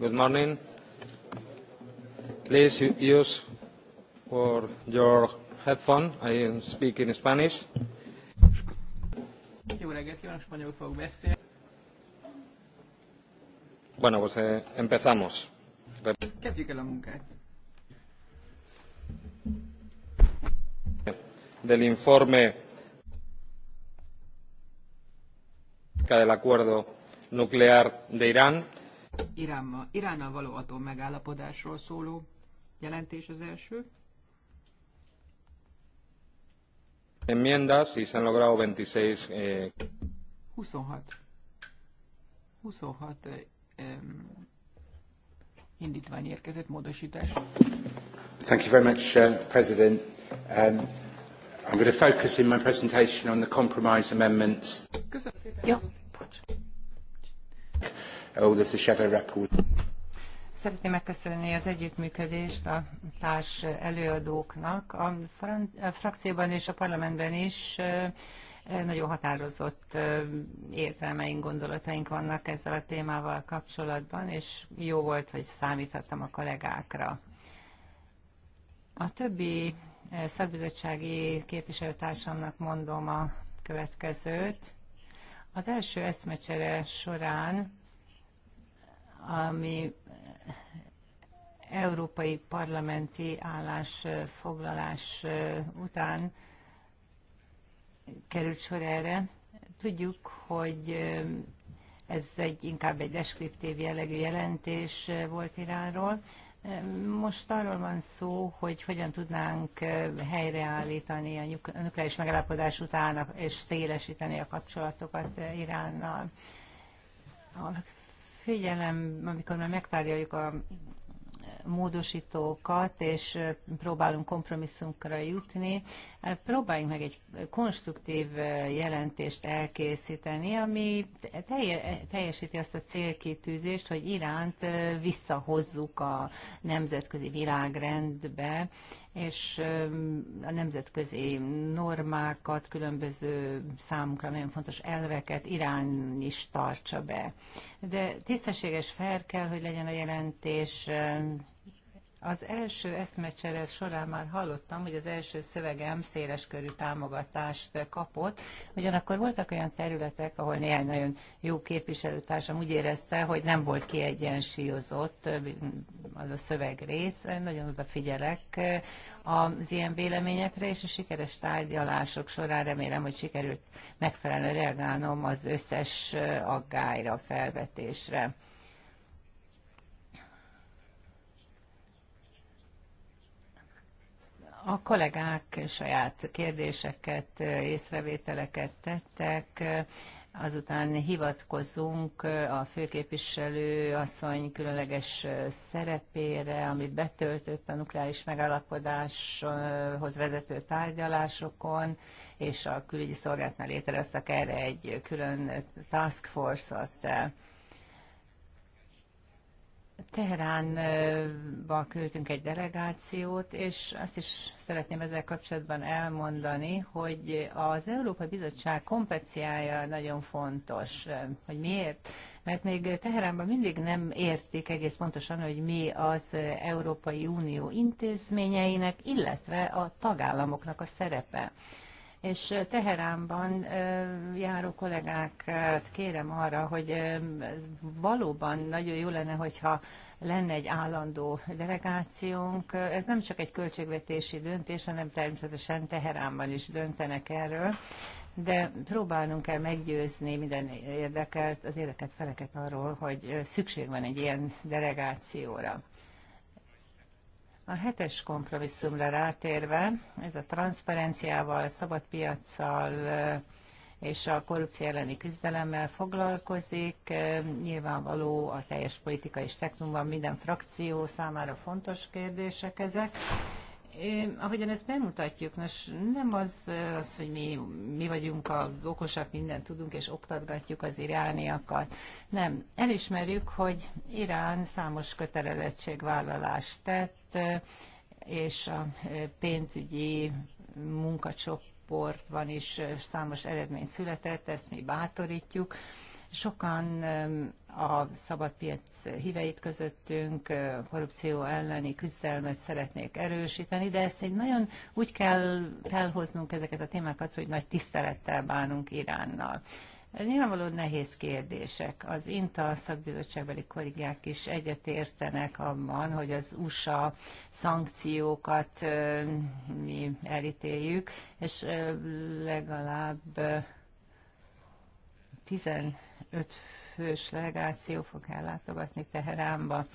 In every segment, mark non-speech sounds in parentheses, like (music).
Good morning. Please use for your headphone. I am speaking in Spanish. Jó reggelt kívánok, spanyolul fogok beszélni. Bueno, pues eh, empezamos. Kezdjük el a munkát. Del informe del acuerdo nuclear de Irán Iránma, Iránnal való atom megállapodásról szóló jelentés az első. Enmiendas y se han logrado 26. Eh... 26. 26 eh, indítvány érkezett módosítás. Thank you very much, uh, President. Um, I'm going to focus in my presentation on the compromise amendments. Köszönöm szépen. Ja. Szeretném megköszönni az együttműködést a társ előadóknak. A, a frakcióban és a parlamentben is nagyon határozott érzelmeink, gondolataink vannak ezzel a témával kapcsolatban, és jó volt, hogy számíthattam a kollégákra. A többi szakbizottsági képviselőtársamnak mondom a következőt. Az első eszmecsere során ami európai parlamenti állásfoglalás után került sor erre. Tudjuk, hogy ez egy inkább egy deskriptív jellegű jelentés volt Iránról. Most arról van szó, hogy hogyan tudnánk helyreállítani a nukleáris megállapodás után és szélesíteni a kapcsolatokat Iránnal figyelem, amikor már megtárgyaljuk a módosítókat, és próbálunk kompromisszumra jutni, Próbáljunk meg egy konstruktív jelentést elkészíteni, ami teljesíti azt a célkitűzést, hogy Iránt visszahozzuk a nemzetközi világrendbe, és a nemzetközi normákat, különböző számunkra nagyon fontos elveket Irán is tartsa be. De tisztességes fel kell, hogy legyen a jelentés, az első eszmecsere során már hallottam, hogy az első szövegem körű támogatást kapott, ugyanakkor voltak olyan területek, ahol néhány nagyon jó képviselőtársam úgy érezte, hogy nem volt kiegyensúlyozott az a szövegrész. Nagyon odafigyelek az ilyen véleményekre, és a sikeres tárgyalások során remélem, hogy sikerült megfelelően reagálnom az összes aggályra, felvetésre. A kollégák saját kérdéseket, észrevételeket tettek, azután hivatkozunk a főképviselő asszony különleges szerepére, amit betöltött a nukleáris megállapodáshoz vezető tárgyalásokon, és a külügyi szolgálatnál létrehoztak erre egy külön task force-ot. Teheránba küldtünk egy delegációt, és azt is szeretném ezzel kapcsolatban elmondani, hogy az Európai Bizottság kompetenciája nagyon fontos. Hogy miért? Mert még Teheránban mindig nem értik egész pontosan, hogy mi az Európai Unió intézményeinek, illetve a tagállamoknak a szerepe és Teheránban járó kollégákat kérem arra, hogy valóban nagyon jó lenne, hogyha lenne egy állandó delegációnk. Ez nem csak egy költségvetési döntés, hanem természetesen Teheránban is döntenek erről, de próbálnunk kell meggyőzni minden érdekelt, az érdekelt feleket arról, hogy szükség van egy ilyen delegációra. A hetes kompromisszumra rátérve, ez a transzparenciával, piaccal és a korrupció elleni küzdelemmel foglalkozik. Nyilvánvaló a teljes politikai spektrumban minden frakció számára fontos kérdések ezek ahogyan ezt bemutatjuk, nos, nem az, az hogy mi, mi vagyunk a okosak, mindent tudunk, és oktatgatjuk az irániakat. Nem. Elismerjük, hogy Irán számos kötelezettségvállalást tett, és a pénzügyi munkacsoport is számos eredmény született, ezt mi bátorítjuk, Sokan a szabadpiac híveit közöttünk korrupció elleni küzdelmet szeretnék erősíteni, de ezt egy nagyon úgy kell felhoznunk ezeket a témákat, hogy nagy tisztelettel bánunk Iránnal. Ez nyilvánvalóan nehéz kérdések. Az INTA szakbizottságbeli kollégák is egyetértenek abban, hogy az USA szankciókat mi elítéljük, és legalább 10 öt fős legáció fog ellátogatni Teheránba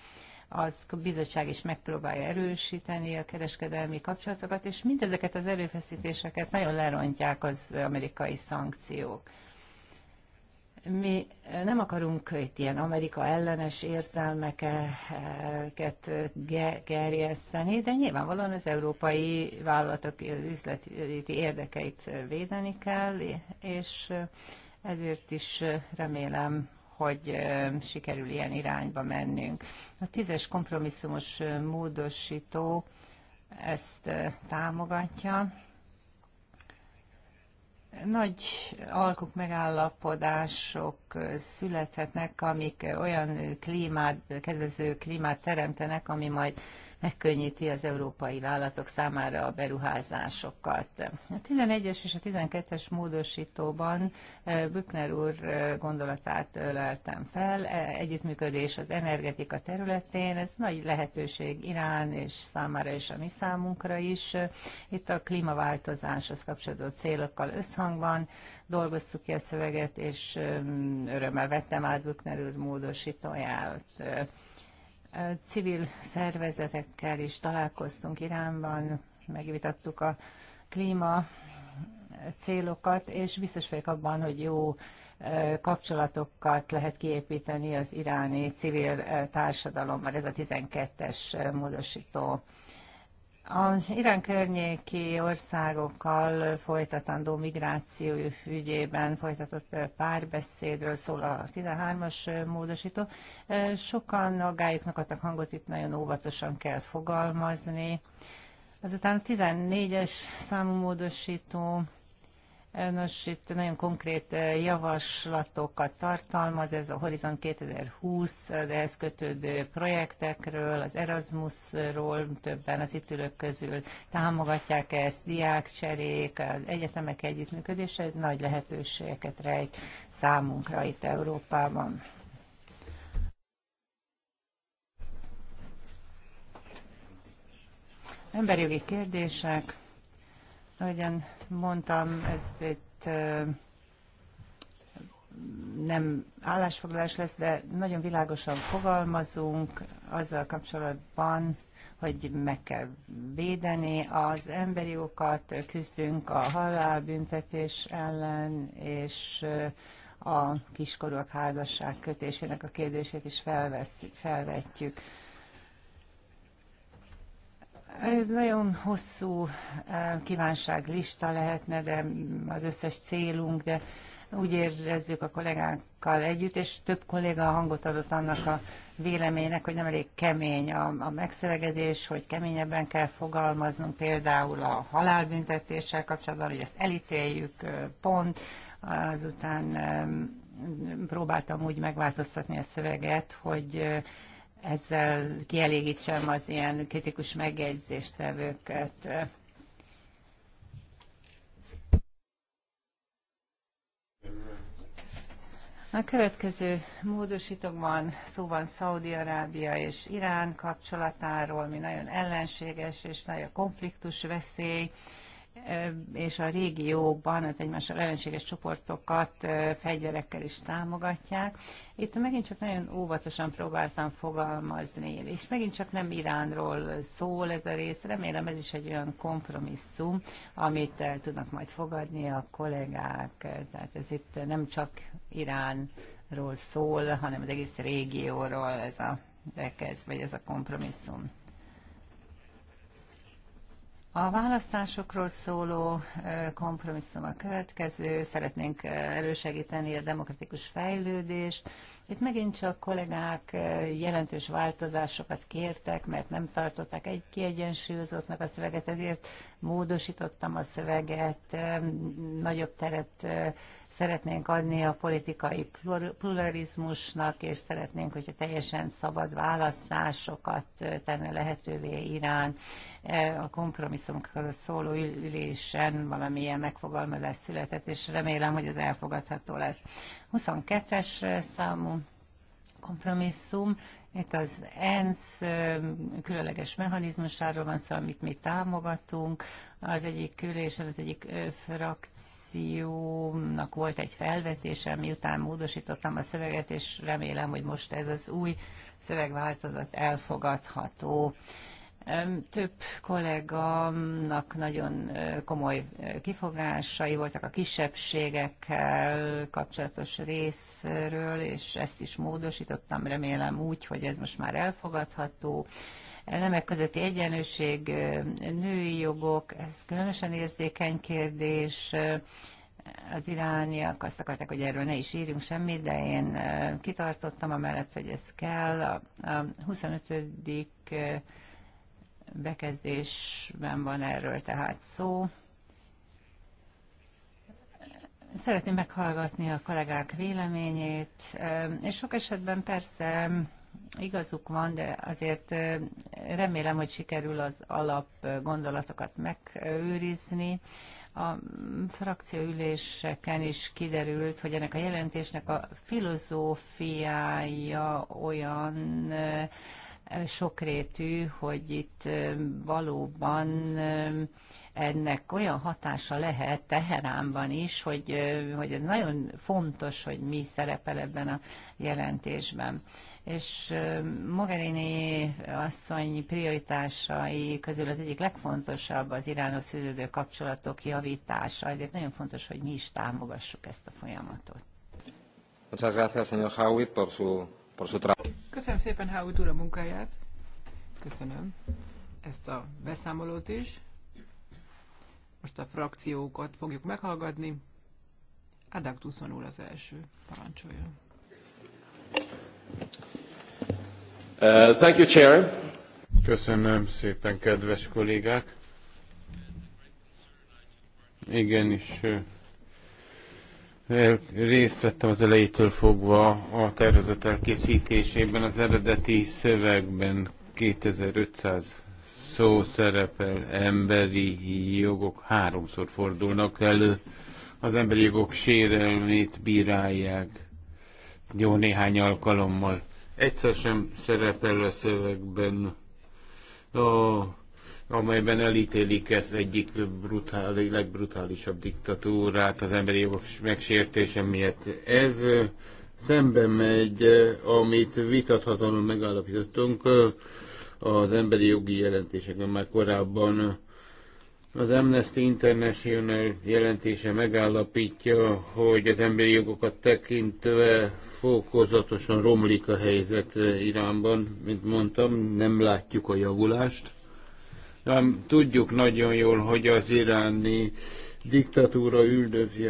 az bizottság is megpróbálja erősíteni a kereskedelmi kapcsolatokat, és mindezeket az erőfeszítéseket nagyon lerontják az amerikai szankciók. Mi nem akarunk itt ilyen Amerika ellenes érzelmeket gerjeszteni, de nyilvánvalóan az európai vállalatok üzleti érdekeit védeni kell, és ezért is remélem, hogy sikerül ilyen irányba mennünk. A tízes kompromisszumos módosító ezt támogatja. Nagy alkuk megállapodások születhetnek, amik olyan klímát, kedvező klímát teremtenek, ami majd megkönnyíti az európai vállalatok számára a beruházásokat. A 11-es és a 12-es módosítóban eh, Bükner úr eh, gondolatát öleltem fel. E, együttműködés az energetika területén, ez nagy lehetőség Irán és számára és a mi számunkra is. Itt a klímaváltozáshoz kapcsolódó célokkal összhangban dolgoztuk ki a szöveget, és örömmel vettem át Bükner úr módosítóját civil szervezetekkel is találkoztunk Iránban, megvitattuk a klíma célokat, és biztos vagyok abban, hogy jó kapcsolatokat lehet kiépíteni az iráni civil társadalommal, ez a 12-es módosító. A Irán környéki országokkal folytatandó migráció ügyében folytatott párbeszédről szól a 13-as módosító. Sokan aggályoknak adtak hangot, itt nagyon óvatosan kell fogalmazni. Azután a 14-es számú módosító Nos, itt nagyon konkrét eh, javaslatokat tartalmaz, ez a Horizon 2020, eh, de ehhez kötődő projektekről, az Erasmusról többen az itt ülők közül támogatják ezt, diákcserék, az egyetemek együttműködése, ez nagy lehetőségeket rejt számunkra itt Európában. Emberjogi kérdések. Ahogyan mondtam, ez itt nem állásfoglalás lesz, de nagyon világosan fogalmazunk azzal kapcsolatban, hogy meg kell védeni az emberi jogokat, küzdünk a halálbüntetés ellen, és a kiskorúak házasság kötésének a kérdését is felvesz, felvetjük. Ez nagyon hosszú lista lehetne, de az összes célunk, de úgy érezzük a kollégákkal együtt, és több kolléga hangot adott annak a véleménynek, hogy nem elég kemény a, a megszövegezés, hogy keményebben kell fogalmaznunk például a halálbüntetéssel kapcsolatban, hogy ezt elítéljük, pont, azután próbáltam úgy megváltoztatni a szöveget, hogy ezzel kielégítsem az ilyen kritikus megjegyzéstevőket. A következő módosítókban szó van Szaudi-Arábia és Irán kapcsolatáról, mi nagyon ellenséges és nagy a konfliktus veszély és a régióban az egymással ellenséges csoportokat fegyverekkel is támogatják. Itt megint csak nagyon óvatosan próbáltam fogalmazni, és megint csak nem Iránról szól ez a rész. Remélem ez is egy olyan kompromisszum, amit tudnak majd fogadni a kollégák. Tehát ez itt nem csak Iránról szól, hanem az egész régióról ez a bekez, vagy ez a kompromisszum. A választásokról szóló kompromisszum a következő. Szeretnénk elősegíteni a demokratikus fejlődést. Itt megint csak kollégák jelentős változásokat kértek, mert nem tartották egy kiegyensúlyozottnak a szöveget, ezért módosítottam a szöveget, nagyobb teret szeretnénk adni a politikai pluralizmusnak, és szeretnénk, hogyha teljesen szabad választásokat tenne lehetővé Irán a kompromisszumokról szóló ülésen valamilyen megfogalmazás született, és remélem, hogy ez elfogadható lesz. 22-es számú kompromisszum, itt az ENSZ különleges mechanizmusáról van szó, amit mi támogatunk. Az egyik ülésen, az egyik frakciónak volt egy felvetése, miután módosítottam a szöveget, és remélem, hogy most ez az új szövegváltozat elfogadható. Több kollégamnak nagyon komoly kifogásai voltak a kisebbségekkel kapcsolatos részről, és ezt is módosítottam, remélem úgy, hogy ez most már elfogadható nemek közötti egyenlőség, női jogok, ez különösen érzékeny kérdés. Az irániak azt akarták, hogy erről ne is írjunk semmit, de én kitartottam amellett, hogy ez kell. A 25 bekezdésben van erről tehát szó. Szeretném meghallgatni a kollégák véleményét, eh, és sok esetben persze igazuk van, de azért eh, remélem, hogy sikerül az alap gondolatokat megőrizni. A frakcióüléseken is kiderült, hogy ennek a jelentésnek a filozófiája olyan, eh, sokrétű, hogy itt valóban ennek olyan hatása lehet Teheránban is, hogy, hogy nagyon fontos, hogy mi szerepel ebben a jelentésben. És Mogherini asszony prioritásai közül az egyik legfontosabb az Iránhoz fűződő kapcsolatok javítása, ezért nagyon fontos, hogy mi is támogassuk ezt a folyamatot. Muchas gracias, señor Howie, por su Köszönöm szépen Howard úr a munkáját. Köszönöm ezt a beszámolót is. Most a frakciókat fogjuk meghallgatni. Adaktuszon úr az első. Parancsolja. Uh, thank you, Chair. Köszönöm szépen, kedves kollégák. Igenis, uh, részt vettem az elejétől fogva a tervezet elkészítésében, az eredeti szövegben 2500 szó szerepel, emberi jogok háromszor fordulnak elő, az emberi jogok sérelmét bírálják jó néhány alkalommal. Egyszer sem szerepel a szövegben a amelyben elítélik ez egyik brutál, legbrutálisabb diktatúrát az emberi jogok megsértése miatt. Ez szembe megy, amit vitathatóan megállapítottunk az emberi jogi jelentésekben már korábban. Az Amnesty International jelentése megállapítja, hogy az emberi jogokat tekintve fokozatosan romlik a helyzet Iránban. Mint mondtam, nem látjuk a javulást. Tudjuk nagyon jól, hogy az iráni diktatúra üldözi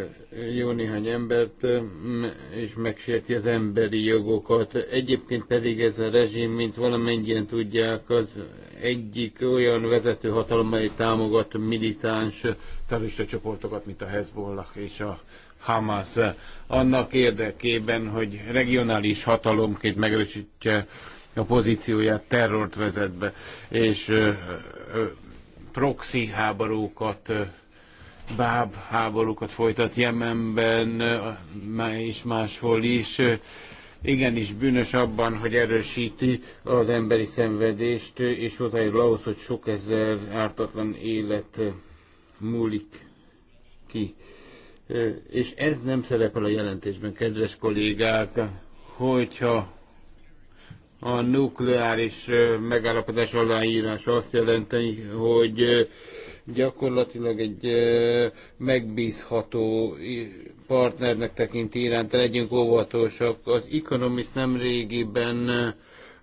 jó néhány embert, mm, és megsérti az emberi jogokat. Egyébként pedig ez a rezsim, mint valamennyien tudják, az egyik olyan vezető hatalom, támogat militáns terrorista csoportokat, mint a Hezbollah és a Hamas. Annak érdekében, hogy regionális hatalomként megerősítse a pozícióját, terrort vezet be, és ö, ö, proxy háborúkat, báb háborúkat folytat Jemenben és máshol is. Igenis bűnös abban, hogy erősíti az emberi szenvedést, és hozzájárul ahhoz, hogy sok ezer ártatlan élet múlik ki. És ez nem szerepel a jelentésben, kedves kollégák, hogyha a nukleáris megállapodás aláírása azt jelenteni, hogy gyakorlatilag egy megbízható partnernek tekint iránt, legyünk óvatosak. Az Economist nem régiben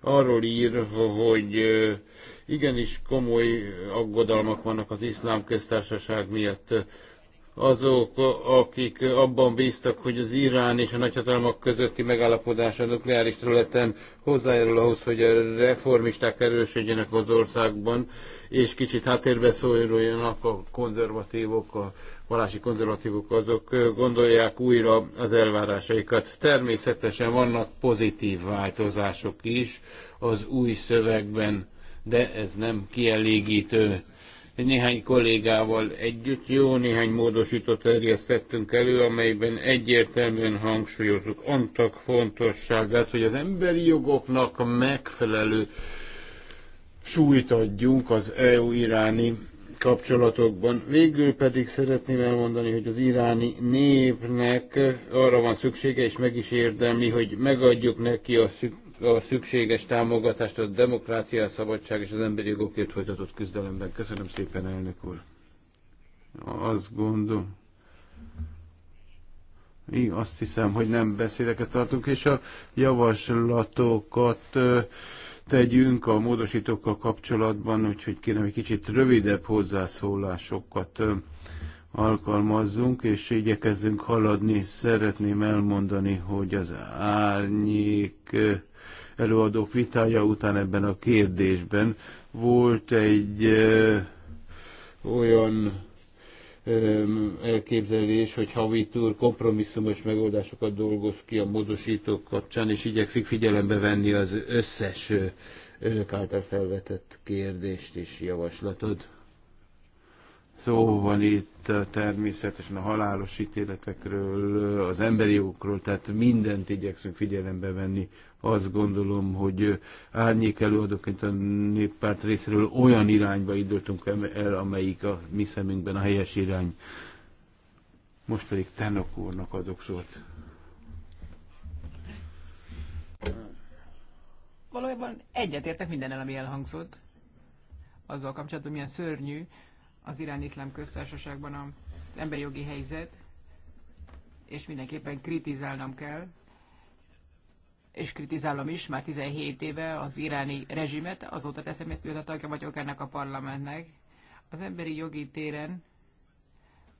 arról ír, hogy igenis komoly aggodalmak vannak az iszlám köztársaság miatt azok, akik abban bíztak, hogy az Irán és a nagyhatalmak közötti megállapodás a nukleáris területen hozzájárul ahhoz, hogy a reformisták erősödjenek az országban, és kicsit háttérbe szóljanak a konzervatívok, a valási konzervatívok, azok gondolják újra az elvárásaikat. Természetesen vannak pozitív változások is az új szövegben, de ez nem kielégítő néhány kollégával együtt jó néhány módosított terjesztettünk elő, amelyben egyértelműen hangsúlyozunk antak fontosságát, hogy az emberi jogoknak megfelelő súlyt adjunk az EU-iráni kapcsolatokban. Végül pedig szeretném elmondani, hogy az iráni népnek arra van szüksége, és meg is érdemli, hogy megadjuk neki a szük a szükséges támogatást a demokrácia, a szabadság és az emberi jogokért folytatott küzdelemben. Köszönöm szépen, elnök úr. Azt gondolom. Én azt hiszem, hogy nem beszédeket tartunk, és a javaslatokat tegyünk a módosítókkal kapcsolatban, úgyhogy kérem egy kicsit rövidebb hozzászólásokat alkalmazzunk, és igyekezzünk haladni. Szeretném elmondani, hogy az árnyék előadók vitája után ebben a kérdésben volt egy ö, olyan ö, elképzelés, hogy havi úr kompromisszumos megoldásokat dolgoz ki a módosítók kapcsán, és igyekszik figyelembe venni az összes önök által felvetett kérdést és javaslatot. Szó van itt eh, természetesen a halálos ítéletekről, eh, az emberi jogokról, tehát mindent igyekszünk figyelembe venni. Azt gondolom, hogy eh, árnyék előadóként a néppárt részéről olyan irányba indultunk el, amelyik a mi szemünkben a helyes irány. Most pedig Tenok úrnak adok szót. Valójában egyetértek minden ami elhangzott. Azzal kapcsolatban milyen szörnyű, az irán-iszlám köztársaságban az emberi jogi helyzet, és mindenképpen kritizálnom kell, és kritizálom is már 17 éve az iráni rezsimet, azóta teszem ezt, a tagja vagyok ennek a parlamentnek. Az emberi jogi téren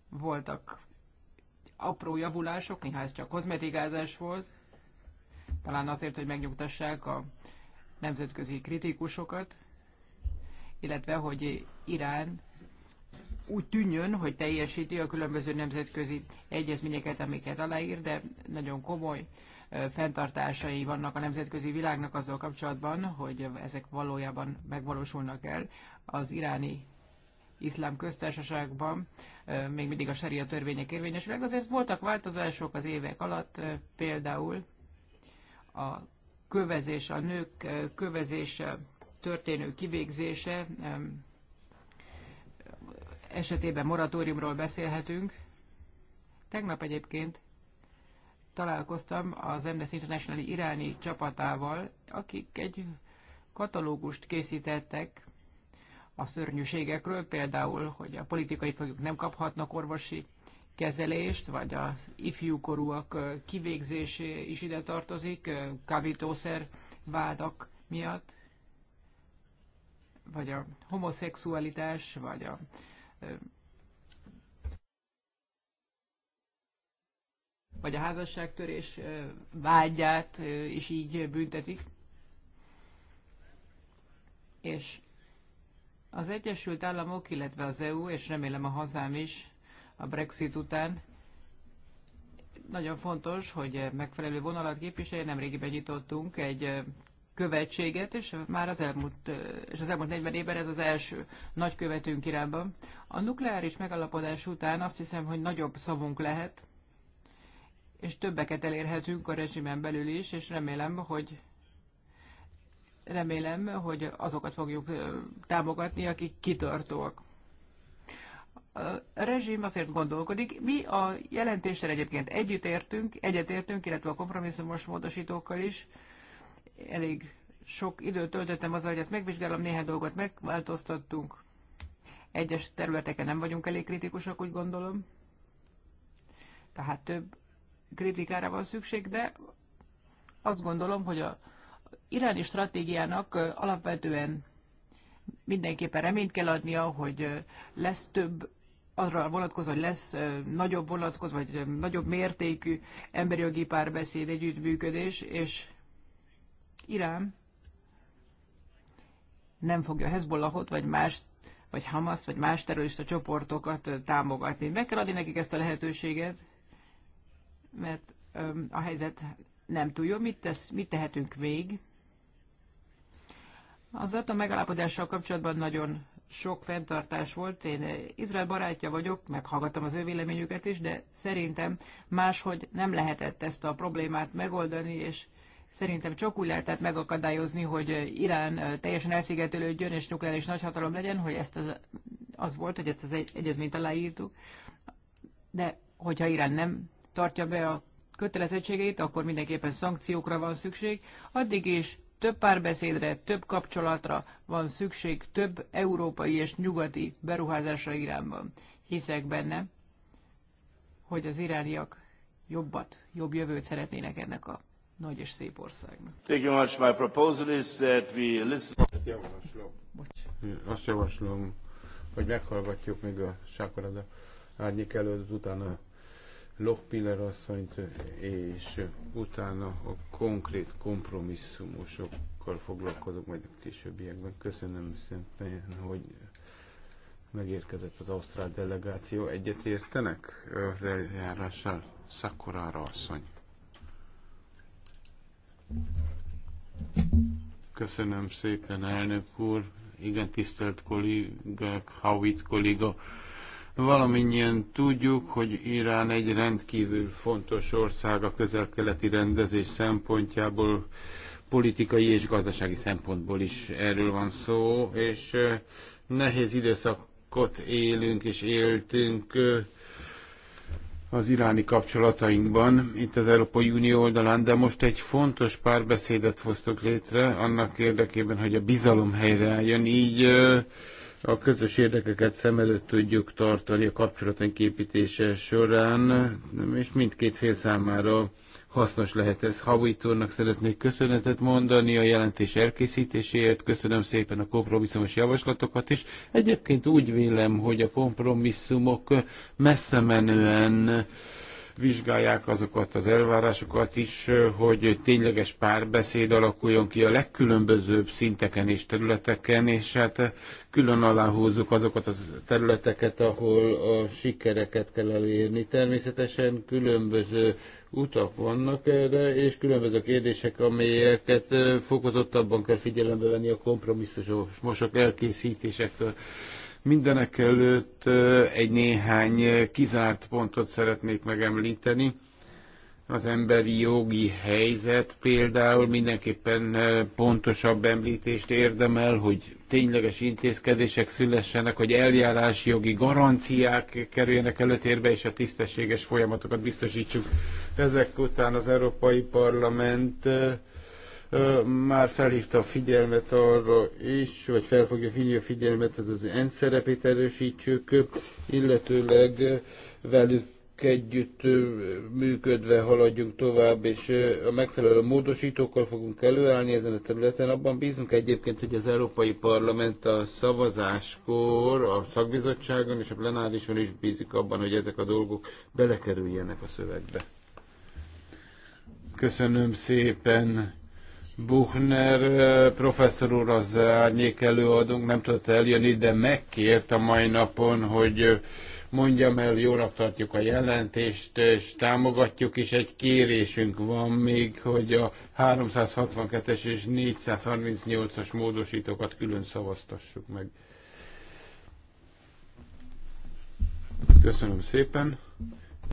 voltak apró javulások, néha ez csak kozmetikázás volt, talán azért, hogy megnyugtassák a nemzetközi kritikusokat, illetve hogy Irán úgy tűnjön, hogy teljesíti a különböző nemzetközi egyezményeket, amiket aláír, de nagyon komoly fenntartásai vannak a nemzetközi világnak azzal kapcsolatban, hogy ezek valójában megvalósulnak el. Az iráni iszlám köztársaságban még mindig a seria törvények érvényesülnek. Azért voltak változások az évek alatt, például a kövezés, a nők kövezése, történő kivégzése esetében moratóriumról beszélhetünk. Tegnap egyébként találkoztam az Amnesty International iráni csapatával, akik egy katalógust készítettek a szörnyűségekről, például, hogy a politikai foglyok nem kaphatnak orvosi kezelést, vagy az ifjúkorúak kivégzésé is ide tartozik, kavitószer vádak miatt, vagy a homoszexualitás, vagy a vagy a házasságtörés vágyát is így büntetik. És az Egyesült Államok, illetve az EU, és remélem a hazám is a Brexit után, nagyon fontos, hogy megfelelő vonalat képviselje. Nemrégiben nyitottunk egy követséget, és már az elmúlt, és az elmúlt 40 évben ez az első nagykövetünk irányban. A nukleáris megalapodás után azt hiszem, hogy nagyobb szavunk lehet, és többeket elérhetünk a rezsimen belül is, és remélem, hogy remélem, hogy azokat fogjuk támogatni, akik kitartóak. A rezsim azért gondolkodik. Mi a jelentéssel egyébként együtt értünk, egyetértünk, illetve a kompromisszumos módosítókkal is, elég sok időt töltöttem azzal, hogy ezt megvizsgálom, néhány dolgot megváltoztattunk. Egyes területeken nem vagyunk elég kritikusak, úgy gondolom. Tehát több kritikára van szükség, de azt gondolom, hogy a iráni stratégiának alapvetően mindenképpen reményt kell adnia, hogy lesz több arra vonatkozó, hogy lesz nagyobb vonatkozó, vagy nagyobb mértékű emberi jogi párbeszéd, együttműködés, és Irán nem fogja Hezbollahot, vagy más, vagy Hamaszt, vagy más terrorista csoportokat támogatni. Meg kell adni nekik ezt a lehetőséget, mert a helyzet nem túl jó. Mit, tesz, mit tehetünk még? Az atom megállapodással kapcsolatban nagyon sok fenntartás volt. Én Izrael barátja vagyok, meghallgattam az ő véleményüket is, de szerintem máshogy nem lehetett ezt a problémát megoldani, és Szerintem csak úgy lehetett megakadályozni, hogy Irán teljesen elszigetelődjön és nukleáris nagyhatalom legyen, hogy ezt az, az volt, hogy ezt az egy, egyezményt aláírtuk. De hogyha Irán nem tartja be a kötelezettségeit, akkor mindenképpen szankciókra van szükség. Addig is több párbeszédre, több kapcsolatra van szükség, több európai és nyugati beruházásra Iránban. Hiszek benne, hogy az irániak jobbat, jobb jövőt szeretnének ennek a nagy és szép országnak. Thank you much. My proposal is that we listen... Azt javaslom, Azt javaslom hogy meghallgatjuk még a Sákorada árnyék előtt, utána Piller asszonyt, és utána a konkrét kompromisszumosokkal foglalkozok majd a későbbiekben. Köszönöm szépen, hogy megérkezett az ausztrál delegáció. Egyetértenek az eljárással? Szakorára asszony. Köszönöm szépen, elnök úr. Igen, tisztelt kollégák, Howitt kolléga. Valamennyien tudjuk, hogy Irán egy rendkívül fontos ország a közel-keleti rendezés szempontjából, politikai és gazdasági szempontból is erről van szó, és eh, nehéz időszakot élünk és éltünk eh, az iráni kapcsolatainkban, itt az Európai Unió oldalán, de most egy fontos párbeszédet hoztok létre annak érdekében, hogy a bizalom helyreálljon, így a közös érdekeket szem előtt tudjuk tartani a kapcsolatunk építése során, és mindkét fél számára hasznos lehet ez. Havit úrnak szeretnék köszönetet mondani a jelentés elkészítéséért, köszönöm szépen a kompromisszumos javaslatokat is. Egyébként úgy vélem, hogy a kompromisszumok messze menően vizsgálják azokat az elvárásokat is, hogy tényleges párbeszéd alakuljon ki a legkülönbözőbb szinteken és területeken, és hát külön aláhúzzuk azokat a az területeket, ahol a sikereket kell elérni. Természetesen különböző utak vannak erre, és különböző kérdések, amelyeket fokozottabban kell figyelembe venni a kompromisszusos mosok elkészítésekor. Mindenek előtt egy néhány kizárt pontot szeretnék megemlíteni. Az emberi jogi helyzet például mindenképpen pontosabb említést érdemel, hogy tényleges intézkedések szülessenek, hogy eljárási jogi garanciák kerüljenek előtérbe, és a tisztességes folyamatokat biztosítsuk. Ezek után az Európai Parlament már felhívta a figyelmet arra is, vagy fel fogja hívni a figyelmet, hogy az ENSZ szerepét erősítsük, illetőleg velük együtt működve haladjunk tovább, és a megfelelő módosítókkal fogunk előállni ezen a területen. Abban bízunk egyébként, hogy az Európai Parlament a szavazáskor, a szakbizottságon és a plenárison is bízik abban, hogy ezek a dolgok belekerüljenek a szövegbe. Köszönöm szépen. Buchner professzor úr az árnyék előadónk nem tudott eljönni, de megkért a mai napon, hogy mondjam el, jónak tartjuk a jelentést, és támogatjuk is. Egy kérésünk van még, hogy a 362-es és 438-as módosítókat külön szavaztassuk meg. Köszönöm szépen.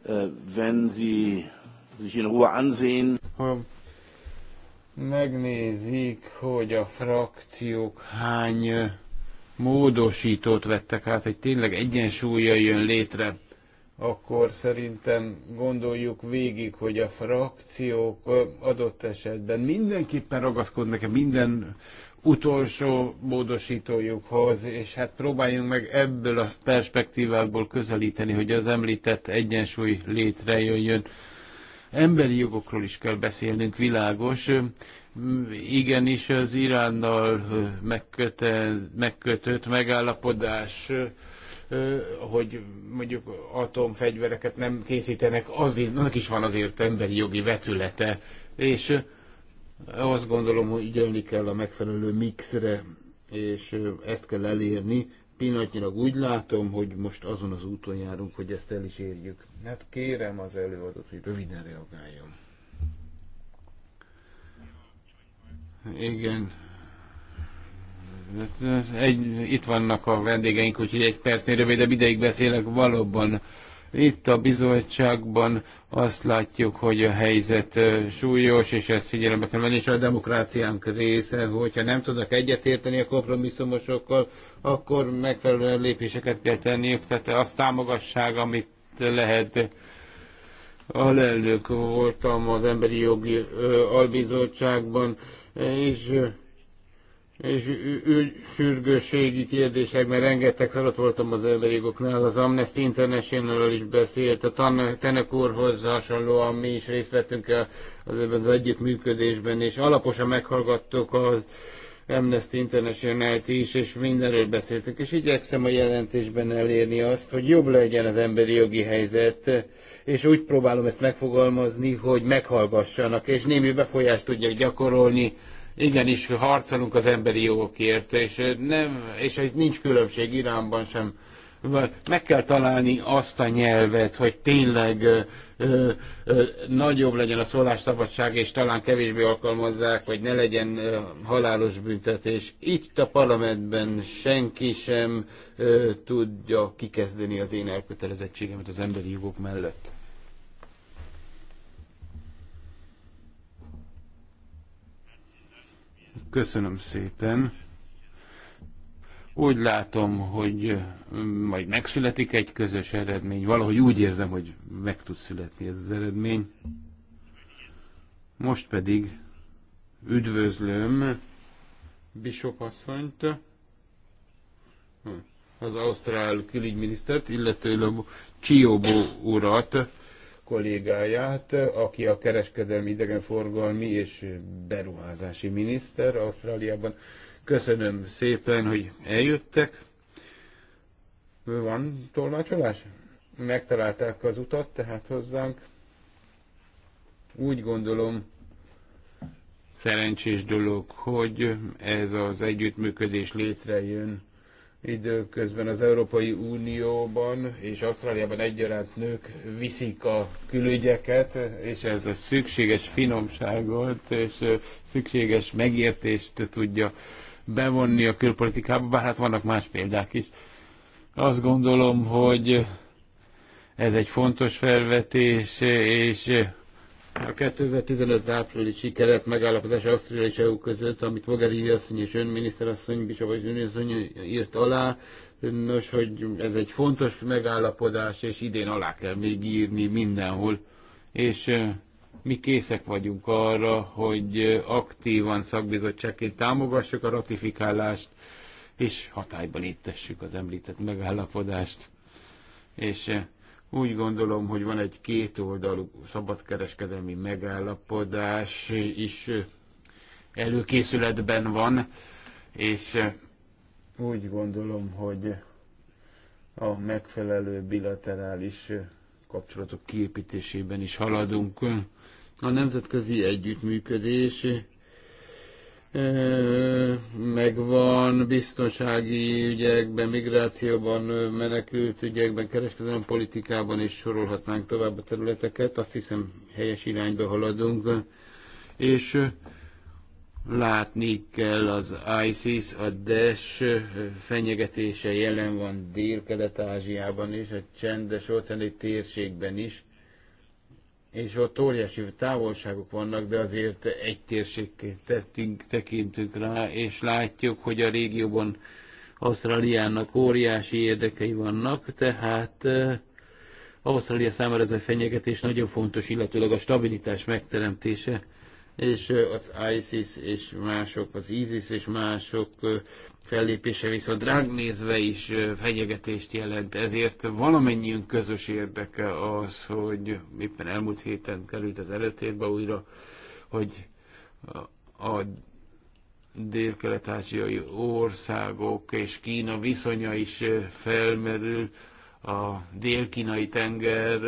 Äh, wenn Sie sich in Ruhe ansehen. Ha megnézik, hogy a frakciók hány módosítót vettek át, hogy tényleg egyensúlya jön létre, akkor szerintem gondoljuk végig, hogy a frakciók adott esetben mindenképpen ragaszkodnak -e minden utolsó módosítójukhoz, és hát próbáljunk meg ebből a perspektívából közelíteni, hogy az említett egyensúly létrejöjjön. Emberi jogokról is kell beszélnünk, világos, igenis az Iránnal megkötött, megállapodás, hogy mondjuk atomfegyvereket nem készítenek, azért, annak is van azért emberi jogi vetülete, és azt gondolom, hogy ügyelni kell a megfelelő mixre, és ezt kell elérni. Pillanatnyilag úgy látom, hogy most azon az úton járunk, hogy ezt el is érjük. Hát kérem az előadót, hogy röviden reagáljon. Igen. Hát, egy, itt vannak a vendégeink, úgyhogy egy percnél rövidebb ideig beszélek valóban. Itt a bizottságban azt látjuk, hogy a helyzet súlyos, és ezt figyelembe kell venni, és a demokráciánk része, hogyha nem tudnak egyetérteni a kompromisszumosokkal, akkor megfelelően lépéseket kell tenniük, tehát azt támogassák, amit lehet. Alelnök voltam az Emberi Jogi Albizottságban, és és sürgősségi kérdések, mert rengeteg szarat voltam az emberi az Amnesty International is beszélt, a Tenek úrhoz hasonlóan mi is részt vettünk az ebben az együttműködésben, és alaposan meghallgattuk az Amnesty international is, és mindenről beszéltünk, és igyekszem a jelentésben elérni azt, hogy jobb legyen az emberi jogi helyzet, és úgy próbálom ezt megfogalmazni, hogy meghallgassanak, és némi befolyást tudjak gyakorolni. Igenis, harcolunk az emberi jogokért, és, eh, nem, és nincs különbség Iránban sem. Meg kell találni azt a nyelvet, hogy tényleg eh, ö, ö, nagyobb legyen a szólásszabadság, és talán kevésbé alkalmazzák, vagy ne legyen ö, halálos büntetés. Itt a parlamentben senki sem ö, tudja kikezdeni az én elkötelezettségemet az emberi jogok mellett. Köszönöm szépen. Úgy látom, hogy mm, majd megszületik egy közös eredmény. Valahogy úgy érzem, hogy meg tud születni ez az eredmény. Most pedig üdvözlöm Bishop asszonyt, az ausztrál külügyminisztert, illetőleg Csiobó urat, kollégáját, aki a kereskedelmi, idegenforgalmi és beruházási miniszter Ausztráliában. Köszönöm szépen, hogy eljöttek. Van tolmácsolás? Megtalálták az utat, tehát hozzánk. Úgy gondolom, szerencsés dolog, hogy ez az együttműködés létrejön időközben az Európai Unióban és Ausztráliában egyaránt nők viszik a külügyeket, és ez a szükséges finomságot és szükséges megértést tudja bevonni a külpolitikába, bár hát vannak más példák is. Azt gondolom, hogy ez egy fontos felvetés, és a 2015 áprilisi keret megállapodás Ausztria és EU között, amit Mogherini asszony és ön miniszterasszony, Bisava és asszony írt alá, nos, hogy ez egy fontos megállapodás, és idén alá kell még írni mindenhol. És mi készek vagyunk arra, hogy aktívan szakbizottságként támogassuk a ratifikálást, és hatályban ittessük az említett megállapodást. És eh, úgy gondolom, hogy van egy kétoldalú szabadkereskedelmi megállapodás is eh, előkészületben van, és eh, úgy gondolom, hogy a megfelelő bilaterális kapcsolatok kiépítésében is haladunk. A nemzetközi együttműködés eh, megvan biztonsági ügyekben, migrációban, eh, menekült ügyekben, kereskedelmi politikában, és sorolhatnánk tovább a területeket. Azt hiszem, helyes irányba haladunk, és eh, látni kell az ISIS, a DES fenyegetése jelen van Dél-Kelet-Ázsiában is, a csendes óceáni térségben is és ott óriási távolságok vannak, de azért egy térségként tekintünk rá, és látjuk, hogy a régióban Ausztráliának óriási érdekei vannak, tehát Ausztrália számára ez a fenyegetés nagyon fontos, illetőleg a stabilitás megteremtése és az ISIS és mások, az ISIS és mások fellépése viszont ránk nézve is fenyegetést jelent. Ezért valamennyiünk közös érdeke az, hogy éppen elmúlt héten került az előtérbe újra, hogy a dél-kelet-ázsiai országok és Kína viszonya is felmerül, a dél-kínai tenger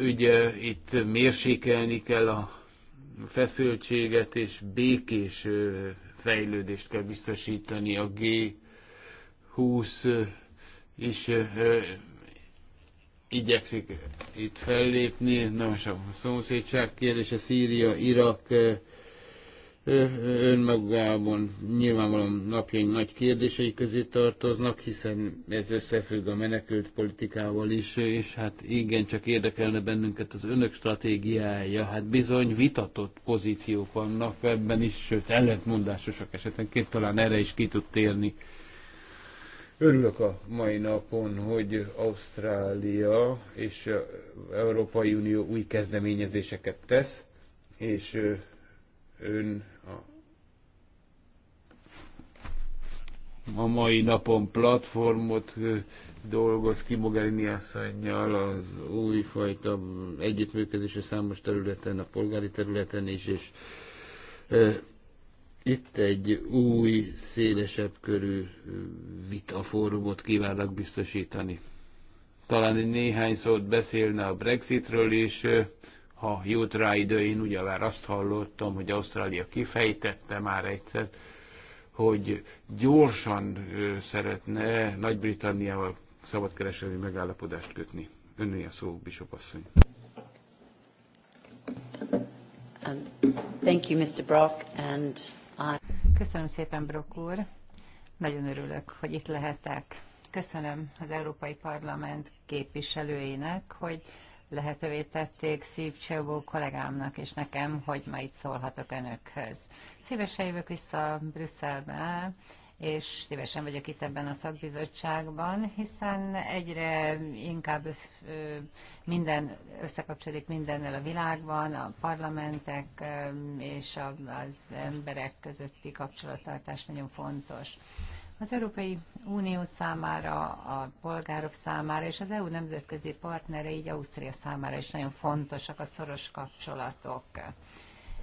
ügye, itt mérsékelni kell a feszültséget és békés fejlődést kell biztosítani a G20 is igyekszik itt fellépni. Na most a szomszédság kérdése, Szíria, Irak, önmagában nyilvánvalóan napjaink nagy kérdései közé tartoznak, hiszen ez összefügg a menekült politikával is, és hát igen, csak érdekelne bennünket az önök stratégiája. Hát bizony vitatott pozíciók vannak ebben is, sőt ellentmondásosak esetenként talán erre is ki tud térni. Örülök a mai napon, hogy Ausztrália és Európai Unió új kezdeményezéseket tesz, és ön a mai napon platformot dolgoz ki Mogherini asszonynal az újfajta együttműködés a számos területen, a polgári területen is, és e, itt egy új, szélesebb körű vitafórumot kívánnak biztosítani. Talán néhány szót beszélne a Brexitről is, ha jut rá idő, én már azt hallottam, hogy Ausztrália kifejtette már egyszer, hogy gyorsan szeretne Nagy-Britanniával szabadkereselmi megállapodást kötni. Önné a szó, Bishop asszony. Um, thank you, Mr. Brock, and I... Köszönöm szépen, Brock úr. Nagyon örülök, hogy itt lehetek. Köszönöm az Európai Parlament képviselőinek, hogy lehetővé tették Szívcsevó kollégámnak és nekem, hogy ma itt szólhatok önökhöz. Szívesen jövök vissza Brüsszelbe, és szívesen vagyok itt ebben a szakbizottságban, hiszen egyre inkább minden összekapcsolódik mindennel a világban, a parlamentek és az emberek közötti kapcsolattartás nagyon fontos. Az Európai Unió számára, a polgárok számára és az EU nemzetközi partnere, így Ausztria számára is nagyon fontosak a szoros kapcsolatok.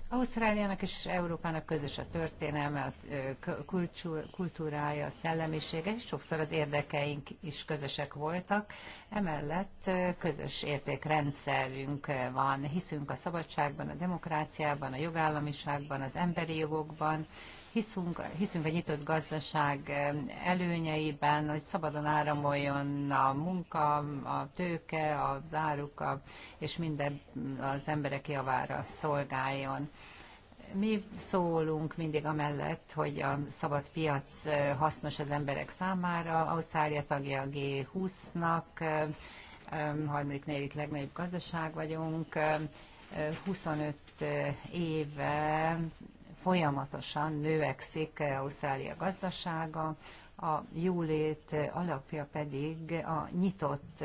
Ausztráliának és Európának közös a történelme, a kultúrája, a szellemisége, és sokszor az érdekeink is közösek voltak. Emellett közös értékrendszerünk van, hiszünk a szabadságban, a demokráciában, a jogállamiságban, az emberi jogokban, hiszünk, hiszünk a nyitott gazdaság előnyeiben, hogy szabadon áramoljon a munka, a tőke, az áruk, és minden az emberek javára szolgáljon mi szólunk mindig amellett, hogy a szabad piac hasznos az emberek számára. Ausztrália tagja a G20-nak, 34. legnagyobb gazdaság vagyunk. 25 éve folyamatosan növekszik Ausztrália gazdasága, a jólét alapja pedig a nyitott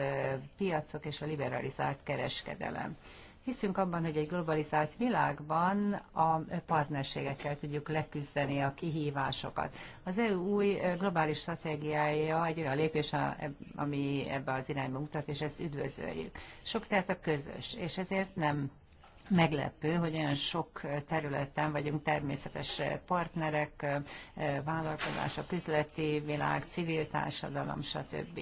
piacok és a liberalizált kereskedelem. Hiszünk abban, hogy egy globalizált világban a partnerségekkel tudjuk leküzdeni a kihívásokat. Az EU új globális stratégiája egy olyan lépés, e, ami ebbe az irányba mutat, és ezt üdvözöljük. Sok tehát a közös, és ezért nem Meglepő, hogy olyan sok területen vagyunk természetes partnerek, vállalkozások, üzleti világ, civil társadalom, stb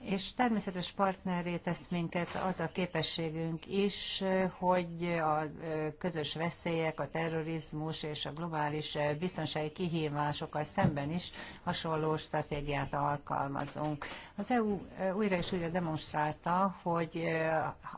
és természetes partnerré tesz minket az a képességünk is, hogy a közös veszélyek, a terrorizmus és a globális biztonsági kihívásokkal szemben is hasonló stratégiát alkalmazunk. Az EU újra és újra demonstrálta, hogy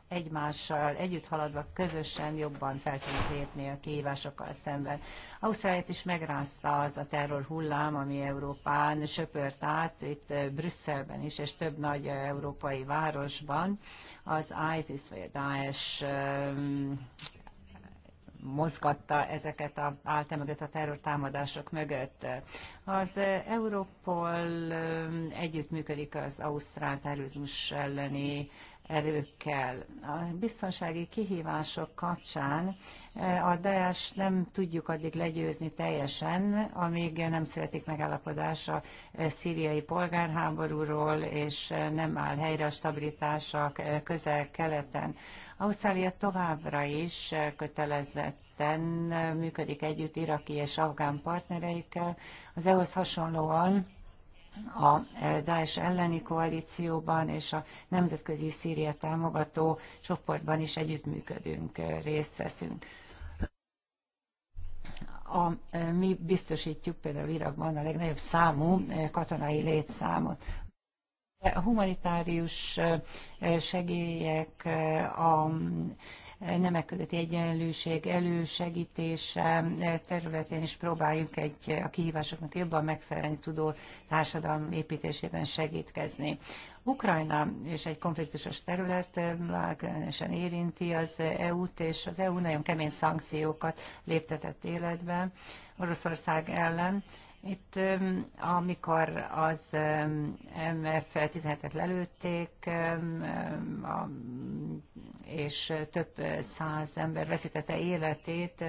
egymással együtt haladva közösen jobban fel tudunk lépni a kihívásokkal szemben. Ausztráliát is megrázta az a terror hullám, ami Európán söpört át, itt Brüsszelben is, és több nagy európai városban az ISIS vagy a Daesh um, mozgatta ezeket a által mögött a terrortámadások mögött. Az Európol um, együttműködik az Ausztrál terrorizmus elleni erőkkel. A biztonsági kihívások kapcsán eh, a Daesh nem tudjuk addig legyőzni teljesen, amíg nem születik megállapodás a eh, szíriai polgárháborúról, és eh, nem áll helyre a stabilitás a közel-keleten. Ausztrália továbbra is kötelezetten működik együtt iraki és afgán partnereikkel. Az EU-hoz hasonlóan a e, Daesh elleni koalícióban és a nemzetközi Szíria támogató csoportban is együttműködünk, e, részt veszünk. A, e, mi biztosítjuk például Irakban a legnagyobb számú katonai létszámot. A humanitárius segélyek, a nemek közötti egyenlőség elősegítése területén is próbáljunk egy a kihívásoknak jobban megfelelni tudó társadalom építésében segítkezni. Ukrajna és egy konfliktusos terület eh, különösen érinti az EU-t, és az EU nagyon kemény szankciókat léptetett életbe Oroszország ellen, itt, amikor az MF 17-et lelőtték, és több száz ember veszítette életét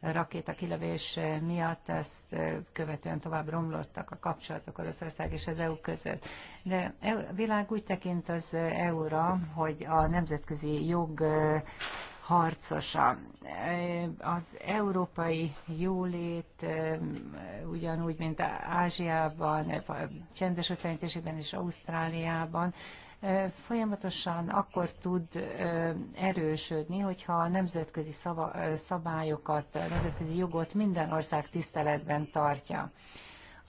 a rakéta kilövés miatt, ezt követően tovább romlottak a kapcsolatok Oroszország és az EU között. De a e világ úgy tekint az EU-ra, hogy a nemzetközi jog harcosa. Az európai jólét ugyanúgy, mint Ázsiában, csendes ötlenítésében és Ausztráliában folyamatosan akkor tud erősödni, hogyha a nemzetközi szabályokat, a nemzetközi jogot minden ország tiszteletben tartja.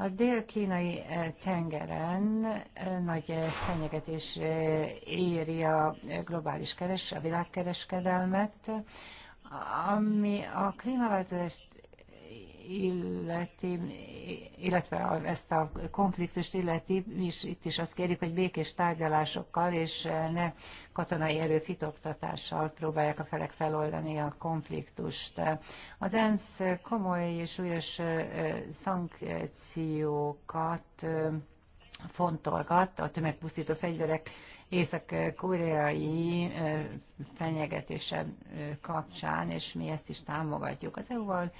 A dél-kínai eh, tengeren eh, nagy eh, fenyegetés éri a globális keres, a világkereskedelmet, ami a klímaváltozást illeti, illetve ezt a konfliktust illeti, mi is itt is azt kérjük, hogy békés tárgyalásokkal és eh, ne katonai erőfitoktatással fitoktatással próbálják a felek feloldani a konfliktust. Az ENSZ komoly és súlyos eh, szankciókat eh, fontolgat a tömegpusztító fegyverek észak-koreai fenyegetése kapcsán, és mi ezt is támogatjuk. Az EU-val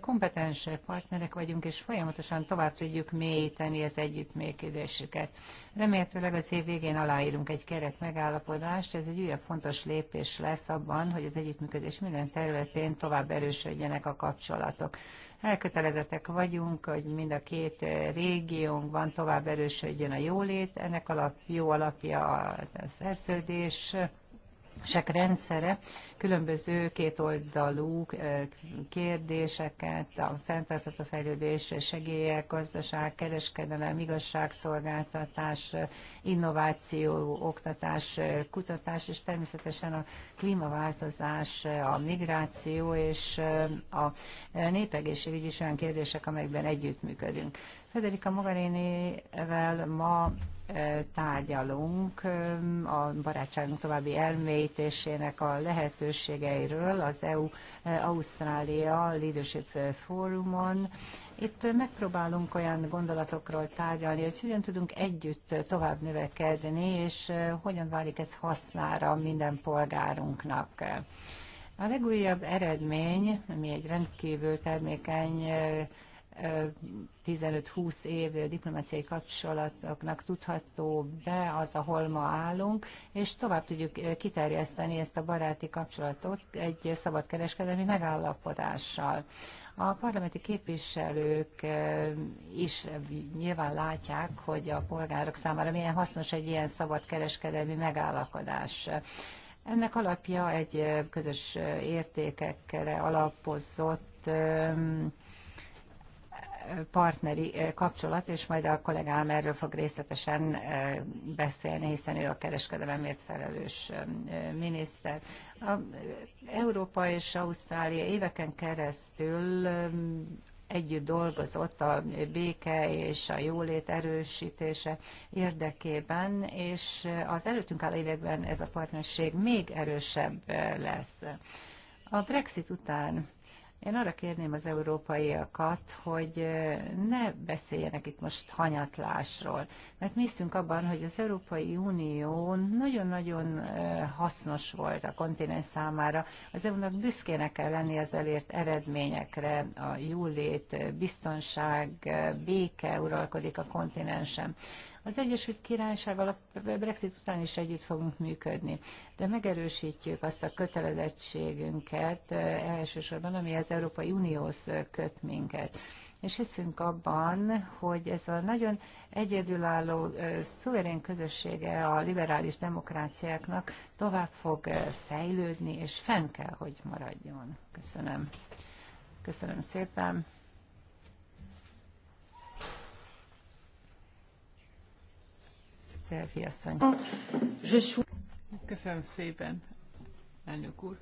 kompetens partnerek vagyunk, és folyamatosan tovább tudjuk mélyíteni az együttműködésüket. Remélhetőleg az év végén aláírunk egy keret megállapodást, ez egy újabb fontos lépés lesz abban, hogy az együttműködés minden területén tovább erősödjenek a kapcsolatok elkötelezettek vagyunk, hogy mind a két régiónkban tovább erősödjön a jólét. Ennek alap, jó alapja a szerződés, sek rendszere különböző kétoldalú kérdéseket, a fenntartható fejlődés, segélyek, gazdaság, kereskedelem, igazságszolgáltatás, innováció, oktatás, kutatás, és természetesen a klímaváltozás, a migráció és a népegészségügy is olyan kérdések, amelyekben együttműködünk. Federica mogherini ma e, tárgyalunk e, a barátságunk további elmélyítésének a lehetőségeiről az EU-Ausztrália e, Leadership Forumon. Itt megpróbálunk olyan gondolatokról tárgyalni, hogy hogyan tudunk együtt tovább növekedni, és hogyan válik ez hasznára minden polgárunknak. A legújabb eredmény, ami egy rendkívül termékeny 15-20 év diplomáciai kapcsolatoknak tudható be az, ahol ma állunk, és tovább tudjuk kiterjeszteni ezt a baráti kapcsolatot egy szabadkereskedelmi megállapodással. A parlamenti képviselők is nyilván látják, hogy a polgárok számára milyen hasznos egy ilyen szabadkereskedelmi megállapodás. Ennek alapja egy közös értékekre alapozott partneri kapcsolat, és majd a kollégám erről fog részletesen beszélni, hiszen ő a kereskedelemért felelős miniszter. A Európa és Ausztrália éveken keresztül együtt dolgozott a béke és a jólét erősítése érdekében, és az előttünk álló években ez a partnerség még erősebb lesz. A Brexit után én arra kérném az európaiakat, hogy ne beszéljenek itt most hanyatlásról, mert mi hiszünk abban, hogy az Európai Unió nagyon-nagyon hasznos volt a kontinens számára. Az EU-nak büszkének kell lenni az elért eredményekre, a jólét, biztonság, béke uralkodik a kontinensen. Az Egyesült Királysággal a Brexit után is együtt fogunk működni, de megerősítjük azt a kötelezettségünket eh, elsősorban, ami az Európai Unióhoz köt minket és hiszünk abban, hogy ez a nagyon egyedülálló, eh, szuverén közössége a liberális demokráciáknak tovább fog eh, fejlődni, és fenn kell, hogy maradjon. Köszönöm. Köszönöm szépen. Szelfi asszony. Köszönöm szépen, elnök úr.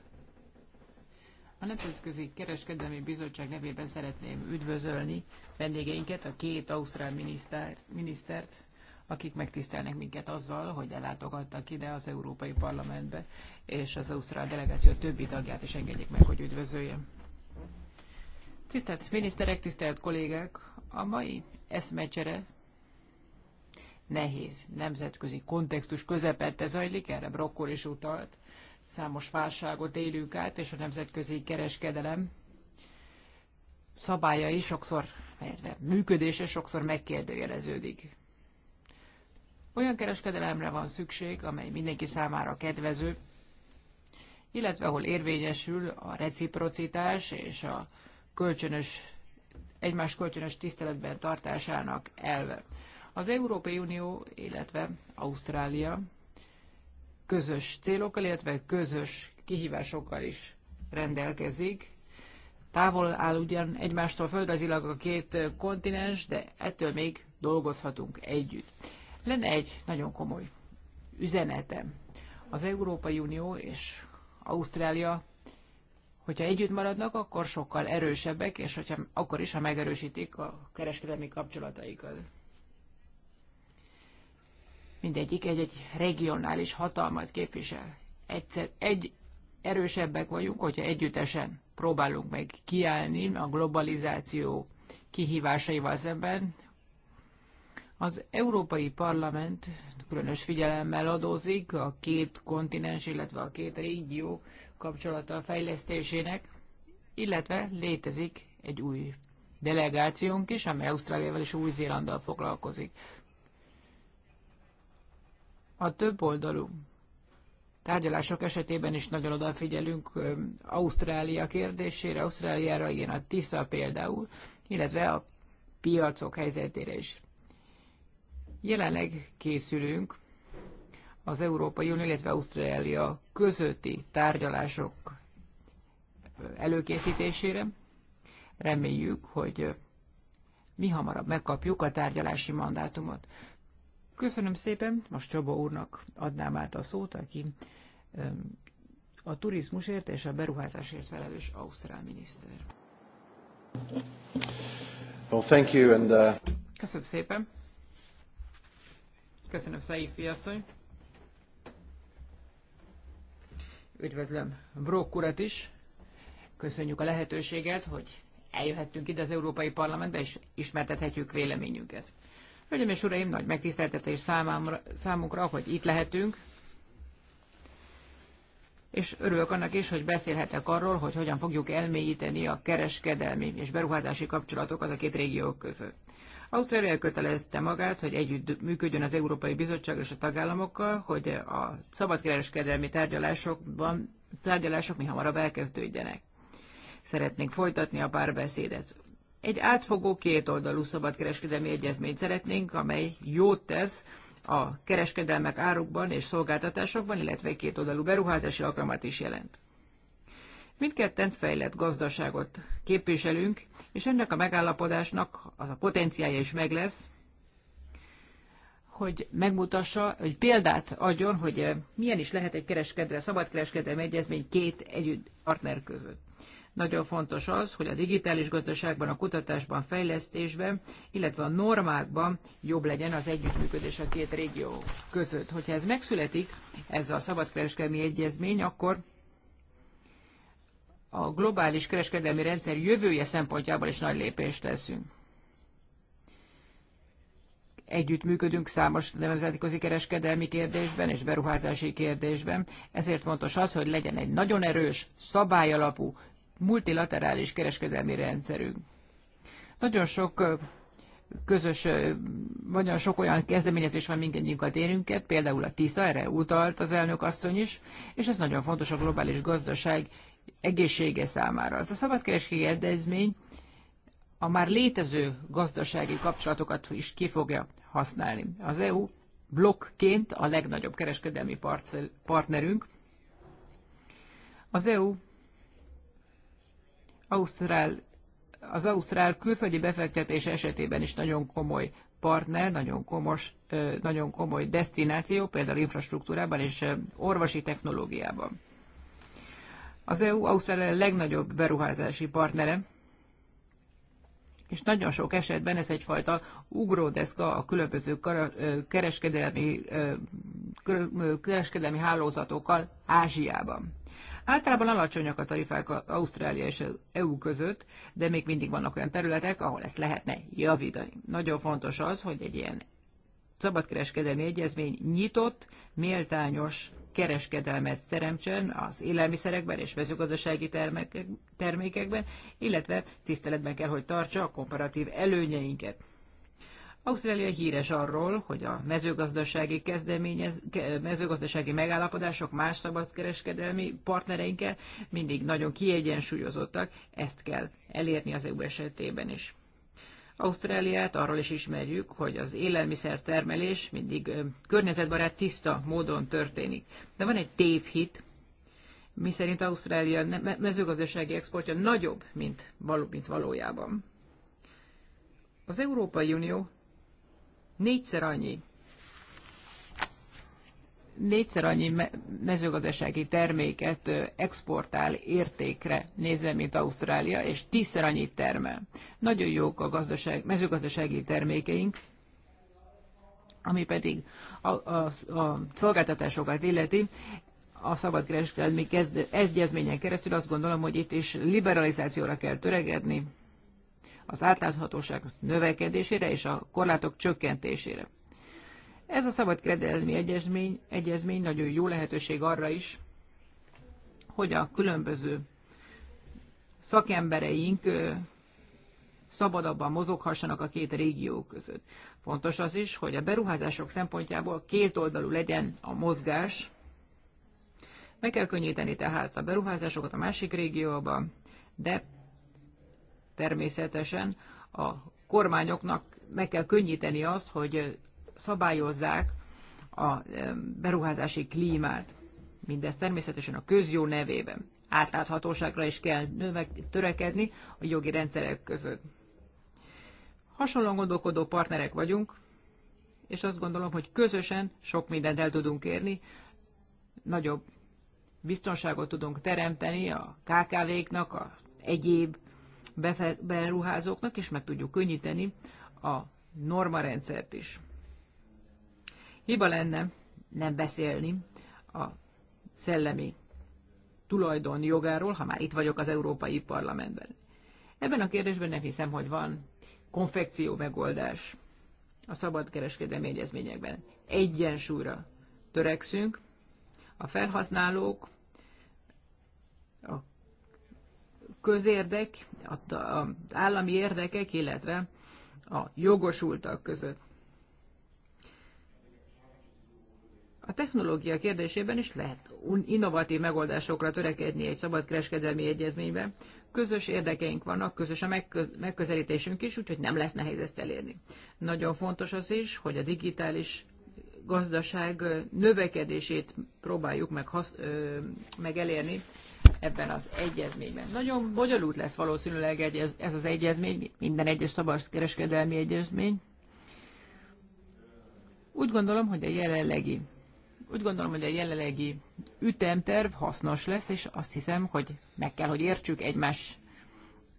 A Nemzetközi Kereskedelmi Bizottság nevében szeretném üdvözölni vendégeinket, a két ausztrál miniszter, minisztert, akik megtisztelnek minket azzal, hogy ellátogattak ide az Európai Parlamentbe, és az ausztrál delegáció többi tagját is engedjék meg, hogy üdvözöljem. Tisztelt miniszterek, tisztelt kollégák! A mai eszmecsere nehéz nemzetközi kontextus közepette zajlik, erre Brokkor is utalt. Számos válságot élünk át, és a nemzetközi kereskedelem szabályai sokszor, illetve működése sokszor megkérdőjeleződik. Olyan kereskedelemre van szükség, amely mindenki számára kedvező, illetve ahol érvényesül a reciprocitás és a kölcsönös, egymás kölcsönös tiszteletben tartásának elve. Az Európai Unió, illetve Ausztrália közös célokkal, illetve közös kihívásokkal is rendelkezik. Távol áll ugyan egymástól földrajzilag a két kontinens, de ettől még dolgozhatunk együtt. Lenne egy nagyon komoly üzenetem. Az Európai Unió és Ausztrália, hogyha együtt maradnak, akkor sokkal erősebbek, és hogyha, akkor is, ha megerősítik a kereskedelmi kapcsolataikat mindegyik egy-egy regionális hatalmat képvisel. Egyszer, egy erősebbek vagyunk, hogyha együttesen próbálunk meg kiállni a globalizáció kihívásaival szemben. Az Európai Parlament különös figyelemmel adózik a két kontinens, illetve a két régió kapcsolata fejlesztésének, illetve létezik egy új delegációnk is, amely Ausztráliával és Új-Zélanddal foglalkozik. A több oldalú tárgyalások esetében is nagyon odafigyelünk Ausztrália kérdésére, Ausztráliára, igen, a TISZA például, illetve a piacok helyzetére is. Jelenleg készülünk az Európai Unió, illetve Ausztrália közötti tárgyalások előkészítésére. Reméljük, hogy mi hamarabb megkapjuk a tárgyalási mandátumot. Köszönöm szépen, most Csaba úrnak adnám át a szót, aki a turizmusért és a beruházásért felelős Ausztrál miniszter. Well, thank you and, uh... Köszönöm szépen. Köszönöm, Szaifi asszony. Üdvözlöm Brock urat is. Köszönjük a lehetőséget, hogy eljöhettünk ide az Európai Parlamentbe, és ismertethetjük véleményünket. Hölgyeim és Uraim, nagy megtiszteltetés számámra, számunkra, hogy itt lehetünk, és örülök annak is, hogy beszélhetek arról, hogy hogyan fogjuk elmélyíteni a kereskedelmi és beruházási kapcsolatokat a két régió között. Ausztrália kötelezte magát, hogy együtt működjön az Európai Bizottság és a tagállamokkal, hogy a szabadkereskedelmi tárgyalásokban tárgyalások mi hamarabb elkezdődjenek. Szeretnénk folytatni a párbeszédet egy átfogó kétoldalú szabadkereskedelmi egyezményt szeretnénk, amely jót tesz a kereskedelmek árukban és szolgáltatásokban, illetve kétoldalú beruházási alkalmat is jelent. Mindketten fejlett gazdaságot képviselünk, és ennek a megállapodásnak az a potenciája is meg lesz, hogy megmutassa, hogy példát adjon, hogy eh, milyen is lehet egy kereskedre, szabadkereskedelmi egyezmény két együtt partner között. Nagyon fontos az, hogy a digitális gazdaságban, a kutatásban, fejlesztésben, illetve a normákban jobb legyen az együttműködés a két régió között. Hogyha ez megszületik, ez a szabadkereskedelmi egyezmény, akkor a globális kereskedelmi rendszer jövője szempontjából is nagy lépést teszünk. Együttműködünk számos nemzetközi kereskedelmi kérdésben és beruházási kérdésben, ezért fontos az, hogy legyen egy nagyon erős, szabályalapú, multilaterális kereskedelmi rendszerünk. Nagyon sok közös, nagyon sok olyan kezdeményezés van mindennyiunk a térünket, például a TISZA, erre utalt az elnök asszony is, és ez nagyon fontos a globális gazdaság egészsége számára. Az a szabadkereskedelmi egyezmény a már létező gazdasági kapcsolatokat is ki fogja használni. Az EU blokkként a legnagyobb kereskedelmi partnerünk. Az EU Ausztrál, az Ausztrál külföldi befektetés esetében is nagyon komoly partner, nagyon, komos, nagyon komoly destináció, például infrastruktúrában és orvosi technológiában. Az EU Ausztrál legnagyobb beruházási partnere, és nagyon sok esetben ez egyfajta ugródeszka a különböző kereskedelmi, kereskedelmi hálózatokkal Ázsiában. Általában alacsonyak a tarifák Ausztrália és az EU között, de még mindig vannak olyan területek, ahol ezt lehetne javítani. Nagyon fontos az, hogy egy ilyen szabadkereskedelmi egyezmény nyitott, méltányos kereskedelmet teremtsen az élelmiszerekben és mezőgazdasági termékekben, illetve tiszteletben kell, hogy tartsa a komparatív előnyeinket. Ausztrália híres arról, hogy a mezőgazdasági, kezdeményez, mezőgazdasági megállapodások más szabadkereskedelmi partnereinkkel mindig nagyon kiegyensúlyozottak, ezt kell elérni az EU esetében is. Ausztráliát arról is ismerjük, hogy az élelmiszer termelés mindig környezetbarát, tiszta módon történik. De van egy tévhit, miszerint Ausztrália mezőgazdasági exportja nagyobb, mint, mint valójában. Az Európai Unió négyszer annyi négyszer annyi mezőgazdasági terméket exportál értékre nézve, mint Ausztrália, és tízszer annyit termel. Nagyon jók a gazdaság, mezőgazdasági termékeink, ami pedig a, a, a szolgáltatásokat illeti, a szabadkereskedelmi egyezményen keresztül azt gondolom, hogy itt is liberalizációra kell töregedni, az átláthatóság növekedésére és a korlátok csökkentésére. Ez a kredelmi egyezmény, egyezmény nagyon jó lehetőség arra is, hogy a különböző szakembereink szabadabban mozoghassanak a két régió között. Fontos az is, hogy a beruházások szempontjából kétoldalú legyen a mozgás. Meg kell könnyíteni tehát a beruházásokat a másik régióba, de természetesen a kormányoknak meg kell könnyíteni azt, hogy szabályozzák a beruházási klímát. Mindez természetesen a közjó nevében. Átláthatóságra is kell növek, törekedni a jogi rendszerek között. Hasonlóan gondolkodó partnerek vagyunk, és azt gondolom, hogy közösen sok mindent el tudunk érni, nagyobb biztonságot tudunk teremteni a KKV-knak, a egyéb beruházóknak, és meg tudjuk könnyíteni a norma rendszert is. Hiba lenne nem beszélni a szellemi tulajdon jogáról, ha már itt vagyok az Európai Parlamentben. Ebben a kérdésben nem hiszem, hogy van konfekció megoldás a szabadkereskedelmi egyezményekben. Egyensúlyra törekszünk. A felhasználók, a közérdek, az állami érdekek, illetve a jogosultak között. A technológia kérdésében is lehet innovatív megoldásokra törekedni egy szabadkereskedelmi egyezményben. Közös érdekeink vannak, közös a megközelítésünk is, úgyhogy nem lesz nehéz ezt elérni. Nagyon fontos az is, hogy a digitális gazdaság növekedését próbáljuk meg, hasz, ö, meg elérni ebben az egyezményben. Nagyon bonyolult lesz valószínűleg egy, ez, ez az egyezmény, minden egyes kereskedelmi egyezmény. Úgy gondolom, hogy a jelenlegi úgy gondolom, hogy a jelenlegi ütemterv hasznos lesz, és azt hiszem, hogy meg kell, hogy értsük egymás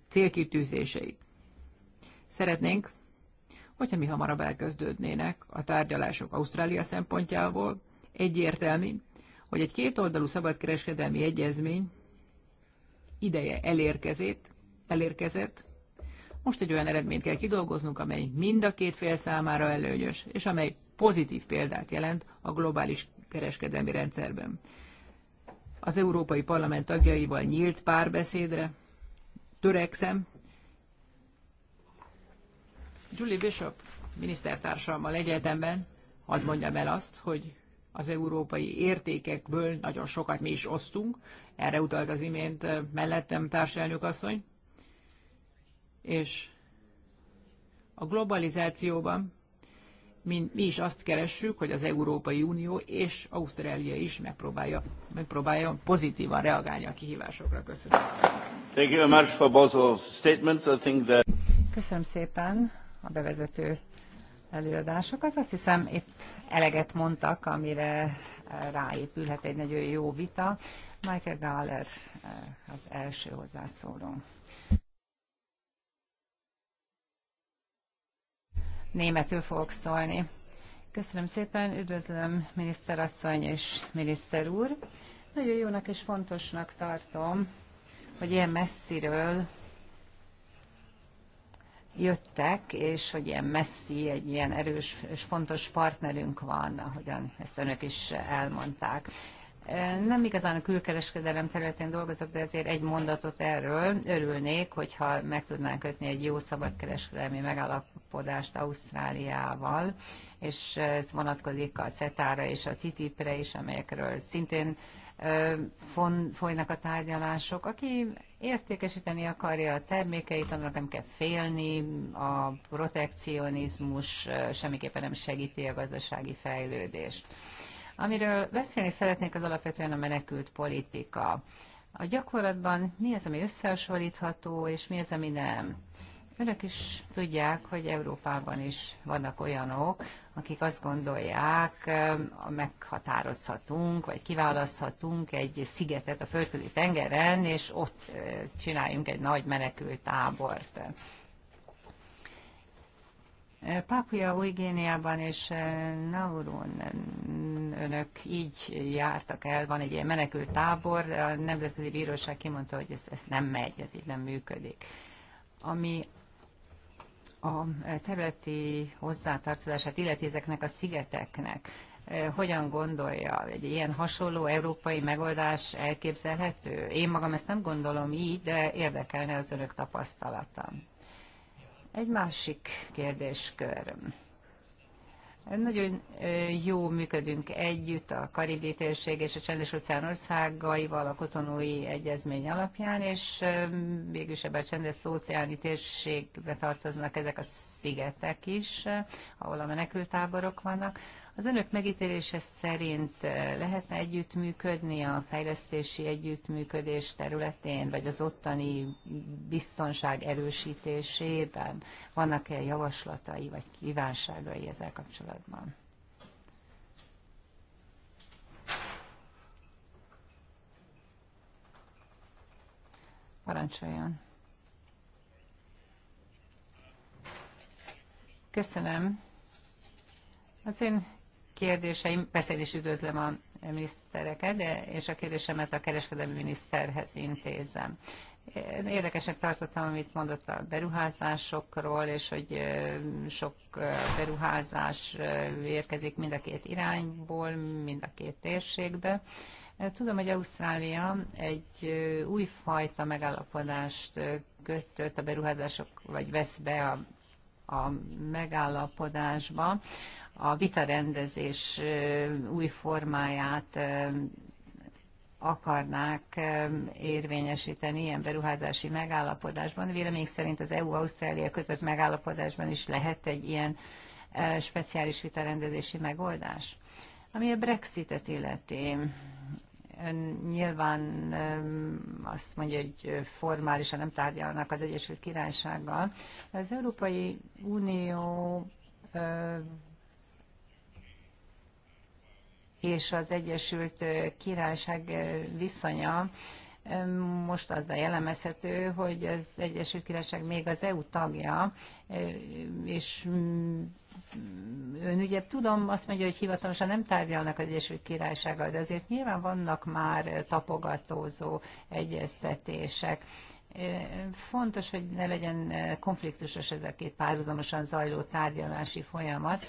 célkitűzéseit. Szeretnénk hogyha mi hamarabb elkezdődnének a tárgyalások Ausztrália szempontjából. Egyértelmű, hogy egy kétoldalú szabadkereskedelmi egyezmény ideje elérkezett, elérkezett, most egy olyan eredményt kell kidolgoznunk, amely mind a két fél számára előnyös, és amely pozitív példát jelent a globális kereskedelmi rendszerben. Az Európai Parlament tagjaival nyílt párbeszédre törekszem, Julie Bishop minisztertársammal egyetemben, hadd mondjam el azt, hogy az európai értékekből nagyon sokat mi is osztunk, erre utalt az imént mellettem társelnök asszony, és a globalizációban mi, mi is azt keressük, hogy az Európai Unió és Ausztrália is megpróbálja, megpróbálja pozitívan reagálni a kihívásokra. Köszönöm. Thank you very much for both of statements. I think that... Köszönöm szépen a bevezető előadásokat. Azt hiszem épp eleget mondtak, amire eh, ráépülhet egy nagyon jó vita. Michael Gáler eh, az első hozzászóló. Németül fogok szólni. Köszönöm szépen, üdvözlöm miniszterasszony és miniszter úr. Nagyon jónak és fontosnak tartom, hogy ilyen messziről jöttek, és hogy ilyen messzi, egy ilyen erős és fontos partnerünk van, ahogyan ezt önök is elmondták. Nem igazán a külkereskedelem területén dolgozok, de azért egy mondatot erről. Örülnék, hogyha meg tudnánk kötni egy jó szabadkereskedelmi megállapodást Ausztráliával, és ez vonatkozik a CETA-ra és a TTIP-re is, amelyekről szintén folynak a tárgyalások. Aki értékesíteni akarja a termékeit, annak nem kell félni, a protekcionizmus semmiképpen nem segíti a gazdasági fejlődést. Amiről beszélni szeretnék, az alapvetően a menekült politika. A gyakorlatban mi az, ami összehasonlítható, és mi az, ami nem. Önök is tudják, hogy Európában is vannak olyanok, akik azt gondolják, meghatározhatunk, vagy kiválaszthatunk egy szigetet a földközi tengeren, és ott csináljunk egy nagy menekült tábort. Pápua Új-Géniában és Naurun önök így jártak el, van egy ilyen menekült tábor, a Nemzetközi Bíróság kimondta, hogy ez, ez nem megy, ez így nem működik. Ami a területi hozzátartozását illeti ezeknek a szigeteknek. Hogyan gondolja, egy ilyen hasonló európai megoldás elképzelhető? Én magam ezt nem gondolom így, de érdekelne az önök tapasztalata. Egy másik kérdéskör. Nagyon jó működünk együtt a Karibi térség és a Csendes óceán országaival a kotonói egyezmény alapján, és mégis ebben a Csendes óceáni térségbe tartoznak ezek a szigetek is, ahol a menekültáborok vannak. Az önök megítélése szerint eh, lehetne együttműködni a fejlesztési együttműködés területén, vagy az ottani biztonság erősítésében? Vannak-e javaslatai vagy kívánságai ezzel kapcsolatban? Parancsoljon! Köszönöm. Az én kérdéseim, persze is üdvözlöm a minisztereket, de és a kérdésemet a kereskedelmi miniszterhez intézem. Érdekesnek tartottam, amit mondott a beruházásokról, és hogy sok beruházás érkezik mind a két irányból, mind a két térségbe. Tudom, hogy Ausztrália egy újfajta megállapodást kötött a beruházások, vagy vesz be a, a megállapodásba, a vitarendezés új formáját akarnák érvényesíteni ilyen beruházási megállapodásban. Vélemény szerint az EU-Ausztrália kötött megállapodásban is lehet egy ilyen speciális vitarendezési megoldás. Ami a Brexitet illeti, nyilván azt mondja, hogy formálisan nem tárgyalnak az Egyesült Királysággal. Az Európai Unió és az Egyesült Királyság viszonya most az a jellemezhető, hogy az Egyesült Királyság még az EU tagja, és mm, ön ugye tudom, azt mondja, hogy hivatalosan nem tárgyalnak az Egyesült Királysággal, de azért nyilván vannak már tapogatózó egyeztetések. Fontos, hogy ne legyen konfliktusos ez a két párhuzamosan zajló tárgyalási folyamat.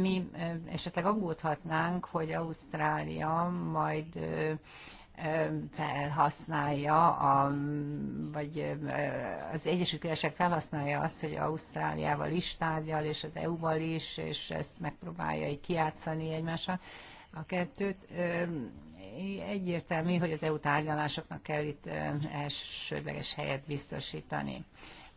Mi esetleg aggódhatnánk, hogy Ausztrália majd felhasználja, a, vagy az Egyesült Királyság felhasználja azt, hogy Ausztráliával is tárgyal, és az EU-val is, és ezt megpróbálja így kiátszani egymással a kettőt egyértelmű, hogy az EU tárgyalásoknak kell itt elsődleges helyet biztosítani.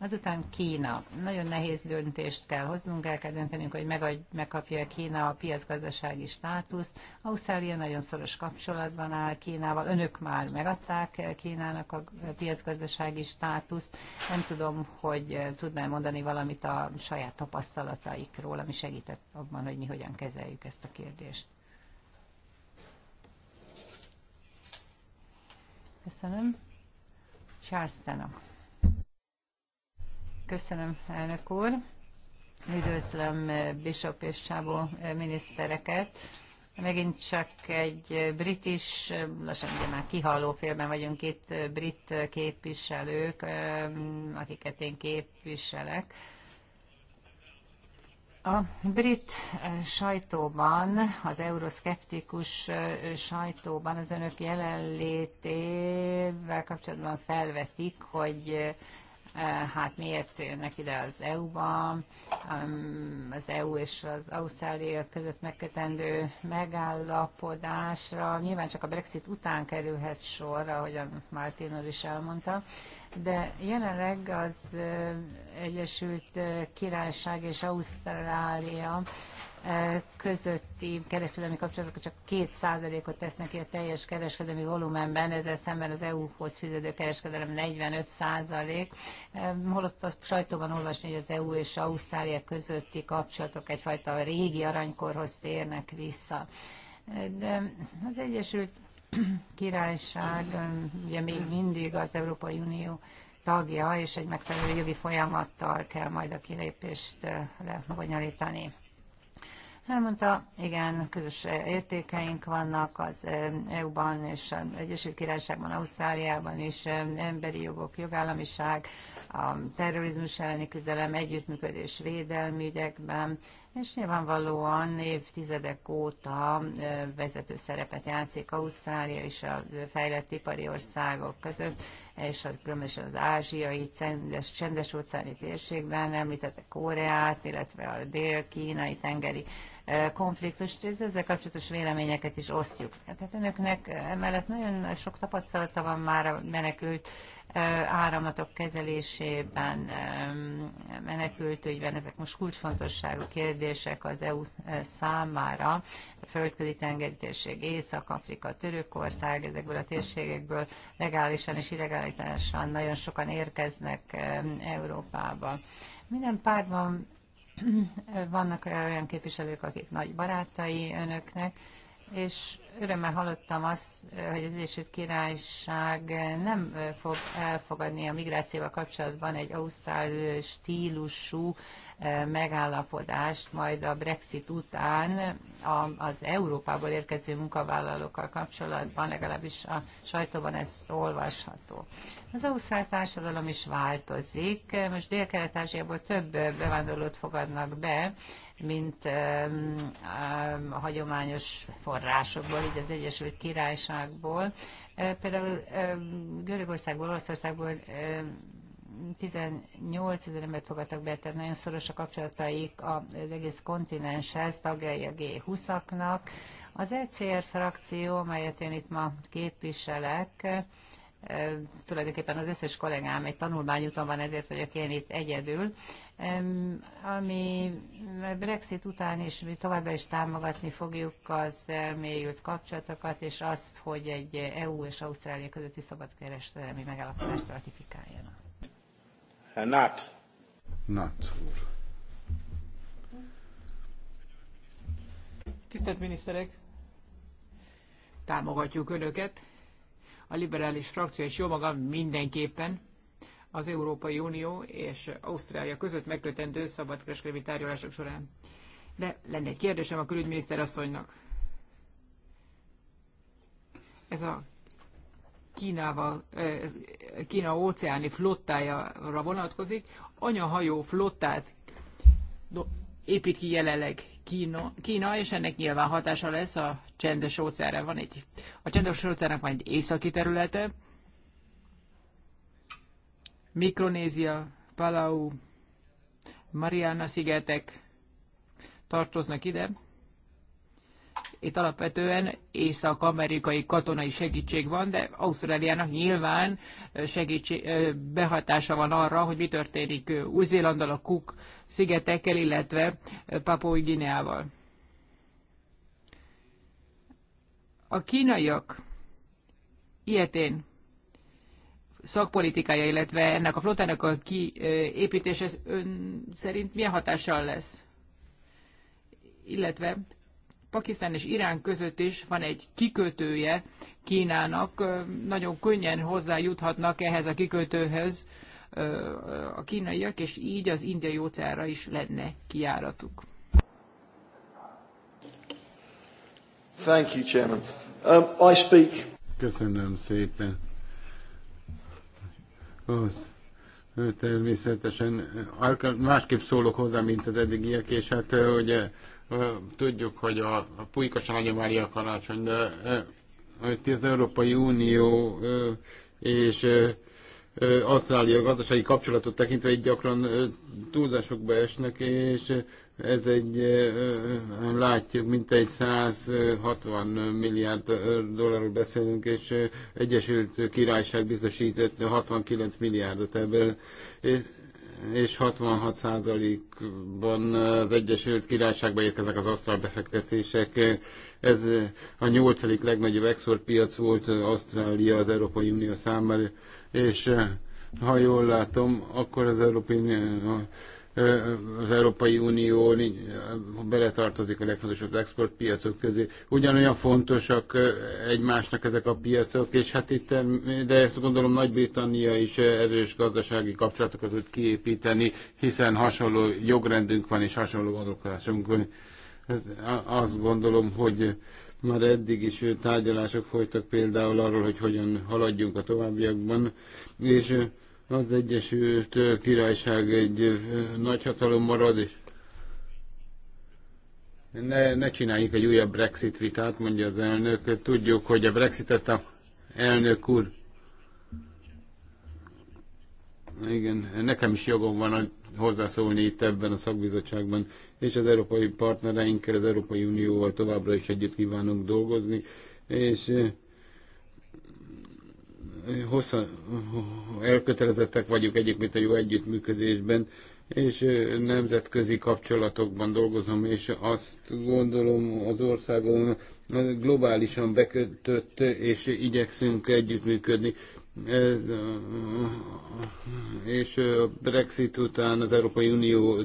Azután Kína. Nagyon nehéz döntést kell hoznunk, el kell döntenünk, hogy megadj, megkapja Kína a piacgazdasági státuszt. Ausztrália nagyon szoros kapcsolatban áll Kínával. Önök már megadták Kínának a piacgazdasági státuszt. Nem tudom, hogy tudná mondani valamit a saját tapasztalataikról, ami segített abban, hogy mi hogyan kezeljük ezt a kérdést. Köszönöm. Charles Tanok. Köszönöm, elnök úr. Üdvözlöm eh, Bishop és Csábó eh, minisztereket. Megint csak egy eh, brit is, lassan ugye már kihaló félben vagyunk itt, brit képviselők, akiket én képviselek a brit eh, sajtóban, az euroszkeptikus eh, sajtóban az önök jelenlétével kapcsolatban felvetik, hogy eh, hát miért jönnek ide az EU-ba, um, az EU és az Ausztrália között megkötendő megállapodásra. Nyilván csak a Brexit után kerülhet sorra, ahogyan Martin úr is elmondta de jelenleg az Egyesült Királyság és Ausztrália közötti kereskedelmi kapcsolatok csak 2%-ot tesznek ki a teljes kereskedelmi volumenben, ezzel szemben az EU-hoz fűződő kereskedelem 45%, holott a sajtóban olvasni, hogy az EU és Ausztrália közötti kapcsolatok egyfajta régi aranykorhoz térnek vissza. De az Egyesült Királyság ugye még mindig az Európai Unió tagja, és egy megfelelő jogi folyamattal kell majd a kilépést eh, lebonyolítani. Elmondta, igen, közös eh, értékeink vannak az eh, EU-ban és az Egyesült Királyságban, Ausztráliában is, emberi jogok, jogállamiság, a terrorizmus elleni küzdelem, együttműködés védelmi ügyekben, és nyilvánvalóan évtizedek óta vezető szerepet játszik Ausztrália és a fejlett ipari országok között, és a, különösen az ázsiai, csendes, csendes óceáni térségben említette Koreát, illetve a dél-kínai tengeri konfliktus, és ezzel kapcsolatos véleményeket is osztjuk. Tehát önöknek emellett nagyon sok tapasztalata van már a menekült áramlatok kezelésében, menekültügyben, ezek most kulcsfontosságú kérdések az EU számára. A földközi tengerítésség, Észak-Afrika, Törökország, ezekből a térségekből legálisan és illegálisan nagyon sokan érkeznek Európába. Minden pártban (clears throat) vannak olyan képviselők, akik nagy barátai önöknek, és örömmel hallottam azt, hogy az Egyesült Királyság nem fog elfogadni a migrációval kapcsolatban egy ausztrál stílusú eh, megállapodást majd a Brexit után az Európából érkező munkavállalókkal kapcsolatban, legalábbis a sajtóban ez olvasható. Az ausztrál társadalom is változik, most Dél-Kelet-Ázsiából több bevándorlót fogadnak be, mint a hagyományos forrásokból, így az Egyesült Királyságból. Például Görögországból, Olaszországból 18 ezer embert fogadtak be, tehát nagyon szoros a kapcsolataik az egész kontinenshez, tagjai a G20-aknak. Az ECR frakció, amelyet én itt ma képviselek, tulajdonképpen az összes kollégám egy tanulmányúton van, ezért vagyok én itt egyedül ami Brexit után is mi továbbra is támogatni fogjuk az elmélyült kapcsolatokat, és azt, hogy egy EU és Ausztrália közötti szabadkereskedelmi megállapodást ratifikáljanak. Nát. Nát Tisztelt miniszterek! Támogatjuk Önöket. A liberális frakció és jó magam mindenképpen az Európai Unió és Ausztrália között megkötendő szabadkereskedelmi tárgyalások során. De lenne egy kérdésem a külügyminiszter asszonynak. Ez a Kínával, Kína óceáni flottájára vonatkozik. Anyahajó flottát épít ki jelenleg Kína, Kína, és ennek nyilván hatása lesz a csendes óceánra. Van egy, a csendes óceánnak van egy északi területe, Mikronézia, Palau, Mariana-szigetek tartoznak ide. Itt alapvetően észak-amerikai katonai segítség van, de Ausztráliának nyilván segítség, behatása van arra, hogy mi történik Új-Zélanddal, a Cook szigetekkel, illetve Papua Gineával. A kínaiak ilyetén szakpolitikája, illetve ennek a flottának a kiépítése ön szerint milyen hatással lesz? Illetve Pakisztán és Irán között is van egy kikötője Kínának, nagyon könnyen hozzájuthatnak ehhez a kikötőhöz a kínaiak, és így az indiai óceánra is lenne kiáratuk. Thank you, Chairman. Um, I speak. Köszönöm szépen az természetesen másképp szólok hozzá, mint az eddigiek, és hát ugye tudjuk, hogy a, a pulykosan agyomárja Mária karácsony, de itt az Európai Unió és Ausztrália gazdasági kapcsolatot tekintve így gyakran túlzásokba esnek, és ez egy, látjuk, egy 160 milliárd dollárról beszélünk, és Egyesült Királyság biztosított 69 milliárdot ebből, és 66%-ban az Egyesült királyságban érkeznek az asztrál befektetések. Ez a nyolcadik legnagyobb exportpiac volt Ausztrália az Európai Unió számára, és ha jól látom, akkor az Európai Unió az Európai Unió beletartozik a legfontosabb exportpiacok közé. Ugyanolyan fontosak egymásnak ezek a piacok, és hát itt, de ezt gondolom Nagy-Britannia is erős gazdasági kapcsolatokat tud kiépíteni, hiszen hasonló jogrendünk van és hasonló gondolkodásunk van. Azt gondolom, hogy már eddig is tárgyalások folytak például arról, hogy hogyan haladjunk a továbbiakban, és az Egyesült Királyság egy nagy hatalom marad, és ne, ne csináljuk egy újabb Brexit vitát, mondja az elnök. Tudjuk, hogy a Brexitet a elnök úr. Igen, nekem is jogom van hozzászólni itt ebben a szakbizottságban, és az európai partnereinkkel, az Európai Unióval továbbra is együtt kívánunk dolgozni, és hosszan elkötelezettek vagyunk egyébként a jó együttműködésben, és nemzetközi kapcsolatokban dolgozom, és azt gondolom az országon globálisan bekötött, és igyekszünk együttműködni. Ez, és a Brexit után az Európai Unió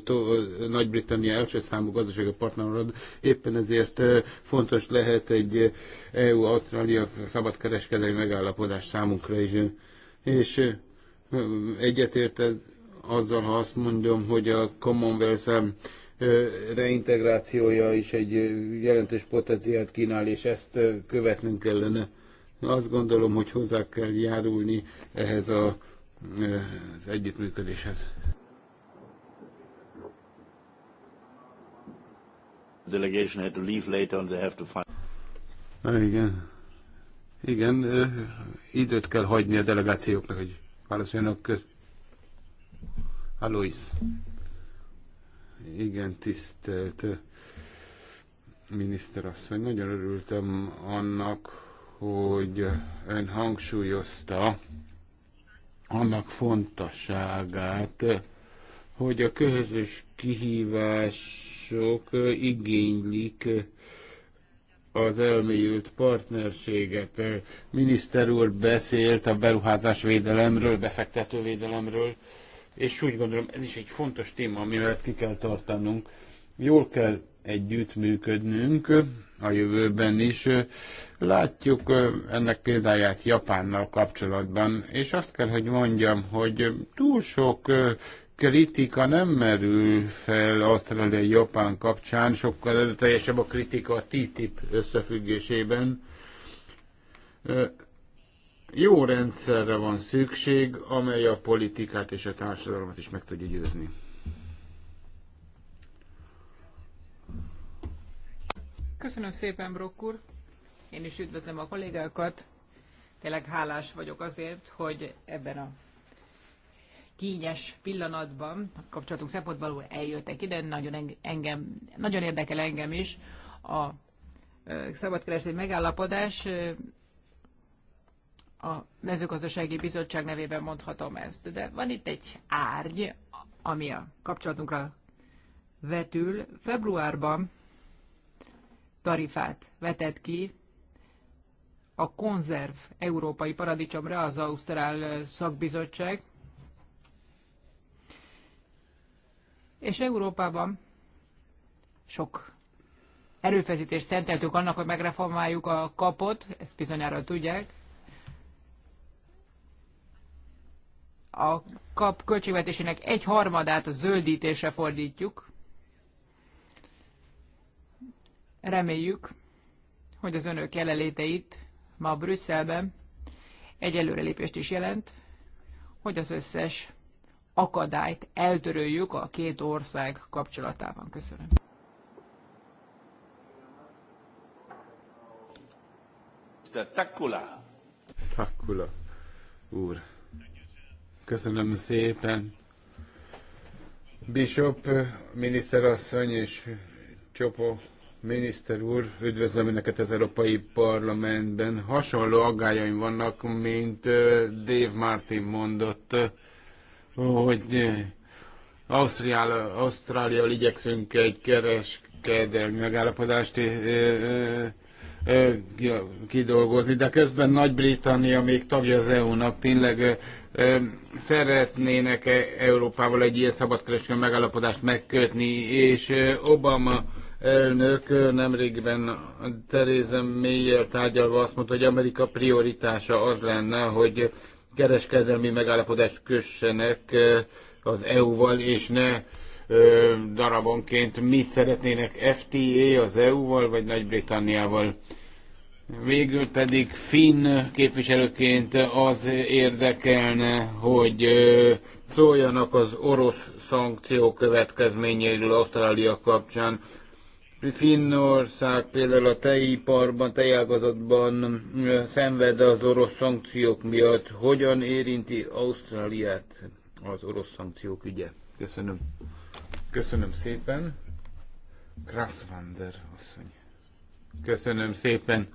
Nagy-Britannia első számú gazdasági partner marad, éppen ezért fontos lehet egy EU-Ausztrália szabadkereskedelmi megállapodás számunkra is. És egyetért azzal, ha azt mondom, hogy a Commonwealth reintegrációja is egy jelentős potenciált kínál, és ezt követnünk kellene azt gondolom, hogy hozzá kell járulni ehhez a, az együttműködéshez. Igen. Igen, időt kell hagyni a delegációknak, hogy válaszoljanak. Alois. Igen, tisztelt miniszterasszony. Nagyon örültem annak, hogy ön hangsúlyozta annak fontosságát, hogy a közös kihívások igénylik az elmélyült partnerséget. Miniszter úr beszélt a beruházás védelemről, befektető védelemről, és úgy gondolom ez is egy fontos téma, amivel ki kell tartanunk. Jól kell együttműködnünk, a jövőben is. Látjuk ennek példáját Japánnal kapcsolatban, és azt kell, hogy mondjam, hogy túl sok kritika nem merül fel Ausztrália-Japán kapcsán, sokkal teljesebb a kritika a TTIP összefüggésében. Jó rendszerre van szükség, amely a politikát és a társadalmat is meg tudja győzni. Köszönöm szépen, Brokk úr. Én is üdvözlöm a kollégákat. Tényleg hálás vagyok azért, hogy ebben a kényes pillanatban, kapcsolatunk szempontból eljöttek ide, nagyon, engem, nagyon érdekel engem is a szabadkereskedelmi megállapodás, a mezőgazdasági bizottság nevében mondhatom ezt. De van itt egy árny, ami a kapcsolatunkra vetül. Februárban tarifát vetett ki a konzerv európai paradicsomra az Ausztrál szakbizottság. És Európában sok erőfeszítést szenteltük annak, hogy megreformáljuk a kapot, ezt bizonyára tudják. A kap költségvetésének egy harmadát a zöldítésre fordítjuk, Reméljük, hogy az önök jelenléte itt, ma Brüsszelben egy előrelépést is jelent, hogy az összes akadályt eltöröljük a két ország kapcsolatában. Köszönöm. Takula. Takula úr. Köszönöm szépen. Bishop, miniszterasszony és Csopó Miniszter úr, üdvözlöm Önöket az Európai Parlamentben. Hasonló aggályaim vannak, mint Dave Martin mondott, hogy Ausztriál, Ausztráliával igyekszünk egy kereskedelmi megállapodást kidolgozni, de közben Nagy-Britannia még tagja az EU-nak, tényleg szeretnének -e Európával egy ilyen szabadkereskedelmi megállapodást megkötni, és Obama elnök nemrégben Theresa may tárgyalva azt mondta, hogy Amerika prioritása az lenne, hogy kereskedelmi megállapodást kössenek az EU-val, és ne darabonként mit szeretnének FTA az EU-val, vagy Nagy-Britanniával. Végül pedig finn képviselőként az érdekelne, hogy szóljanak az orosz szankciók következményeiről Ausztrália kapcsán. Finnország például a tejiparban, tejágazatban szenved az orosz szankciók miatt. Hogyan érinti Ausztráliát az orosz szankciók ügye? Köszönöm. Köszönöm szépen. Grasswander asszony. Köszönöm szépen.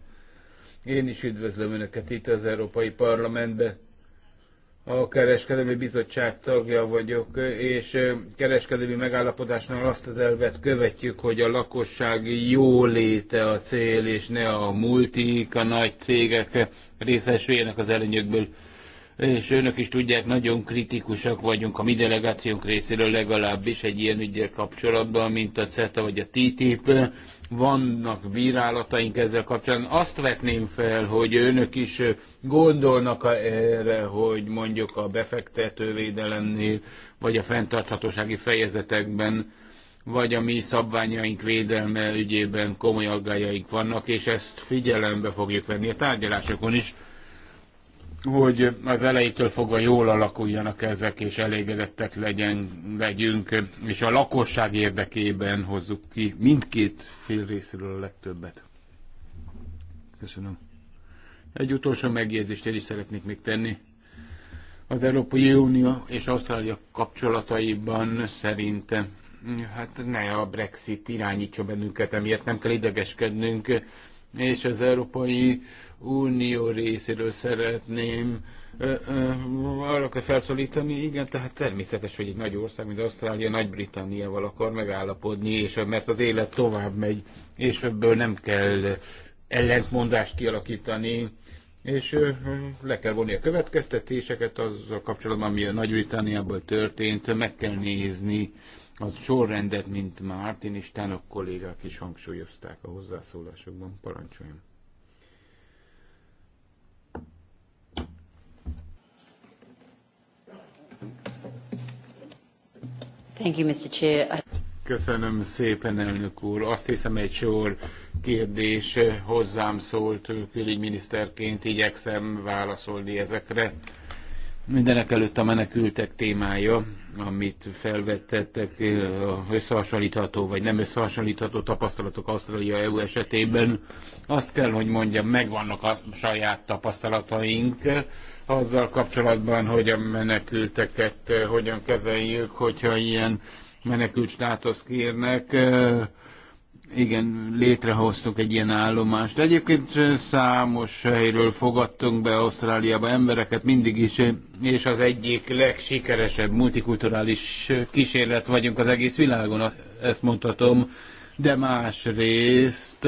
Én is üdvözlöm Önöket itt az Európai Parlamentben a kereskedelmi bizottság tagja vagyok, és kereskedelmi megállapodásnál azt az elvet követjük, hogy a lakosság jóléte a cél, és ne a multik, a nagy cégek részesüljenek az előnyökből és önök is tudják, nagyon kritikusak vagyunk a mi delegációnk részéről legalábbis egy ilyen ügyel kapcsolatban, mint a CETA vagy a TTIP. Vannak bírálataink ezzel kapcsolatban. Azt vetném fel, hogy önök is gondolnak -e erre, hogy mondjuk a befektetővédelemnél, vagy a fenntarthatósági fejezetekben vagy a mi szabványaink védelme ügyében komoly aggájaink vannak, és ezt figyelembe fogjuk venni a tárgyalásokon is hogy az elejétől fogva jól alakuljanak ezek, és elégedettek legyen, legyünk, és a lakosság érdekében hozzuk ki mindkét fél részéről a legtöbbet. Köszönöm. Egy utolsó megjegyzést én is szeretnék még tenni. Az Európai Unió és Ausztrália kapcsolataiban szerintem hát ne a Brexit irányítsa bennünket, emiatt nem kell idegeskednünk és az Európai Unió részéről szeretném arra kell felszólítani, igen, tehát természetes, hogy egy nagy ország, mint Ausztrália, Nagy-Britanniával akar megállapodni, és mert az élet tovább megy, és ebből nem kell ellentmondást kialakítani, és le kell vonni a következtetéseket azzal kapcsolatban, ami a Nagy-Britanniából történt, meg kell nézni, az sorrendet, mint Mártin és Tánok kollégák is hangsúlyozták a hozzászólásokban. Parancsoljon! Thank you, Mr. Chair. Köszönöm szépen, elnök úr. Azt hiszem, egy sor kérdés hozzám szólt külügyminiszterként, igyekszem válaszolni ezekre. Mindenek előtt a menekültek témája amit felvettettek, eh, összehasonlítható vagy nem összehasonlítható tapasztalatok Ausztrália EU esetében. Azt kell, hogy mondjam, megvannak a saját tapasztalataink azzal kapcsolatban, hogy a menekülteket eh, hogyan kezeljük, hogyha ilyen menekült státuszt kérnek eh, igen, létrehoztuk egy ilyen állomást. Egyébként számos helyről fogadtunk be Ausztráliába embereket mindig is, és az egyik legsikeresebb multikulturális kísérlet vagyunk az egész világon, ezt mondhatom, de másrészt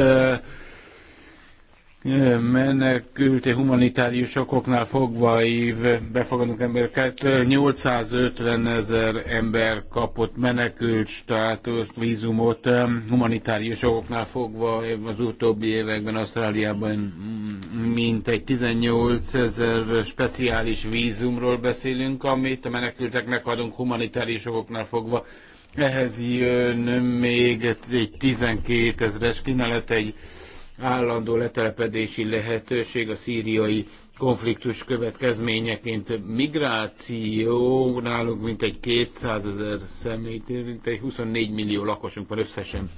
menekülti humanitárius okoknál fogva ív befogadunk embereket. 850 ezer ember kapott menekült státuszt, vízumot humanitárius okoknál fogva az utóbbi években Ausztráliában mm, mintegy 18 ezer speciális vízumról beszélünk, amit a menekülteknek adunk humanitárius okoknál fogva. Ehhez jön még egy 12 ezres kínálat, egy állandó letelepedési lehetőség a szíriai konfliktus következményeként migráció, nálunk mintegy 200 ezer személyt, mintegy 24 millió lakosunk van összesen.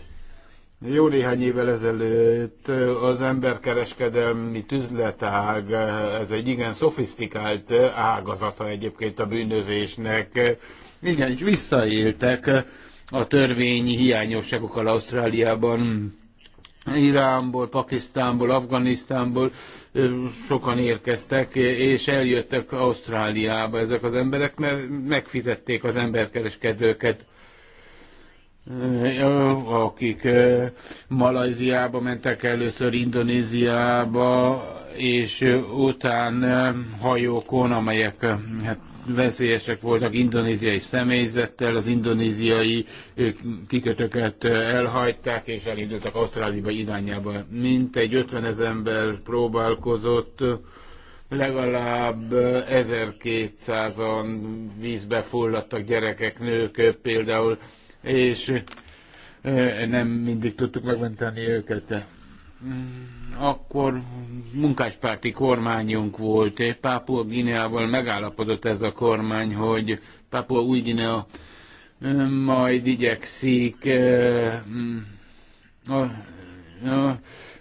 Jó néhány évvel ezelőtt az emberkereskedelmi tüzletág, ez egy igen szofisztikált ágazata egyébként a bűnözésnek. Igen, és visszaéltek a törvényi hiányosságokkal Ausztráliában Iránból, Pakisztánból, Afganisztánból sokan érkeztek, és eljöttek Ausztráliába ezek az emberek, mert megfizették az emberkereskedőket akik Malajziába mentek először, Indonéziába, és után hajókon, amelyek hát, veszélyesek voltak indonéziai személyzettel, az indonéziai kikötőket elhagyták és elindultak Ausztráliába irányába. Mintegy 50 ezer ember próbálkozott, legalább 1200-an vízbe fulladtak gyerekek, nők például, és nem mindig tudtuk megmenteni őket akkor munkáspárti kormányunk volt. Pápua Gineával megállapodott ez a kormány, hogy Pápua új Guinea majd igyekszik mm,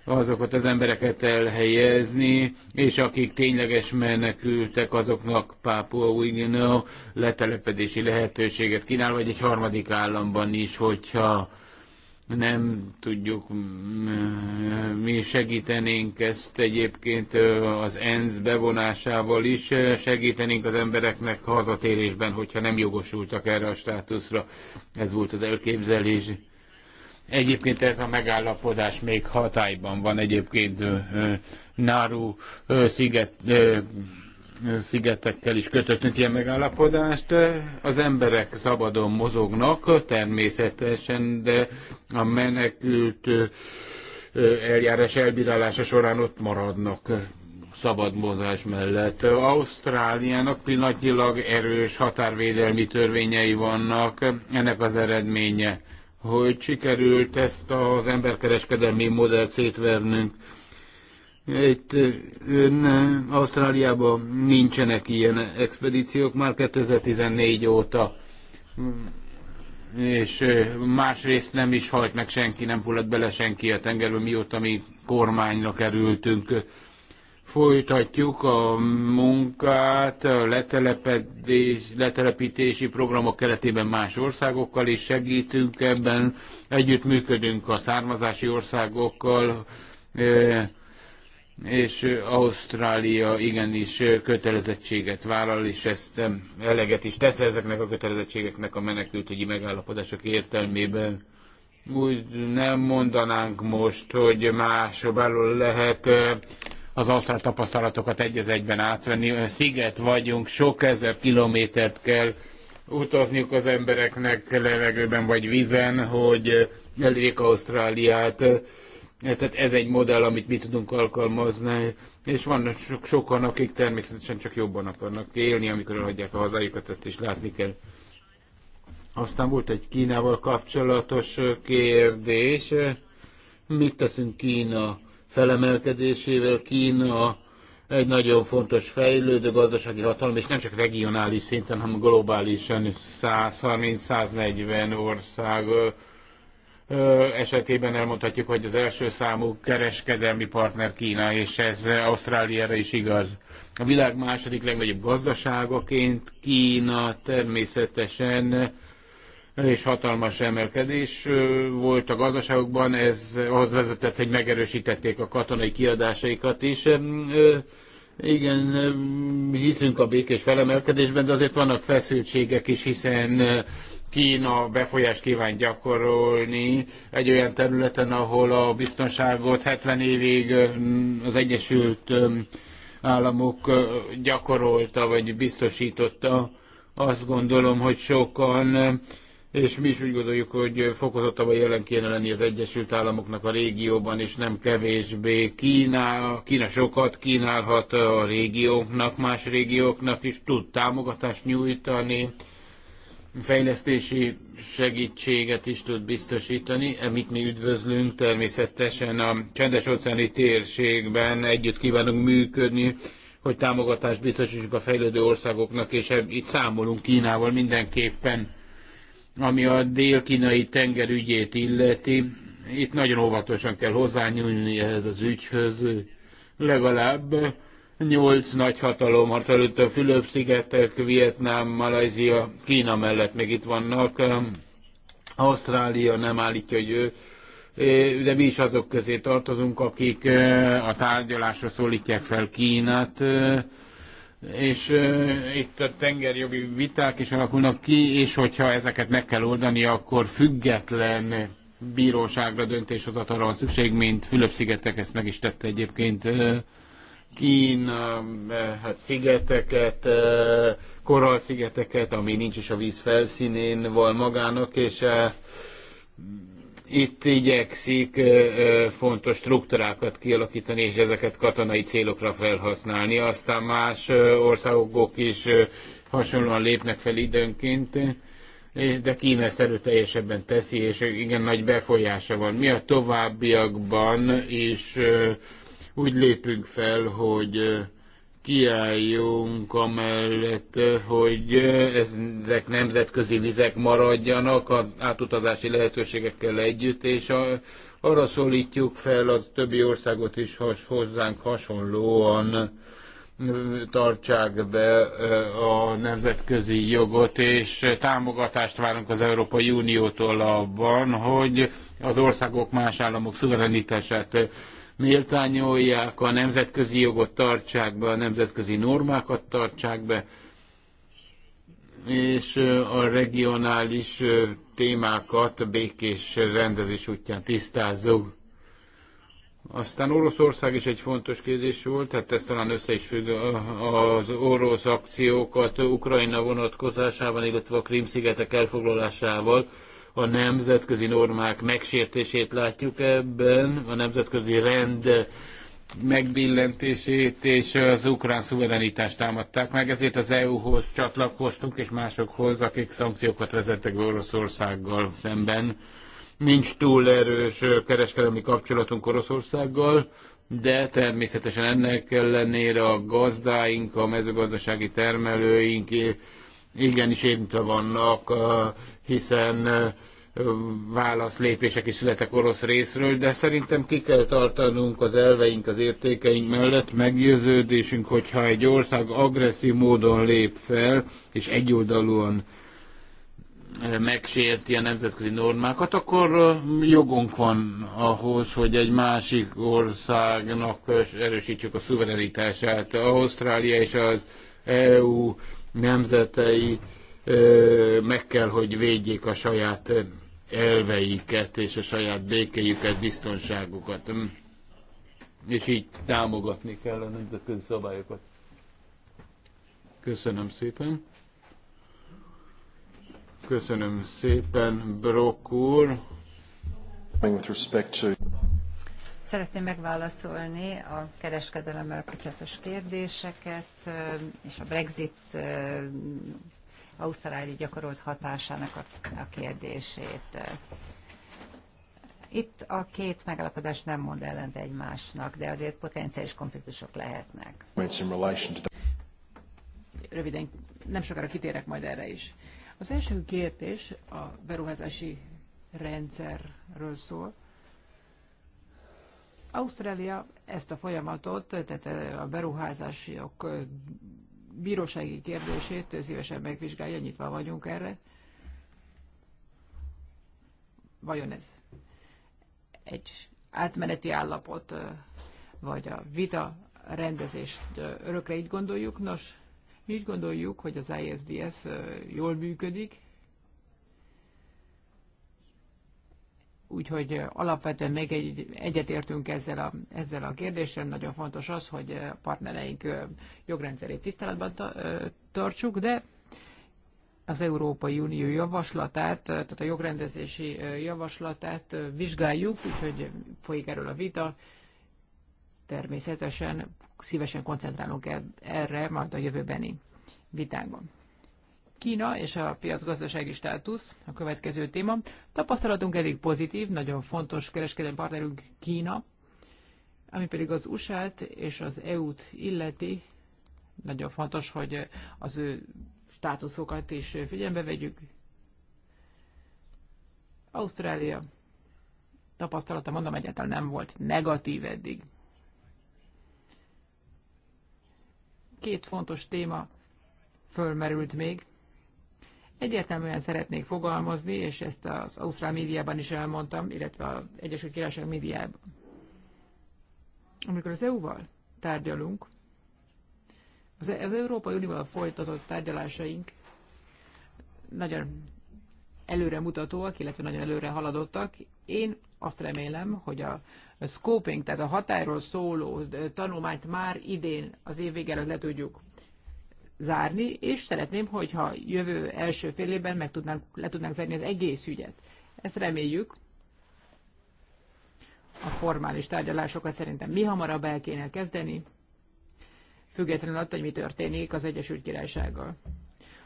azokat az embereket elhelyezni, és akik tényleges menekültek, azoknak Pápua új Guinea letelepedési lehetőséget kínál, vagy egy harmadik államban is, hogyha nem tudjuk, mi segítenénk ezt egyébként az ENSZ bevonásával is, segítenénk az embereknek hazatérésben, hogyha nem jogosultak erre a státuszra. Ez volt az elképzelés. Egyébként ez a megállapodás még hatályban van egyébként Náru sziget szigetekkel is kötöttünk ilyen megállapodást. Az emberek szabadon mozognak természetesen, de a menekült eljárás elbírálása során ott maradnak szabad mozás mellett. Ausztráliának pillanatnyilag erős határvédelmi törvényei vannak. Ennek az eredménye, hogy sikerült ezt az emberkereskedelmi modellt szétvernünk itt ön Ausztráliában nincsenek ilyen expedíciók már 2014 óta, mm, és másrészt nem is halt meg senki, nem fulladt bele senki a tengerbe, mióta mi kormányra kerültünk. Folytatjuk a munkát, a letelepedés, letelepítési programok keretében más országokkal is segítünk ebben, együttműködünk a származási országokkal, és Ausztrália igenis kötelezettséget vállal, és ezt eleget is tesz ezeknek a kötelezettségeknek a menekültügyi megállapodások értelmében. Úgy nem mondanánk most, hogy más belül lehet az ausztrál tapasztalatokat egy az egyben átvenni. Sziget vagyunk, sok ezer kilométert kell utazniuk az embereknek levegőben vagy vízen, hogy elérjék Ausztráliát tehát ez egy modell, amit mi tudunk alkalmazni, és vannak sok, sokan, akik természetesen csak jobban akarnak élni, amikor elhagyják a hazájukat, ezt is látni kell. Aztán volt egy Kínával kapcsolatos kérdés. Mit teszünk Kína felemelkedésével? Kína egy nagyon fontos fejlődő gazdasági hatalom, és nem csak regionális szinten, hanem globálisan 130-140 ország esetében elmondhatjuk, hogy az első számú kereskedelmi partner Kína, és ez Ausztráliára is igaz. A világ második legnagyobb gazdaságaként Kína természetesen és hatalmas emelkedés volt a gazdaságokban, ez ahhoz vezetett, hogy megerősítették a katonai kiadásaikat is. Igen, hiszünk a békés felemelkedésben, de azért vannak feszültségek is, hiszen Kína befolyás kíván gyakorolni egy olyan területen, ahol a biztonságot 70 évig az Egyesült Államok gyakorolta, vagy biztosította. Azt gondolom, hogy sokan, és mi is úgy gondoljuk, hogy fokozottabban jelen kéne lenni az Egyesült Államoknak a régióban, és nem kevésbé. Kína, Kína sokat kínálhat a régióknak, más régióknak is tud támogatást nyújtani fejlesztési segítséget is tud biztosítani, amit mi üdvözlünk természetesen a csendes óceáni térségben együtt kívánunk működni, hogy támogatást biztosítsunk a fejlődő országoknak, és itt számolunk Kínával mindenképpen, ami a dél-kínai tenger ügyét illeti. Itt nagyon óvatosan kell hozzányúlni ehhez az ügyhöz, legalább Nyolc nagy hatalom hát előtt a Fülöp-szigetek, Vietnám, Malajzia, Kína mellett még itt vannak. Ausztrália nem állítja, hogy ő de mi is azok közé tartozunk, akik a tárgyalásra szólítják fel Kínát, és itt a tengerjogi viták is alakulnak ki, és hogyha ezeket meg kell oldani, akkor független bíróságra döntéshozatalra van szükség, mint Fülöp-szigetek ezt meg is tette egyébként Kína, eh, hát szigeteket, eh, koralszigeteket, ami nincs is a víz felszínén van magának, és eh, itt igyekszik fontos struktúrákat kialakítani, és ezeket katonai célokra felhasználni. Aztán más országok is hasonlóan lépnek fel időnként, de Kína ezt erőteljesebben teszi, és igen nagy befolyása van. Mi a továbbiakban is úgy lépünk fel, hogy kiálljunk amellett, hogy ezek nemzetközi vizek maradjanak a átutazási lehetőségekkel együtt, és a, arra szólítjuk fel a többi országot is has, hozzánk hasonlóan tartsák be a nemzetközi jogot, és támogatást várunk az Európai Uniótól abban, hogy az országok más államok szuverenitását méltányolják, a nemzetközi jogot tartsák be, a nemzetközi normákat tartsák be, és a regionális témákat békés rendezés útján tisztázzuk. Aztán Oroszország is egy fontos kérdés volt, tehát ez talán össze is függ az orosz akciókat Ukrajna vonatkozásában, illetve a Krím-szigetek elfoglalásával a nemzetközi normák megsértését látjuk ebben, a nemzetközi rend megbillentését és az ukrán szuverenitást támadták meg, ezért az EU-hoz csatlakoztunk, és másokhoz, akik szankciókat vezettek Oroszországgal szemben. Nincs túl erős kereskedelmi kapcsolatunk Oroszországgal, de természetesen ennek ellenére a gazdáink, a mezőgazdasági termelőink igenis érintve vannak, hiszen válaszlépések is születek orosz részről, de szerintem ki kell tartanunk az elveink, az értékeink mellett, meggyőződésünk, hogyha egy ország agresszív módon lép fel, és egyoldalúan megsérti a nemzetközi normákat, akkor jogunk van ahhoz, hogy egy másik országnak erősítsük a szuverenitását. Ausztrália és az EU nemzetei meg kell, hogy védjék a saját elveiket és a saját békéjüket, biztonságukat. Hm. És így támogatni kell a nemzetközi szabályokat. Köszönöm szépen. Köszönöm szépen, Brokúr. Szeretném megválaszolni a kereskedelemmel kapcsolatos kérdéseket, és a Brexit Ausztrália gyakorolt hatásának a, a kérdését. Itt a két megállapodás nem mond ellent egymásnak, de azért potenciális konfliktusok lehetnek. Röviden, nem sokára kitérek majd erre is. Az első kérdés a beruházási rendszerről szól. Ausztrália ezt a folyamatot, tehát eh, a beruházások eh, bírósági kérdését szívesen megvizsgálja, nyitva vagyunk erre. Vajon ez egy átmeneti állapot, eh, vagy a vita rendezést örökre így gondoljuk? Nos, mi így gondoljuk, hogy az ISDS jól működik, úgyhogy alapvetően még egy, egyetértünk ezzel a, ezzel a kérdéssel. Nagyon fontos az, hogy a partnereink jogrendszerét tiszteletben tartsuk, de az Európai Unió javaslatát, tehát a jogrendezési javaslatát vizsgáljuk, úgyhogy folyik erről a vita. Természetesen szívesen koncentrálunk e, erre majd a jövőbeni vitánkban. Kína és a piacgazdasági státusz a következő téma. Tapasztalatunk eddig pozitív, nagyon fontos kereskedelmi partnerünk Kína, ami pedig az USA-t és az EU-t illeti. Nagyon fontos, hogy az ő státuszokat is figyelembe vegyük. Ausztrália tapasztalata, mondom, egyáltalán nem volt negatív eddig. Két fontos téma fölmerült még. Egyértelműen szeretnék fogalmazni, és ezt az Ausztrál médiában is elmondtam, illetve az Egyesült Királyság médiában. Amikor az EU-val tárgyalunk, az, e- az Európai Unióval folytatott tárgyalásaink nagyon előremutatóak, illetve nagyon előre haladottak. Én azt remélem, hogy a scoping, tehát a határól szóló tanulmányt már idén az év végére le tudjuk zárni, és szeretném, hogyha jövő első fél évben meg tudnánk, le tudnánk zárni az egész ügyet. Ezt reméljük. A formális tárgyalásokat szerintem mi hamarabb el kéne kezdeni, függetlenül attól, hogy mi történik az Egyesült Királysággal.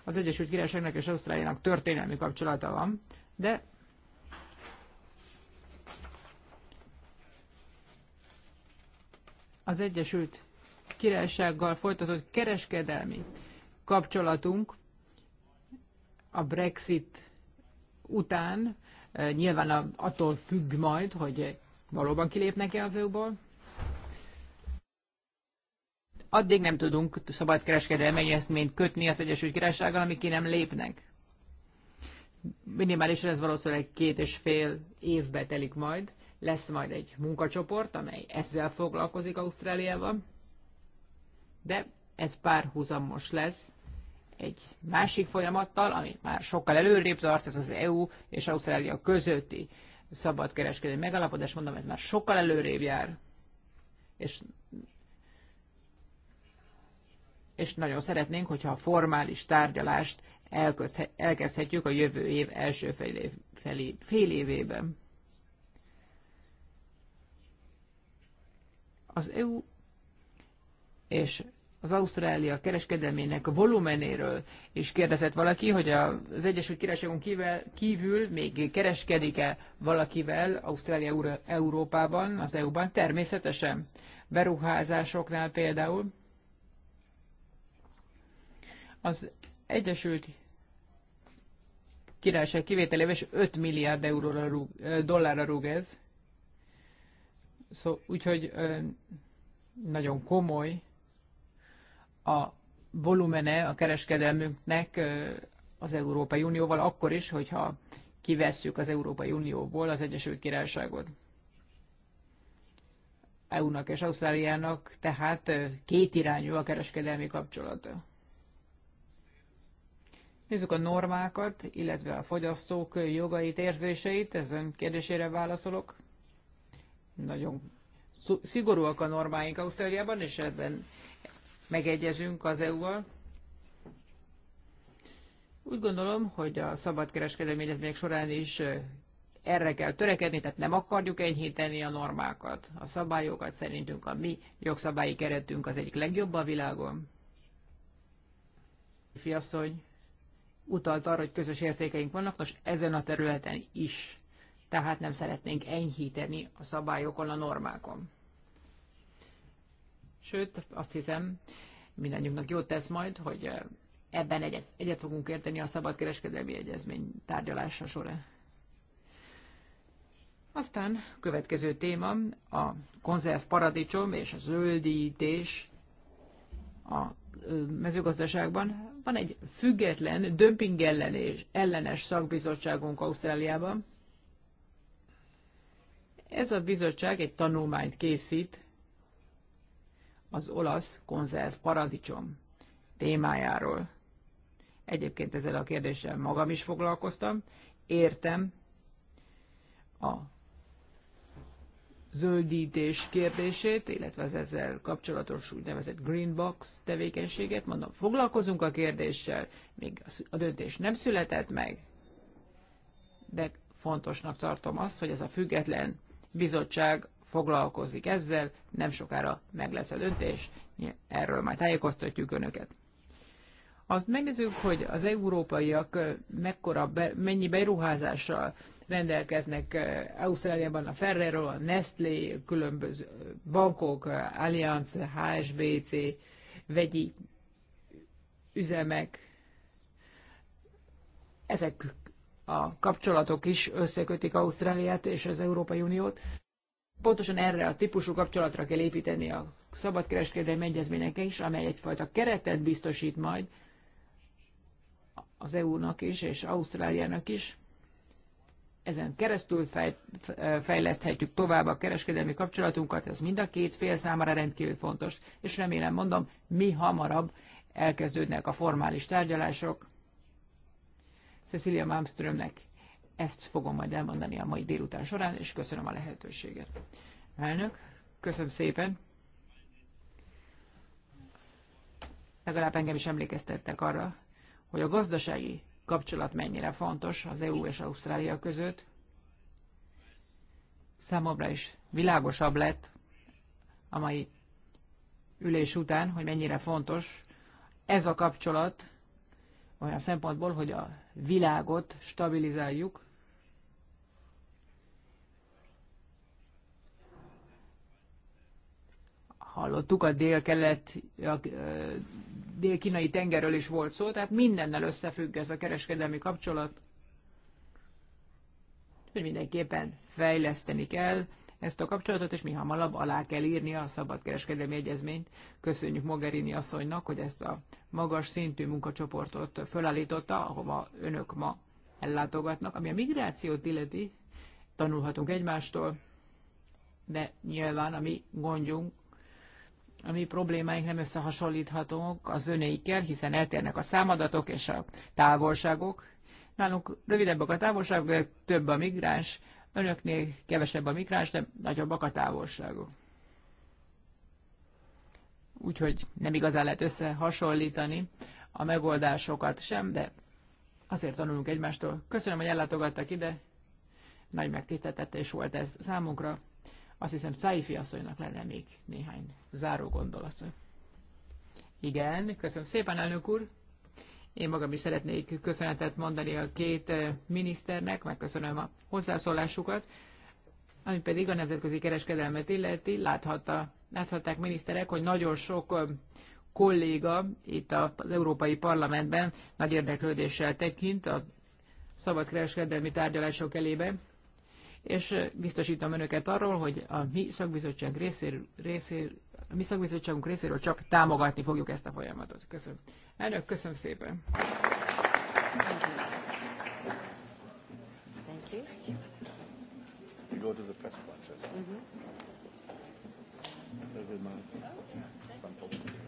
Az Egyesült Királyságnak és Ausztráliának történelmi kapcsolata van, de az Egyesült Királysággal folytatott kereskedelmi kapcsolatunk a Brexit után e, nyilván attól függ majd, hogy valóban kilépnek-e az EU-ból. Addig nem tudunk szabad kereskedelmi egyezményt kötni az Egyesült Királysággal, amíg ki nem lépnek. Minimálisan ez valószínűleg két és fél évbe telik majd. Lesz majd egy munkacsoport, amely ezzel foglalkozik Ausztráliában de ez párhuzamos lesz egy másik folyamattal, ami már sokkal előrébb tart, ez az EU és Ausztrália közötti szabadkereskedelmi megalapodás, mondom, ez már sokkal előrébb jár. És és nagyon szeretnénk, hogyha a formális tárgyalást elkezdhetjük a jövő év első fél, év, felé, fél évében. Az EU és az Ausztrália kereskedelmének volumenéről és kérdezett valaki, hogy az Egyesült Királyságon kívül, kívül még kereskedik-e valakivel Ausztrália Európában, az EU-ban? Természetesen. Beruházásoknál például. Az Egyesült Királyság kivételével és 5 milliárd euróra rúg, dollárra rúg ez. Szó, úgyhogy nagyon komoly a volumene a kereskedelmünknek az Európai Unióval, akkor is, hogyha kivesszük az Európai Unióból az Egyesült Királyságot. EU-nak és Ausztráliának tehát két irányú a kereskedelmi kapcsolata. Nézzük a normákat, illetve a fogyasztók jogait, érzéseit, ez ön kérdésére válaszolok. Nagyon szigorúak a normáink Ausztráliában, és ebben megegyezünk az EU-val. Úgy gondolom, hogy a szabadkereskedelmi egyezmények során is erre kell törekedni, tehát nem akarjuk enyhíteni a normákat, a szabályokat, szerintünk a mi jogszabályi keretünk az egyik legjobb a világon. Fiasszony utalt arra, hogy közös értékeink vannak, most ezen a területen is. Tehát nem szeretnénk enyhíteni a szabályokon, a normákon. Sőt, azt hiszem, mindannyiunknak jót tesz majd, hogy eh, ebben egyet, egyet fogunk érteni a szabadkereskedelmi egyezmény tárgyalása során. Aztán következő téma a konzerv paradicsom és a zöldítés a mezőgazdaságban. Van egy független, dömping ellenés, ellenes szakbizottságunk Ausztráliában. Ez a bizottság egy tanulmányt készít az olasz konzerv paradicsom témájáról. Egyébként ezzel a kérdéssel magam is foglalkoztam. Értem a zöldítés kérdését, illetve az ezzel kapcsolatos úgynevezett green box tevékenységet. Mondom, foglalkozunk a kérdéssel, még a döntés nem született meg, de fontosnak tartom azt, hogy ez a független bizottság foglalkozik ezzel, nem sokára meg lesz a döntés, erről majd tájékoztatjuk Önöket. Azt megnézzük, hogy az európaiak mekkora, mennyi beruházással rendelkeznek Ausztráliában a Ferrero, a Nestlé, különböző bankok, Allianz, HSBC, vegyi üzemek. Ezek a kapcsolatok is összekötik Ausztráliát és az Európai Uniót. Pontosan erre a típusú kapcsolatra kell építeni a szabadkereskedelmi egyezménynek is, amely egyfajta keretet biztosít majd az EU-nak is és Ausztráliának is. Ezen keresztül fejleszthetjük tovább a kereskedelmi kapcsolatunkat, ez mind a két fél számára rendkívül fontos, és remélem mondom, mi hamarabb elkezdődnek a formális tárgyalások. Cecilia Malmströmnek ezt fogom majd elmondani a mai délután során, és köszönöm a lehetőséget. Elnök, köszönöm szépen. Legalább engem is emlékeztettek arra, hogy a gazdasági kapcsolat mennyire fontos az EU és Ausztrália között. Számomra is világosabb lett a mai ülés után, hogy mennyire fontos ez a kapcsolat olyan szempontból, hogy a világot stabilizáljuk, hallottuk, a dél-kelet, a, dél-kínai tengerről is volt szó, tehát mindennel összefügg ez a kereskedelmi kapcsolat, hogy mindenképpen fejleszteni kell ezt a kapcsolatot, és mi hamarabb alá kell írni a szabadkereskedelmi egyezményt. Köszönjük Mogherini asszonynak, hogy ezt a magas szintű munkacsoportot fölállította, ahova önök ma ellátogatnak. Ami a migrációt illeti, tanulhatunk egymástól, de nyilván a mi gondjunk a mi problémáink nem összehasonlíthatók az önéikkel, hiszen eltérnek a számadatok és a távolságok. Nálunk rövidebbek a távolságok, de több a migráns, önöknél kevesebb a migráns, de nagyobbak a távolságok. Úgyhogy nem igazán lehet összehasonlítani a megoldásokat sem, de azért tanulunk egymástól. Köszönöm, hogy ellátogattak ide. Nagy megtiszteltetés volt ez számunkra. Azt hiszem Szájfi asszonynak lenne még néhány záró gondolat. Igen, köszönöm szépen, elnök úr. Én magam is szeretnék köszönetet mondani a két eh, miniszternek, megköszönöm a hozzászólásukat, ami pedig a nemzetközi kereskedelmet illeti. Láthatta, láthatták miniszterek, hogy nagyon sok eh, kolléga itt az Európai Parlamentben nagy érdeklődéssel tekint a szabadkereskedelmi tárgyalások elébe és biztosítom önöket arról, hogy a mi szakbizottság részéről, részéről a mi szakbizottságunk részéről csak támogatni fogjuk ezt a folyamatot. Köszönöm. Elnök, köszönöm szépen. Thank you.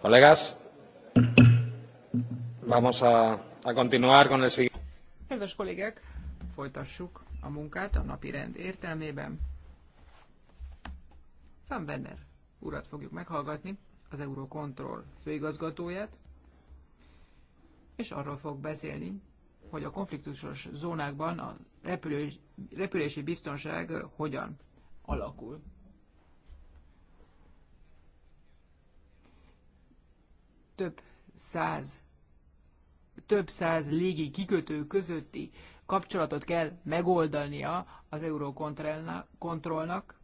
Kollégás, vamos a, a continuar con el siguiente. Kedves kollégek, folytassuk a munkát a napi rend értelmében. Van Benner urat fogjuk meghallgatni, az Eurocontrol főigazgatóját, és arról fog beszélni, hogy a konfliktusos zónákban a repülési biztonság hogyan alakul. több száz több száz légi kikötő közötti kapcsolatot kell megoldania az Eurocontrolnak,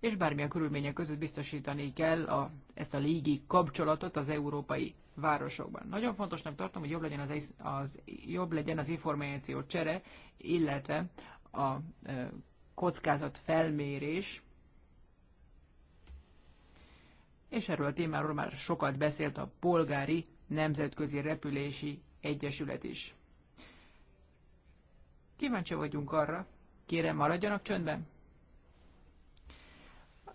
és bármilyen körülmények között biztosítani kell a, ezt a légi kapcsolatot az európai városokban. Nagyon fontosnak tartom, hogy jobb legyen az, az, jobb legyen az információ csere, illetve a e, kockázat felmérés, és erről a témáról már sokat beszélt a Polgári Nemzetközi Repülési Egyesület is. Kíváncsi vagyunk arra, kérem maradjanak csöndben.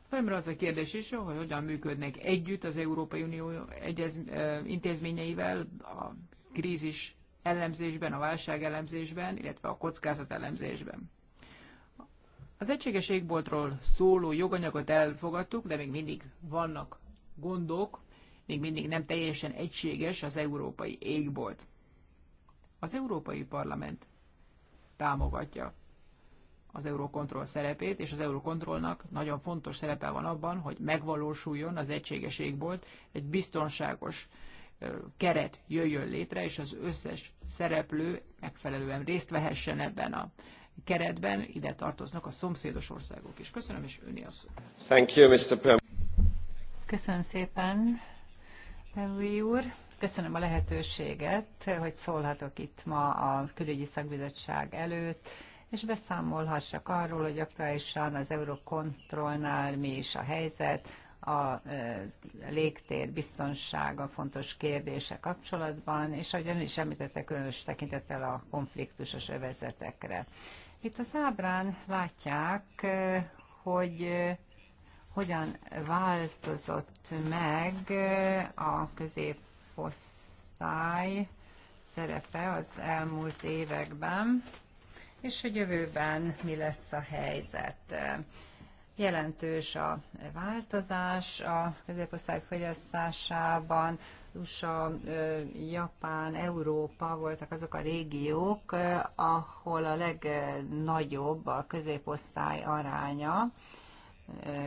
Felmerül az a kérdés is, hogy hogyan működnek együtt az Európai Unió egyez, intézményeivel a krízis elemzésben, a válság elemzésben, illetve a kockázat elemzésben. Az egységes égboltról szóló joganyagot elfogadtuk, de még mindig vannak gondok, még mindig nem teljesen egységes az európai égbolt. Az Európai Parlament támogatja az Eurocontrol szerepét, és az Eurocontrolnak nagyon fontos szerepe van abban, hogy megvalósuljon az egységes égbolt, egy biztonságos keret jöjjön létre, és az összes szereplő megfelelően részt vehessen ebben a keretben, ide tartoznak a szomszédos országok is. Köszönöm, és öné a szó. Thank you, Mr. Köszönöm szépen, Új úr. Köszönöm a lehetőséget, hogy szólhatok itt ma a külügyi szakbizottság előtt, és beszámolhassak arról, hogy aktuálisan az Eurocontrolnál mi is a helyzet, a e, légtér biztonsága fontos kérdése kapcsolatban, és ahogy ön is említette, különös tekintettel a konfliktusos övezetekre. Itt az ábrán látják, e, hogy e, hogyan változott meg a középosztály szerepe az elmúlt években, és hogy jövőben mi lesz a helyzet. Jelentős a változás a középosztály fogyasztásában. USA, Japán, Európa voltak azok a régiók, ahol a legnagyobb a középosztály aránya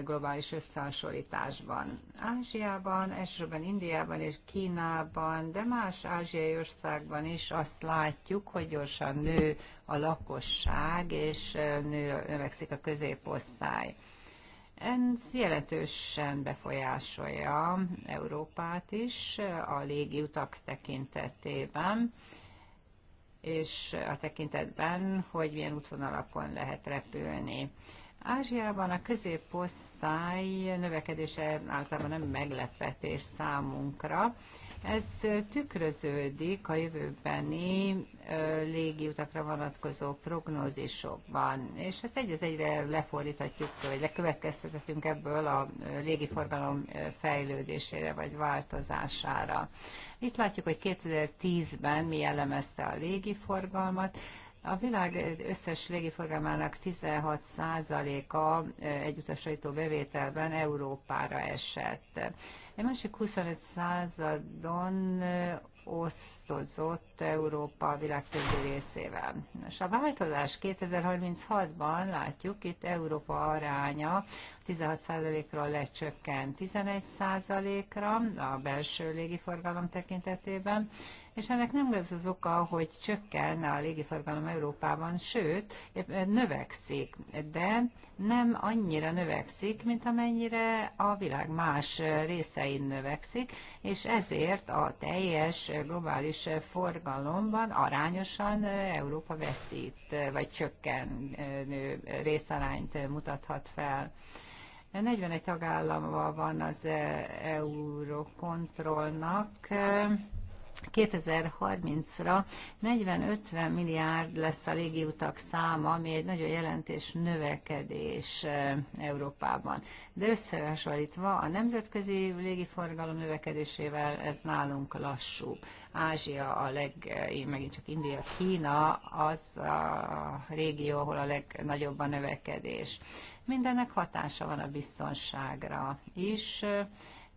globális összehasonlításban. Ázsiában, elsősorban Indiában és Kínában, de más ázsiai országban is azt látjuk, hogy gyorsan nő a lakosság, és nő, növekszik a középosztály. Ez jelentősen befolyásolja Európát is a utak tekintetében és a tekintetben, hogy milyen útvonalakon lehet repülni. Ázsiában a középosztály növekedése általában nem meglepetés számunkra. Ez tükröződik a jövőbeni légiutakra vonatkozó prognózisokban, és ezt hát egy az egyre lefordíthatjuk, vagy lekövetkeztetünk ebből a légiforgalom fejlődésére, vagy változására. Itt látjuk, hogy 2010-ben mi jellemezte a légiforgalmat, a világ összes légiforgalmának 16%-a egy utasító bevételben Európára esett. Egy másik 25 századon eh, osztozott Európa világ többi részével. És a változás 2036-ban látjuk, itt Európa aránya 16%-ról lecsökkent 11%-ra a belső légiforgalom tekintetében, és ennek nem az az oka, hogy csökkenne a légiforgalom Európában, sőt, növekszik, de nem annyira növekszik, mint amennyire a világ más részein növekszik, és ezért a teljes globális forgalomban arányosan Európa veszít, vagy csökkenő részarányt mutathat fel. 41 tagállamban van az Eurocontrolnak, 2030-ra 40-50 milliárd lesz a légiutak száma, ami egy nagyon jelentés növekedés Európában. De összehasonlítva a nemzetközi légiforgalom növekedésével ez nálunk lassú. Ázsia a leg, megint csak India, Kína az a régió, ahol a legnagyobb a növekedés. Mindennek hatása van a biztonságra is,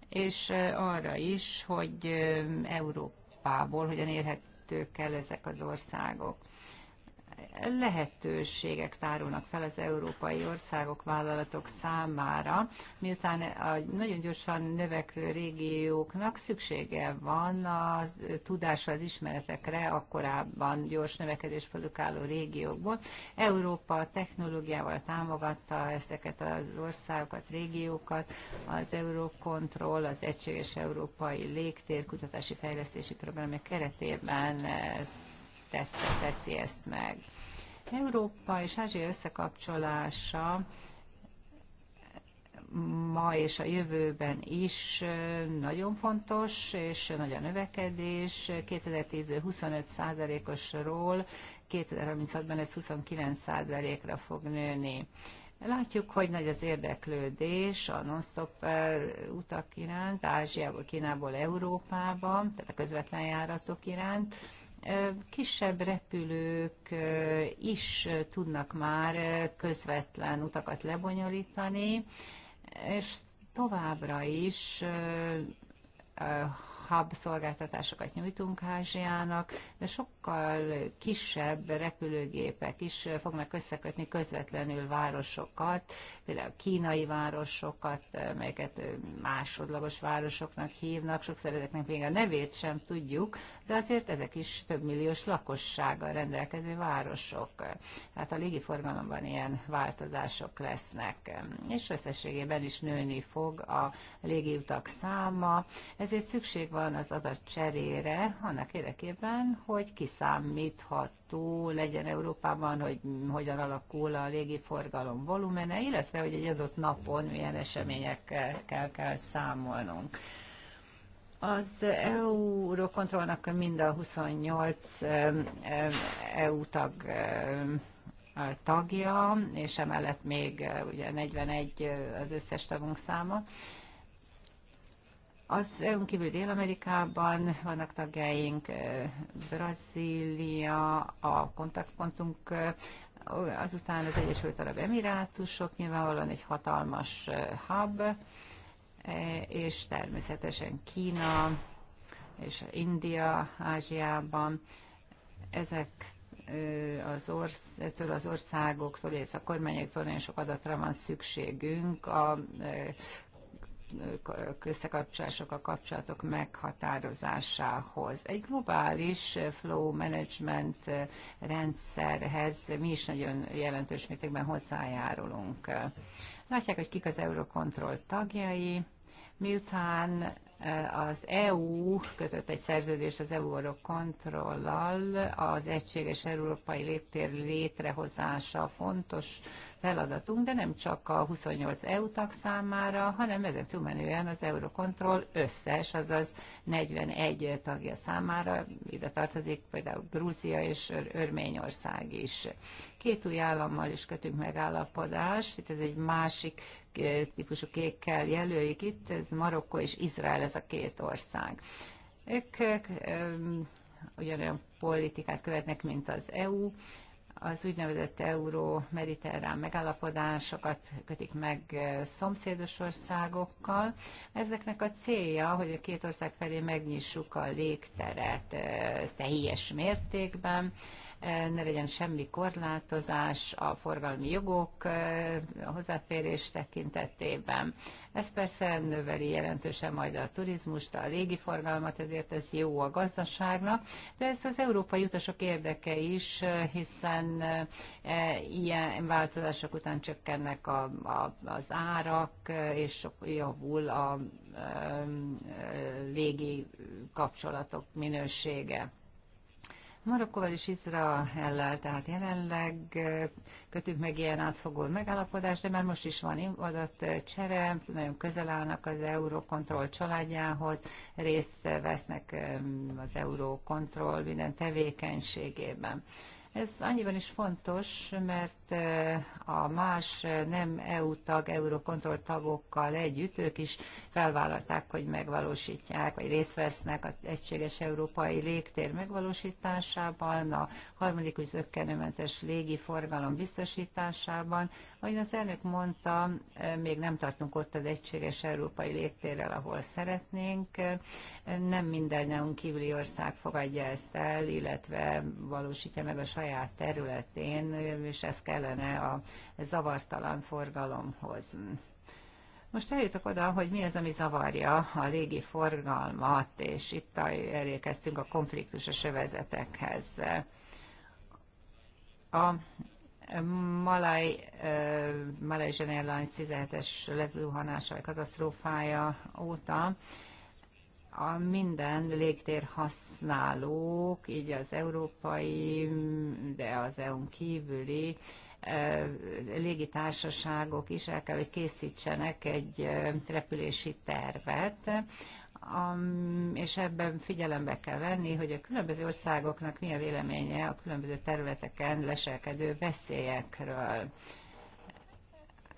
és arra is, hogy Európa Európából, hogyan érhetők el ezek az országok lehetőségek tárulnak fel az európai országok, vállalatok számára, miután a nagyon gyorsan növekvő régióknak szüksége van a tudásra, az ismeretekre a korábban gyors növekedés produkáló régiókból. Európa technológiával támogatta ezeket az országokat, régiókat, az Eurocontrol, az Egységes Európai Légtér kutatási fejlesztési programja keretében eh, tette, teszi ezt meg. Európa és Ázsia összekapcsolása ma és a jövőben is nagyon fontos, és nagy a növekedés. 2010 25 százalékosról 2036-ban ez 29 százalékra fog nőni. Látjuk, hogy nagy az érdeklődés a non-stop utak iránt, Ázsiából, Kínából, Európába, tehát a közvetlen járatok iránt kisebb repülők is tudnak már közvetlen utakat lebonyolítani, és továbbra is hub szolgáltatásokat nyújtunk Ázsiának, de sok sokkal kisebb repülőgépek is fognak összekötni közvetlenül városokat, például kínai városokat, melyeket másodlagos városoknak hívnak, sokszor ezeknek még a nevét sem tudjuk, de azért ezek is több milliós lakossággal rendelkező városok. Hát a légiforgalomban ilyen változások lesznek, és összességében is nőni fog a légiutak száma, ezért szükség van az adatcserére annak érdekében, hogy kis kiszámítható legyen Európában, hogy hogyan alakul a légiforgalom volumene, illetve hogy egy adott napon milyen eseményekkel kell, kell számolnunk. Az Eurocontrolnak mind a 28 EU tag tagja, és emellett még ugye 41 az összes tagunk száma. Az eu kívül Dél-Amerikában vannak tagjaink, Brazília, a kontaktpontunk, azután az Egyesült Arab Emirátusok, nyilvánvalóan egy hatalmas hub, és természetesen Kína és India, Ázsiában. Ezek az, orsz, ettől az országoktól, illetve a kormányoktól nagyon sok adatra van szükségünk a összekapcsolások, a kapcsolatok meghatározásához. Egy globális flow management rendszerhez mi is nagyon jelentős mértékben hozzájárulunk. Látják, hogy kik az Eurocontrol tagjai, miután az EU kötött egy szerződést az Eurocontrollal, az egységes európai léptér létrehozása fontos feladatunk, de nem csak a 28 EU tag számára, hanem ezen túlmenően az e Eurocontrol összes, azaz 41 tagja számára, ide tartozik például Grúzia és Örményország is. Két új állammal is kötünk megállapodást, itt ez egy másik típusú kékkel jelöljük itt, ez Marokko és Izrael, ez a két ország. Ők, ők ugyanolyan politikát követnek, mint az EU, az úgynevezett euró-mediterrán megállapodásokat kötik meg szomszédos országokkal. Ezeknek a célja, hogy a két ország felé megnyissuk a légteret teljes mértékben, ne legyen semmi korlátozás a forgalmi jogok a hozzáférés tekintetében. Ez persze növeli jelentősen majd a turizmust, a légiforgalmat, ezért ez jó a gazdaságnak, de ez az európai utasok érdeke is, hiszen e, ilyen változások után csökkennek a, a, az árak, és javul a, a, a légi kapcsolatok minősége. Marokkóval és Izraellel, tehát jelenleg kötünk meg ilyen átfogó megállapodást, de már most is van csere, nagyon közel állnak az Eurocontrol családjához, részt vesznek az Eurocontrol minden tevékenységében. Ez annyiban is fontos, mert eh, a más eh, nem EU tag, Eurokontroll tagokkal együtt ők is felvállalták, hogy megvalósítják, vagy részt vesznek az egységes európai légtér megvalósításában, a harmadik zöggenőmentes légi forgalom biztosításában. Ahogy az elnök mondta, eh, még nem tartunk ott az egységes európai légtérrel, ahol szeretnénk. Nem minden e kívüli ország fogadja ezt el, illetve valósítja meg a saját saját területén, és ez kellene a zavartalan forgalomhoz. Most eljutok oda, hogy mi az, ami zavarja a légi forgalmat, és itt elérkeztünk a konfliktusos övezetekhez. A Malaj, Malaysian Airlines 17-es lezuhanása vagy katasztrófája óta a minden légtér használók, így az európai, de az EU-n kívüli e, légitársaságok is el kell, hogy készítsenek egy e, repülési tervet, és ebben figyelembe kell venni, hogy a különböző országoknak milyen véleménye a különböző területeken leselkedő veszélyekről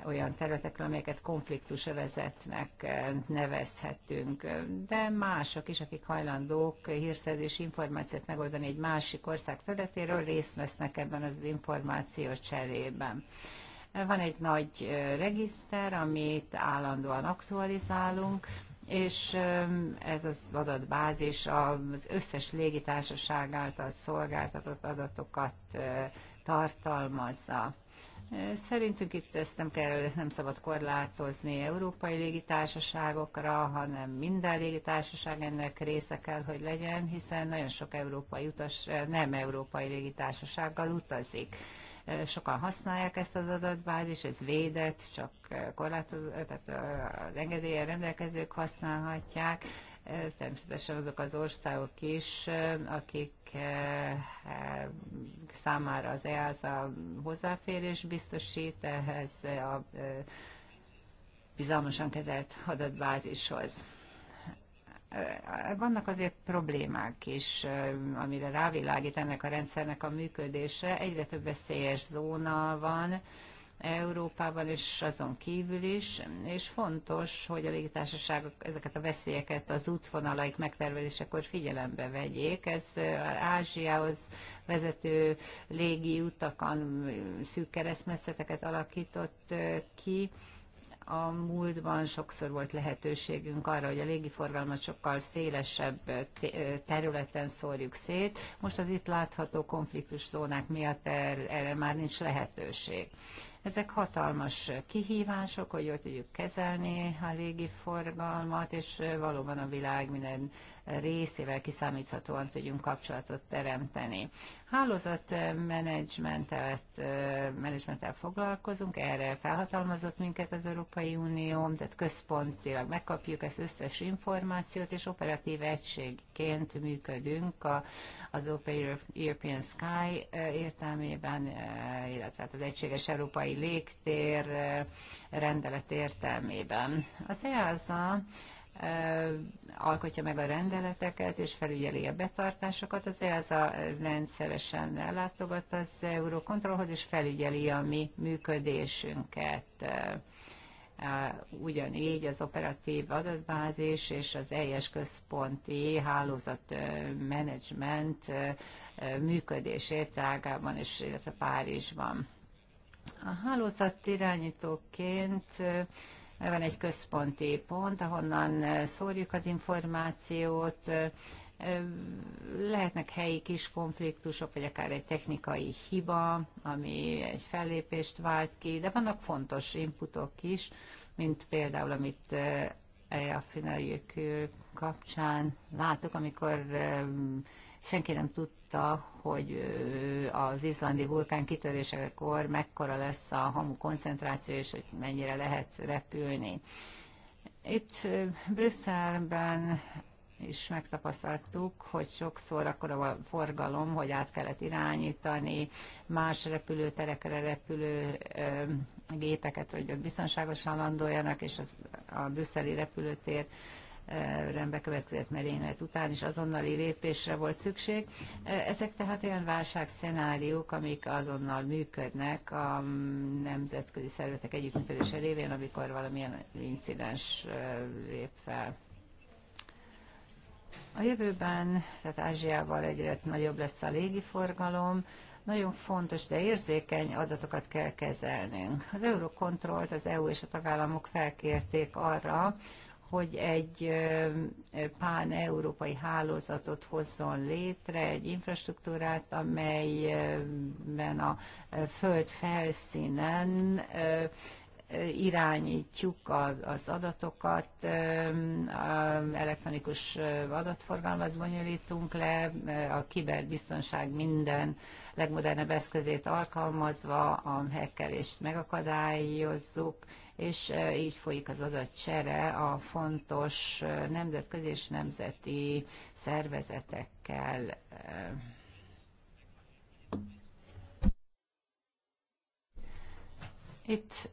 olyan területekről, amelyeket konfliktus övezetnek eh, nevezhetünk, de mások is, akik hajlandók hírszerzési információt megoldani egy másik ország területéről, részt vesznek ebben az információ cserében. Van egy nagy eh, regiszter, amit állandóan aktualizálunk, és eh, ez az adatbázis az összes légitársaság által szolgáltatott adatokat tartalmazza. Szerintünk itt ezt nem kell, nem szabad korlátozni európai légitársaságokra, hanem minden légitársaság ennek része kell, hogy legyen, hiszen nagyon sok európai utas nem európai légitársasággal utazik. Sokan használják ezt az adatbázis, ez védett, csak korlátozott, tehát az engedélyen rendelkezők használhatják természetesen azok az országok is, akik eh, eh, számára az EASA hozzáférés biztosít ehhez a eh, bizalmasan kezelt adatbázishoz. Vannak azért problémák is, amire rávilágít ennek a rendszernek a működése. Egyre több veszélyes zóna van, Európában és azon kívül is, és fontos, hogy a légitársaságok ezeket a veszélyeket az útvonalaik megtervezésekor figyelembe vegyék. Ez Ázsiához vezető légi utakon szűk keresztmetszeteket alakított ki, a múltban sokszor volt lehetőségünk arra, hogy a légiforgalmat sokkal szélesebb területen szórjuk szét. Most az itt látható konfliktuszónák miatt er-, erre már nincs lehetőség. Ezek hatalmas kihívások, hogy jól tudjuk kezelni a légiforgalmat, és valóban a világ minden részével kiszámíthatóan tudjunk kapcsolatot teremteni. Hálózatmenedzsmentet eh, eh, menedzsmenttel foglalkozunk, erre felhatalmazott minket az Európai Unió, tehát központilag megkapjuk ezt összes információt, és operatív egységként működünk a, az Open European Sky eh, értelmében, illetve hát az Egységes Európai Légtér rendelet értelmében. Az EASA alkotja meg a rendeleteket és felügyeli a betartásokat. Az EASA rendszeresen ellátogat az Eurocontrolhoz és felügyeli a mi működésünket. Ugyanígy az operatív adatbázis és az EIS központi hálózat menedzsment működését Rágában és illetve Párizsban. A hálózat irányítóként van egy központi pont, ahonnan eh, szórjuk az információt, eh, eh, lehetnek helyi kis konfliktusok, vagy akár egy technikai hiba, ami egy fellépést vált ki, de vannak fontos inputok is, mint például, amit a finaliek kapcsán látok, amikor Senki nem tudta, hogy az izlandi vulkán kitörésekor mekkora lesz a hamu koncentráció, és hogy mennyire lehet repülni. Itt Brüsszelben is megtapasztaltuk, hogy sokszor akkor a forgalom, hogy át kellett irányítani, más repülőterekre repülő ö, gépeket, hogy ott biztonságosan landoljanak, és az, a brüsszeli repülőtér következett merénylet után is azonnali lépésre volt szükség. Ezek tehát olyan válságszenáriók, amik azonnal működnek a nemzetközi szervezetek együttműködése révén, amikor valamilyen incidens lép fel. A jövőben, tehát Ázsiával egyre nagyobb lesz a légiforgalom, nagyon fontos, de érzékeny adatokat kell kezelnünk. Az Eurocontrolt, az EU és a tagállamok felkérték arra, hogy egy pán-európai hálózatot hozzon létre, egy infrastruktúrát, amelyben a föld felszínen irányítjuk az adatokat, elektronikus adatforgalmat bonyolítunk le, a kiberbiztonság minden legmodernebb eszközét alkalmazva a hekkelést megakadályozzuk, és így folyik az adatcsere a fontos nemzetközi és nemzeti szervezetekkel. Itt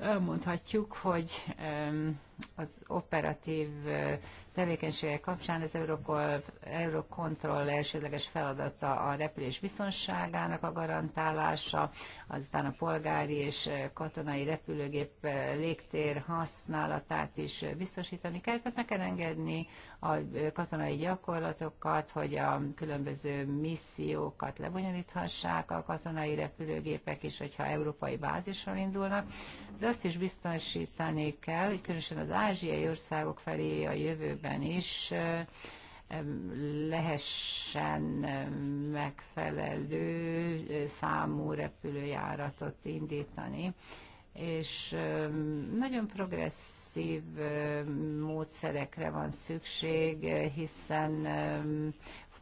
elmondhatjuk, hogy az operatív tevékenységek kapcsán az Eurocol, Eurocontrol elsődleges feladata a repülés biztonságának a garantálása, azután a polgári és katonai repülőgép légtér használatát is biztosítani kell, tehát meg kell engedni a katonai gyakorlatokat, hogy a különböző missziókat lebonyolíthassák a katonai repülőgépek is, hogyha európai bázisra indulnak, de azt is biztosítani kell, hogy különösen az az ázsiai országok felé a jövőben is lehessen megfelelő számú repülőjáratot indítani, és nagyon progresszív módszerekre van szükség, hiszen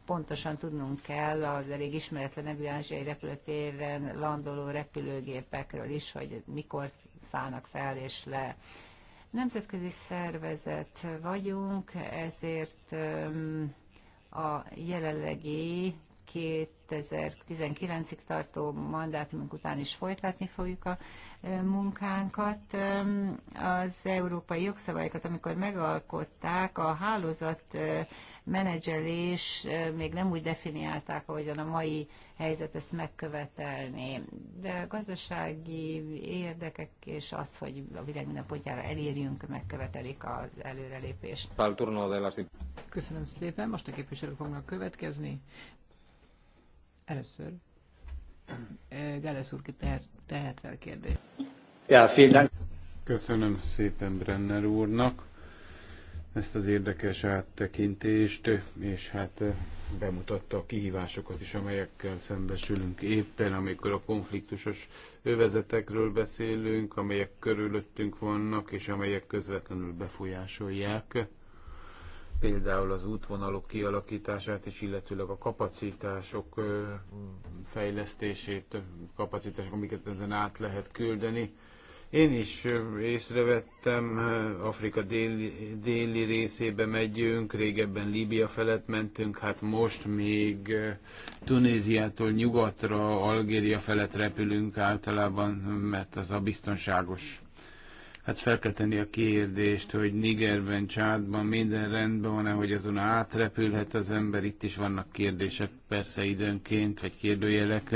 pontosan tudnunk kell az elég ismeretlen nevű ázsiai repülőtéren landoló repülőgépekről is, hogy mikor szállnak fel és le. Nemzetközi szervezet vagyunk, ezért a jelenlegi 2019-ig tartó mandátumunk után is folytatni fogjuk a munkánkat. Az európai jogszabályokat, amikor megalkották, a hálózat menedzselés még nem úgy definiálták, ahogyan a mai helyzet ezt megkövetelné. De a gazdasági érdekek és az, hogy a világ minden pontjára elérjünk, megkövetelik az előrelépést. Köszönöm szépen, most a képviselők fognak következni. Először Gálesz úr tehet, tehet fel kérdést. Ja, vielen Köszönöm szépen Brenner úrnak ezt az érdekes áttekintést, és hát bemutatta a kihívásokat is, amelyekkel szembesülünk éppen, amikor a konfliktusos övezetekről beszélünk, amelyek körülöttünk vannak, és amelyek közvetlenül befolyásolják például az útvonalok kialakítását és illetőleg a kapacitások fejlesztését, kapacitások, amiket ezen át lehet küldeni. Én is észrevettem, Afrika déli, déli részébe megyünk, régebben Líbia felett mentünk, hát most még Tunéziától nyugatra, Algéria felett repülünk általában, mert az a biztonságos Hát fel kell tenni a kérdést, hogy Nigerben, Csádban minden rendben van-e, hogy azon átrepülhet az ember. Itt is vannak kérdések persze időnként, vagy kérdőjelek.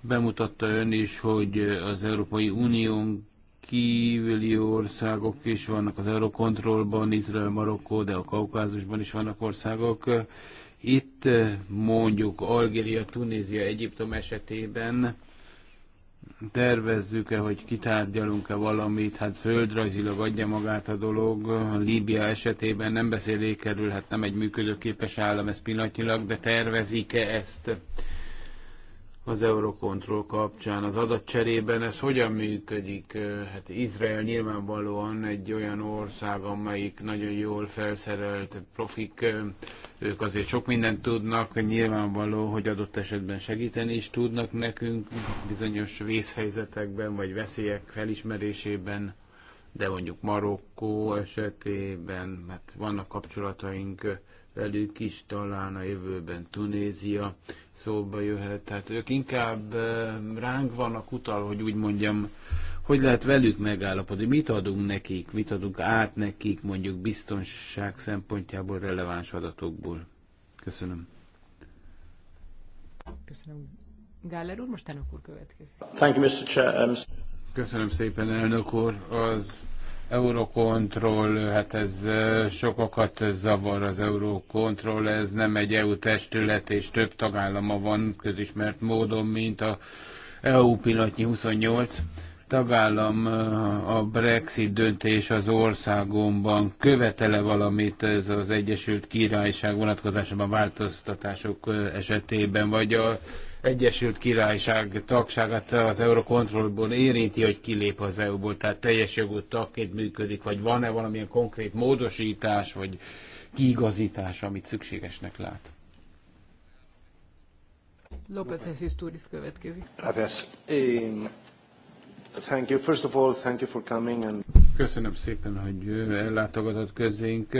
Bemutatta ön is, hogy az Európai Unión kívüli országok is vannak az Eurocontrolban, Izrael, Marokkó, de a Kaukázusban is vannak országok. Itt mondjuk Algéria, Tunézia, Egyiptom esetében tervezzük-e, hogy kitárgyalunk-e valamit, hát földrajzilag adja magát a dolog. Líbia esetében nem beszélékerül, hát nem egy működőképes állam ez pillanatnyilag, de tervezik-e ezt? az Eurocontrol kapcsán, az adatcserében ez hogyan működik? Hát Izrael nyilvánvalóan egy olyan ország, amelyik nagyon jól felszerelt profik, ők azért sok mindent tudnak, nyilvánvaló, hogy adott esetben segíteni is tudnak nekünk bizonyos vészhelyzetekben, vagy veszélyek felismerésében, de mondjuk Marokkó esetében, mert hát vannak kapcsolataink velük is, talán a jövőben Tunézia, szóba jöhet. Tehát ők inkább eh, ránk vannak utal, hogy úgy mondjam, hogy lehet velük megállapodni, mit adunk nekik, mit adunk át nekik, mondjuk biztonság szempontjából releváns adatokból. Köszönöm. Köszönöm. Gáller úr, most elnök úr következik. Thank you, Mr. Chair. Um, Köszönöm szépen, elnök úr. Az Eurocontrol, hát ez sokakat zavar az Eurocontrol, ez nem egy EU testület, és több tagállama van közismert módon, mint a EU pillanatnyi 28 tagállam a Brexit döntés az országomban követele valamit ez az Egyesült Királyság vonatkozásában változtatások esetében, vagy a Egyesült Királyság tagságát az Eurocontrolból érinti, hogy kilép az EU-ból, tehát teljes jogú tagként működik, vagy van-e valamilyen konkrét módosítás, vagy kiigazítás, amit szükségesnek lát? López Jesus következik. Gracias. Thank you. First of all, thank you for coming and... Köszönöm szépen, hogy ellátogatott közénk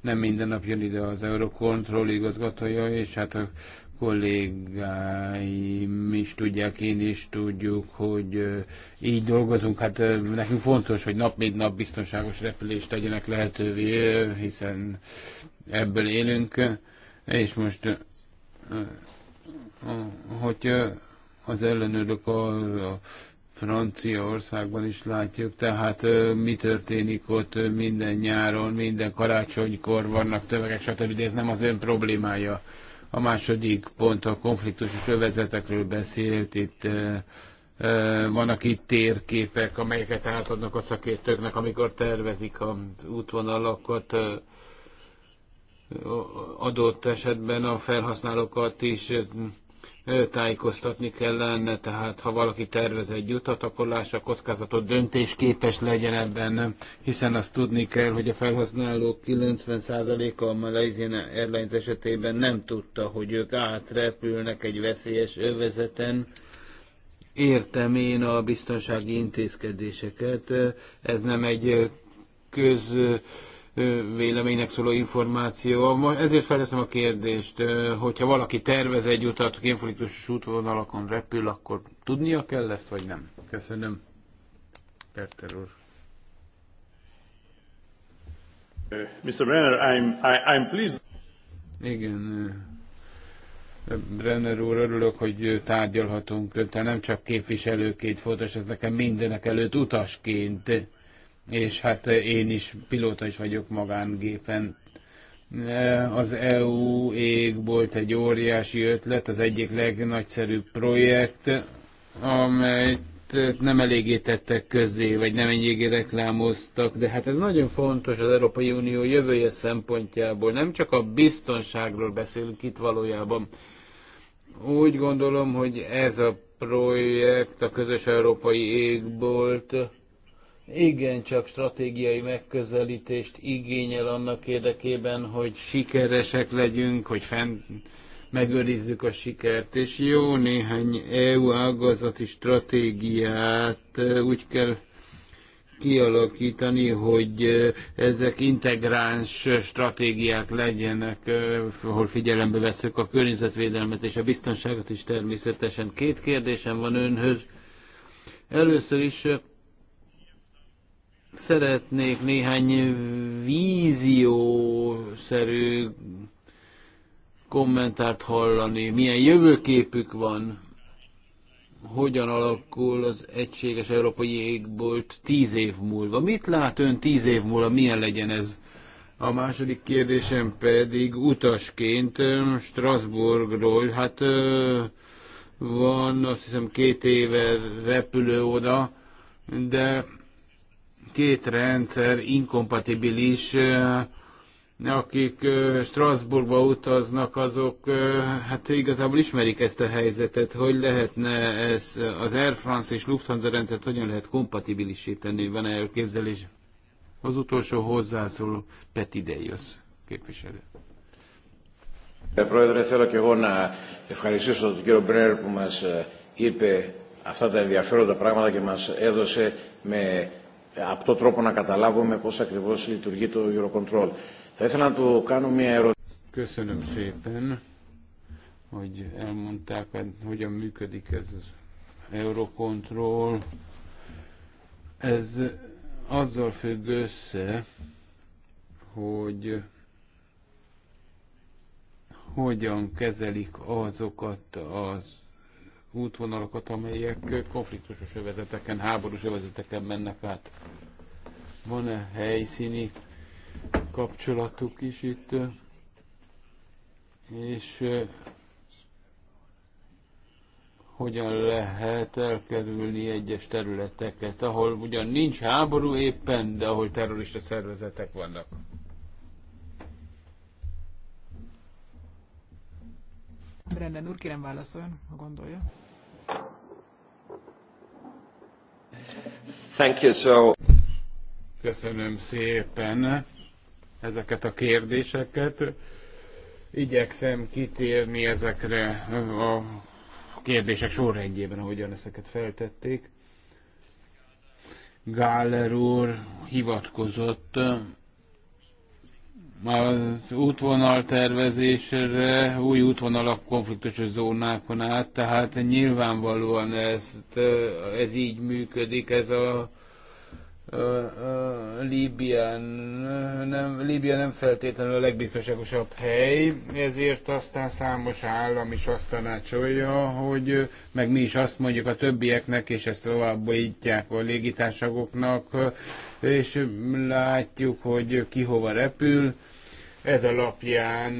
nem minden nap jön ide az Eurocontrol igazgatója, és hát a kollégáim is tudják, én is tudjuk, hogy így dolgozunk. Hát nekünk fontos, hogy nap mint nap biztonságos repülést tegyenek lehetővé, hiszen ebből élünk. És most, hogy az ellenőrök a, francia Franciaországban is látjuk, tehát mi történik ott minden nyáron, minden karácsonykor vannak tömegek, stb. De ez nem az ön problémája a második pont a konfliktusos övezetekről beszélt, itt vannak itt térképek, amelyeket átadnak a szakértőknek, amikor tervezik az útvonalakat, adott esetben a felhasználókat is tájékoztatni kellene, tehát ha valaki tervez egy utat, akkor lássa a kockázatot, döntésképes legyen ebben, hiszen azt tudni kell, hogy a felhasználók 90%-a a Malaysian Airlines esetében nem tudta, hogy ők átrepülnek egy veszélyes övezeten, Értem én a biztonsági intézkedéseket, ez nem egy köz véleménynek szóló információ. Ezért felteszem a kérdést, hogyha valaki tervez egy utat konfliktusos útvonalakon repül, akkor tudnia kell ezt, vagy nem? Köszönöm. Perter úr. Uh, Mr. Brenner, I'm, I, I'm pleased. Igen, Brenner úr, örülök, hogy tárgyalhatunk. Tehát nem csak képviselőként fontos, ez nekem mindenek előtt utasként és hát én is pilóta is vagyok magángépen. Az EU égbolt egy óriási ötlet, az egyik legnagyszerűbb projekt, amelyet nem eléggé tettek közé, vagy nem ennyi reklámoztak, de hát ez nagyon fontos az Európai Unió jövője szempontjából. Nem csak a biztonságról beszélünk itt valójában. Úgy gondolom, hogy ez a projekt, a közös európai égbolt, igen csak stratégiai megközelítést igényel annak érdekében, hogy sikeresek legyünk, hogy fent megőrizzük a sikert, és jó néhány EU ágazati stratégiát eh, úgy kell kialakítani, hogy eh, ezek integráns stratégiák legyenek, eh, hol figyelembe veszük a környezetvédelmet és a biztonságot is természetesen. Két kérdésem van önhöz. Először is Szeretnék néhány víziószerű kommentárt hallani, milyen jövőképük van, hogyan alakul az egységes európai égbolt tíz év múlva. Mit lát ön tíz év múlva, milyen legyen ez? A második kérdésem pedig utasként Strasbourgról, hát van azt hiszem két éve repülő oda, de két rendszer inkompatibilis, akik Strasbourgba utaznak, azok hát igazából ismerik ezt a helyzetet, hogy lehetne ez, az Air France és Lufthansa rendszert hogyan lehet kompatibilisíteni, van-e elképzelés? Az utolsó hozzászóló Peti Dejosz képviselő. Πρόεδρε, θέλω και εγώ να ευχαριστήσω τον κύριο Μπρένερ που μας είπε αυτά τα ενδιαφέροντα πράγματα και μας έδωσε με απτό τρόπο να καταλάβουμε πώς ακριβώς λειτουργεί το Eurocontrol. Θα ήθελα να του κάνω μια ερώτηση. hogy elmondták, hogy hogyan működik ez az Eurocontrol. Ez azzal függ össze, hogy hogyan kezelik azokat az útvonalakat, amelyek konfliktusos övezeteken, háborús övezeteken mennek át. Van-e helyszíni kapcsolatuk is itt? És hogyan lehet elkerülni egyes területeket, ahol ugyan nincs háború éppen, de ahol terrorista szervezetek vannak. Rendben, úr, kérem válaszoljon, ha gondolja. Thank you, so. Köszönöm szépen ezeket a kérdéseket. Igyekszem kitérni ezekre a kérdések sorrendjében, ahogyan ezeket feltették. Gáller úr hivatkozott az útvonal tervezésre, új útvonalak konfliktusos zónákon át, tehát nyilvánvalóan ezt, ez így működik, ez a Líbián nem, Líbia nem feltétlenül a legbiztonságosabb hely, ezért aztán számos állam is azt tanácsolja, hogy meg mi is azt mondjuk a többieknek, és ezt továbbítják a légitárságoknak, és látjuk, hogy ki hova repül. Ez alapján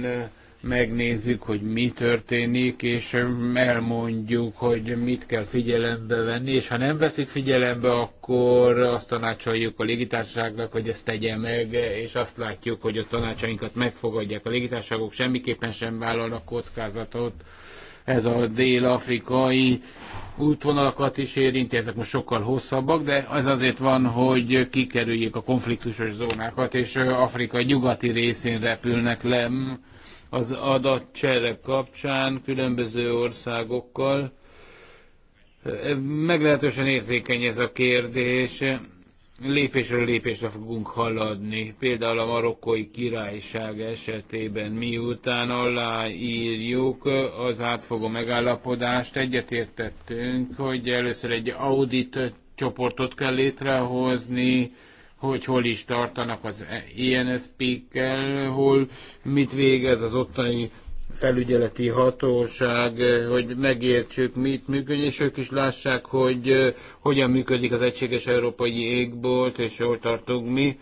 megnézzük, hogy mi történik, és elmondjuk, hogy mit kell figyelembe venni, és ha nem veszik figyelembe, akkor azt tanácsoljuk a légitársaságnak, hogy ezt tegye meg, és azt látjuk, hogy a tanácsainkat megfogadják. A légitársaságok semmiképpen sem vállalnak kockázatot, ez a dél-afrikai útvonalakat is érinti, ezek most sokkal hosszabbak, de az azért van, hogy kikerüljék a konfliktusos zónákat, és Afrika nyugati részén repülnek le, az adatcsere kapcsán különböző országokkal. Meglehetősen érzékeny ez a kérdés. Lépésről lépésre fogunk haladni. Például a marokkói királyság esetében miután aláírjuk az átfogó megállapodást, egyetértettünk, hogy először egy audit csoportot kell létrehozni, hogy hol is tartanak az INSP-kkel, e-, e hol mit végez az ottani felügyeleti hatóság, hogy megértsük, mit működik, és ők is lássák, hogy hogyan működik az egységes európai égbolt, és hol tartunk mi.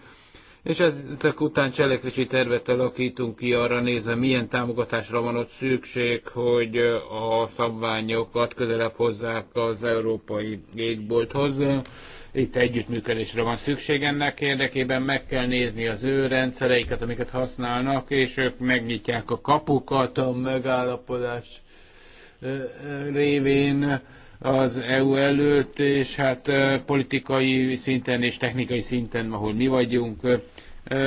És ezek után cselekvési tervet alakítunk ki arra nézve, milyen támogatásra van ott szükség, hogy a szabványokat közelebb hozzák az európai égbolthoz. Itt együttműködésre van szükség ennek érdekében, meg kell nézni az ő rendszereiket, amiket használnak, és ők megnyitják a kapukat a megállapodás révén az EU előtt, és hát politikai szinten és technikai szinten, ahol mi vagyunk,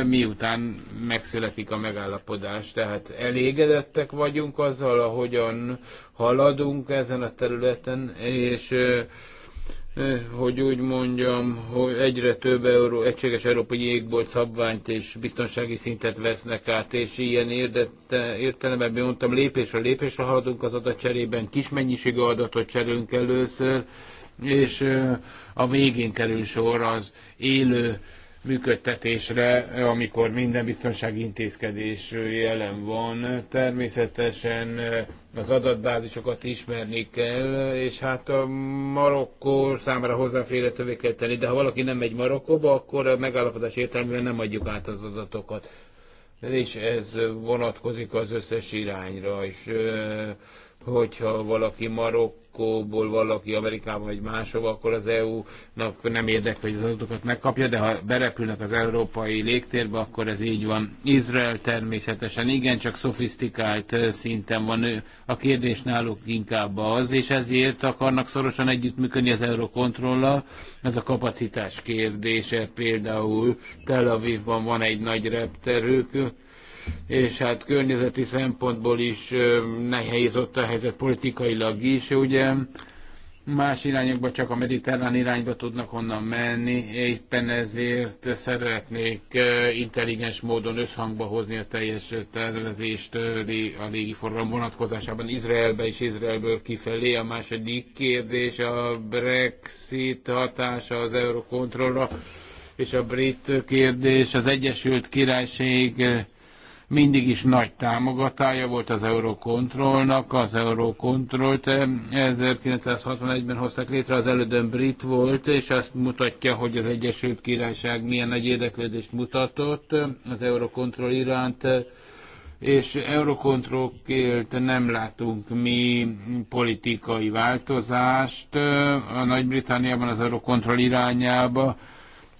miután megszületik a megállapodás. Tehát elégedettek vagyunk azzal, ahogyan haladunk ezen a területen, és hogy úgy mondjam, hogy egyre több euró, egységes európai jégbolt szabványt és biztonsági szintet vesznek át, és ilyen érdette, értelemben mondtam, lépésre lépésre haladunk az adatcserében, kis mennyiségű adatot cserélünk először, és a végén kerül sor az élő működtetésre, amikor minden biztonsági intézkedés jelen van. Természetesen az adatbázisokat ismerni kell, és hát a Marokkó számára hozzáférhetővé kell tenni, de ha valaki nem megy Marokkóba, akkor a megállapodás értelmében nem adjuk át az adatokat. És ez vonatkozik az összes irányra, és hogyha valaki Marokkó Marokkóból valaki Amerikába vagy máshova, akkor az EU-nak nem érdek, hogy az adatokat megkapja, de ha berepülnek az európai légtérbe, akkor ez így van. Izrael természetesen igen, csak szofisztikált szinten van. ő. A kérdés náluk inkább az, és ezért akarnak szorosan együttműködni az Eurocontrollal. Ez a kapacitás kérdése például Tel Avivban van egy nagy repterők, és hát környezeti szempontból is nehéz ott a helyzet politikailag is, ugye más irányokba, csak a mediterrán irányba tudnak onnan menni, éppen ezért szeretnék intelligens módon összhangba hozni a teljes tervezést a légiforgalom vonatkozásában Izraelbe és Izraelből kifelé. A második kérdés a Brexit hatása az eurokontrollra és a brit kérdés az Egyesült Királyság mindig is nagy támogatája volt az Eurocontrolnak, az Eurocontrolt 1961-ben eh, hozták létre, az elődön brit volt, és azt mutatja, hogy az Egyesült Királyság milyen nagy érdeklődést mutatott az Eurocontrol iránt, és Eurocontrolként nem látunk mi politikai változást eh, a Nagy-Britanniában az Eurocontrol irányába.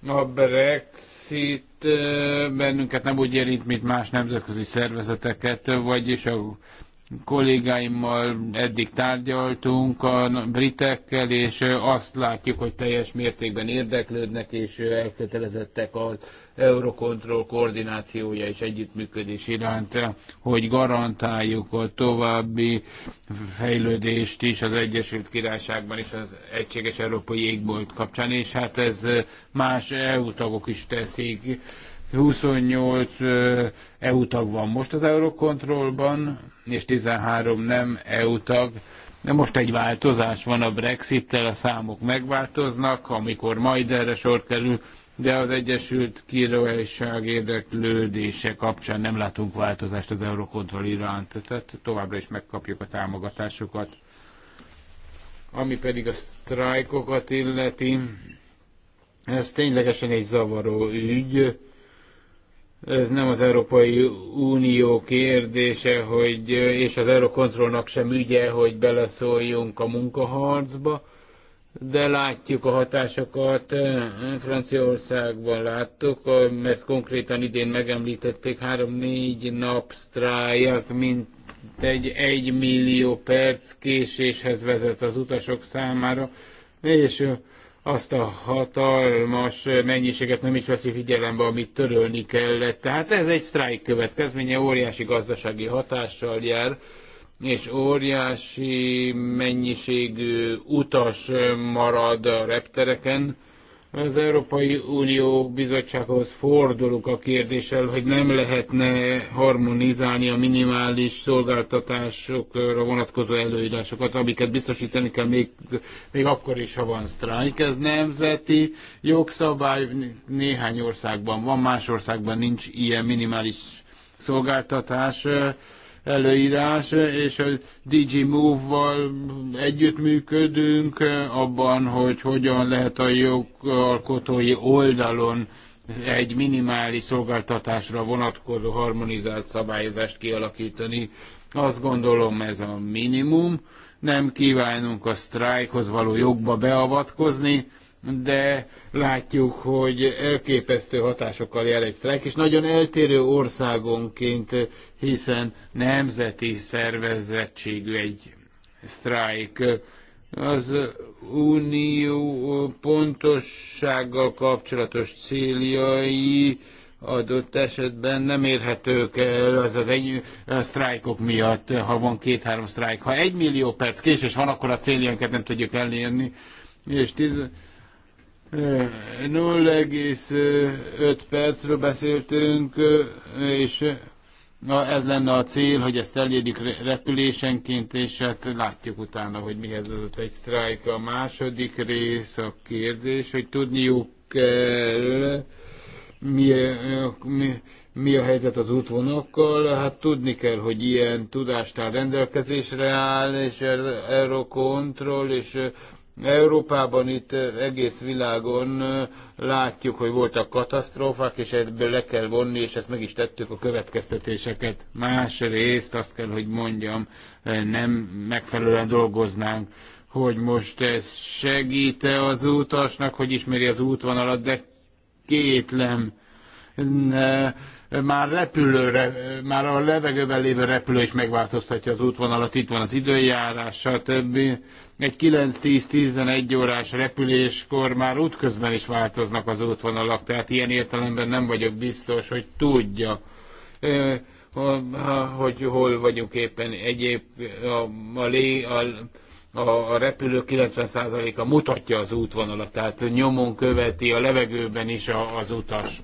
A Brexit bennünket nem úgy érint, mint más nemzetközi szervezeteket, vagyis a kollégáimmal eddig tárgyaltunk a britekkel, és azt látjuk, hogy teljes mértékben érdeklődnek és elkötelezettek az Eurocontrol koordinációja és együttműködés iránt, hogy garantáljuk a további fejlődést is az Egyesült Királyságban és az Egységes Európai Égbolt kapcsán, és hát ez más EU tagok is teszik. 28 EU tag van most az Eurocontrolban, és 13 nem EU tag. De most egy változás van a Brexit-tel, a számok megváltoznak, amikor majd erre sor kerül, de az Egyesült Királyság érdeklődése kapcsán nem látunk változást az Eurocontrol iránt, tehát továbbra is megkapjuk a támogatásokat. Ami pedig a sztrájkokat illeti, ez ténylegesen egy zavaró ügy. Ez nem az Európai Unió kérdése, hogy, és az Eurocontrolnak sem ügye, hogy beleszóljunk a munkaharcba de látjuk a hatásokat. Eh, Franciaországban láttuk, mert konkrétan idén megemlítették, három-négy nap sztrájak, mint egy egy millió perc késéshez vezet az utasok számára, és eh, azt a hatalmas mennyiséget nem is veszi figyelembe, amit törölni kellett. Tehát ez egy sztrájk következménye, óriási gazdasági hatással jár és óriási mennyiségű utas marad a reptereken. Az Európai Unió bizottsághoz fordulok a kérdéssel, hogy nem lehetne harmonizálni a minimális szolgáltatásokra vonatkozó előírásokat, amiket biztosítani kell még, még akkor is, ha van sztrájk. Ez nemzeti jogszabály néhány országban van, más országban nincs ilyen minimális szolgáltatás előírás, és a DG Move-val együttműködünk eh, abban, hogy hogyan lehet a jogalkotói oldalon egy minimális szolgáltatásra vonatkozó harmonizált szabályozást kialakítani. Azt gondolom ez a minimum. Nem kívánunk a sztrájkhoz való jogba beavatkozni, de látjuk, hogy elképesztő hatásokkal jár egy sztrájk, és nagyon eltérő országonként, hiszen nemzeti szervezettségű egy sztrájk. Az unió pontossággal kapcsolatos céljai adott esetben nem érhetők el az, az egy, sztrájkok miatt, ha van két-három sztrájk. Ha egy millió perc késés van, akkor a céljainkat nem tudjuk elérni. És tíz, 0,5 percről beszéltünk, és na, ez lenne a cél, hogy ezt elérjük repülésenként, és hát látjuk utána, hogy mihez az egy sztrájk. A második rész a kérdés, hogy tudniuk kell, mi, mi, mi a helyzet az útvonokkal? hát tudni kell, hogy ilyen tudástár rendelkezésre áll, és Eurocontrol, és Európában itt egész világon látjuk, hogy voltak katasztrófák, és ebből le kell vonni, és ezt meg is tettük a következtetéseket. Másrészt azt kell, hogy mondjam, nem megfelelően dolgoznánk hogy most ez segíte az utasnak, hogy ismeri az útvonalat, de kétlem. Ne már repülőre, már a levegőben lévő repülő is megváltoztatja az útvonalat, itt van az időjárás, stb. Egy 9-10-11 órás repüléskor már útközben is változnak az útvonalak, tehát ilyen értelemben nem vagyok biztos, hogy tudja hogy hol vagyunk éppen. Egyéb a, a, lé, a, a, a repülő 90%-a mutatja az útvonalat, tehát nyomon követi a levegőben is a, az utas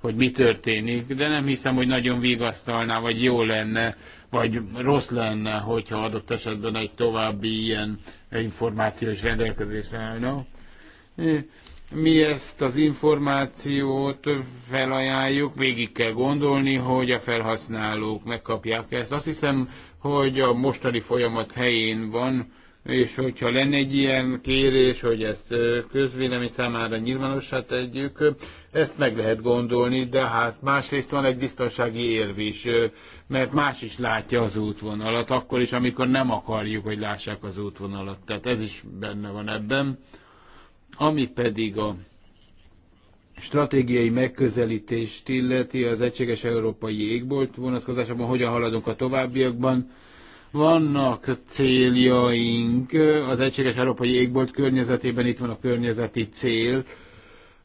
hogy mi történik, de nem hiszem, hogy nagyon vigasztalná, vagy jó lenne, vagy rossz lenne, hogyha adott esetben egy további ilyen információs rendelkezés állna. Mi ezt az információt felajánljuk, végig kell gondolni, hogy a felhasználók megkapják ezt. Azt hiszem, hogy a mostani folyamat helyén van, és hogyha lenne egy ilyen kérés, hogy ezt közvélemény számára nyilvánossá tegyük, ezt meg lehet gondolni, de hát másrészt van egy biztonsági érv is, mert más is látja az útvonalat, akkor is, amikor nem akarjuk, hogy lássák az útvonalat. Tehát ez is benne van ebben. Ami pedig a stratégiai megközelítést illeti az egységes európai égbolt vonatkozásában, hogyan haladunk a továbbiakban, vannak céljaink az egységes európai égbolt környezetében, itt van a környezeti cél,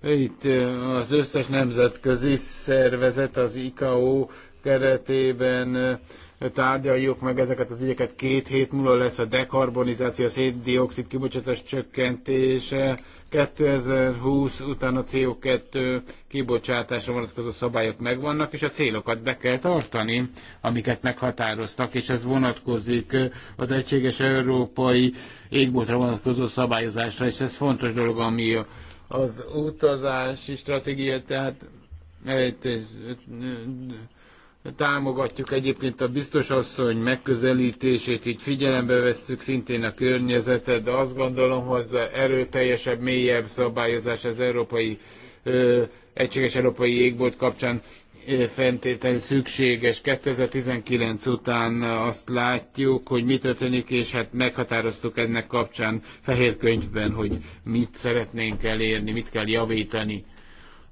itt eh, az összes nemzetközi szervezet, az ICAO keretében tárgyaljuk meg ezeket az ügyeket. Két hét múlva lesz a dekarbonizáció, a széndiokszid kibocsátás csökkentése, 2020 után a CO2 kibocsátásra vonatkozó szabályok megvannak, és a célokat be kell tartani, amiket meghatároztak, és ez vonatkozik az egységes európai égboltra vonatkozó szabályozásra, és ez fontos dolog, ami az utazási stratégia, tehát Támogatjuk egyébként a biztos asszony megközelítését, így figyelembe vesszük szintén a környezetet, de azt gondolom, hogy az erőteljesebb, mélyebb szabályozás az európai ö, egységes európai Égbolt kapcsán fentétel szükséges. 2019 után azt látjuk, hogy mi történik, és hát meghatároztuk ennek kapcsán fehér könyvben, hogy mit szeretnénk elérni, mit kell javítani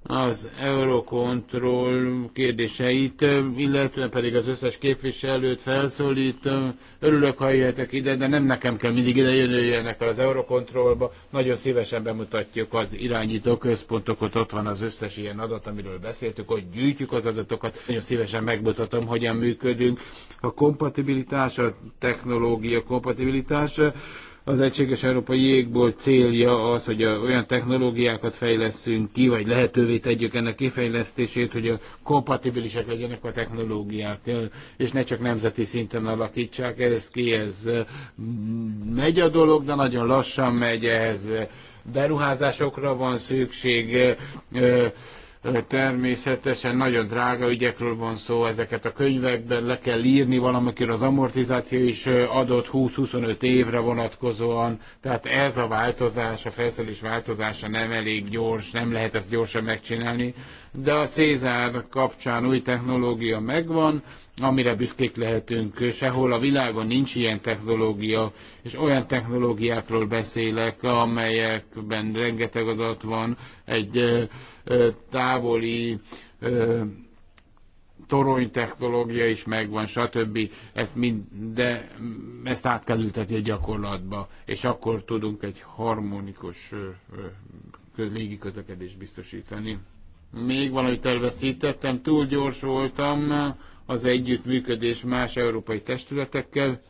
az Eurocontrol kérdéseit, illetve pedig az összes képviselőt felszólítom. Örülök, ha jöhetek ide, de nem nekem kell mindig ide jönnek el az Eurocontrolba. Nagyon szívesen bemutatjuk az irányító központokat, ott van az összes ilyen adat, amiről beszéltük, hogy gyűjtjük az adatokat. Nagyon szívesen megmutatom, hogyan működünk. A kompatibilitás, a technológia kompatibilitás, az Egységes Európai Jégbolt célja az, hogy olyan technológiákat fejleszünk ki, vagy lehetővé tegyük ennek kifejlesztését, hogy a kompatibilisek legyenek a technológiák, és ne csak nemzeti szinten alakítsák ez ki, ez megy a dolog, de nagyon lassan megy, ehhez beruházásokra van szükség, Természetesen nagyon drága ügyekről van szó, ezeket a könyvekben le kell írni, valamikor az amortizáció is adott 20-25 évre vonatkozóan, tehát ez a változás, a felszerelés változása nem elég gyors, nem lehet ezt gyorsan megcsinálni, de a Cézár kapcsán új technológia megvan, amire büszkék lehetünk. Sehol a világon nincs ilyen technológia, és olyan technológiákról beszélek, amelyekben rengeteg adat van, egy távoli torony technológia is megvan, stb. Ezt mind, de ezt át kell ültetni a gyakorlatba, és akkor tudunk egy harmonikus légi közlekedést biztosítani. Még valamit elveszítettem, túl gyors voltam, az együttműködés más európai testületekkel.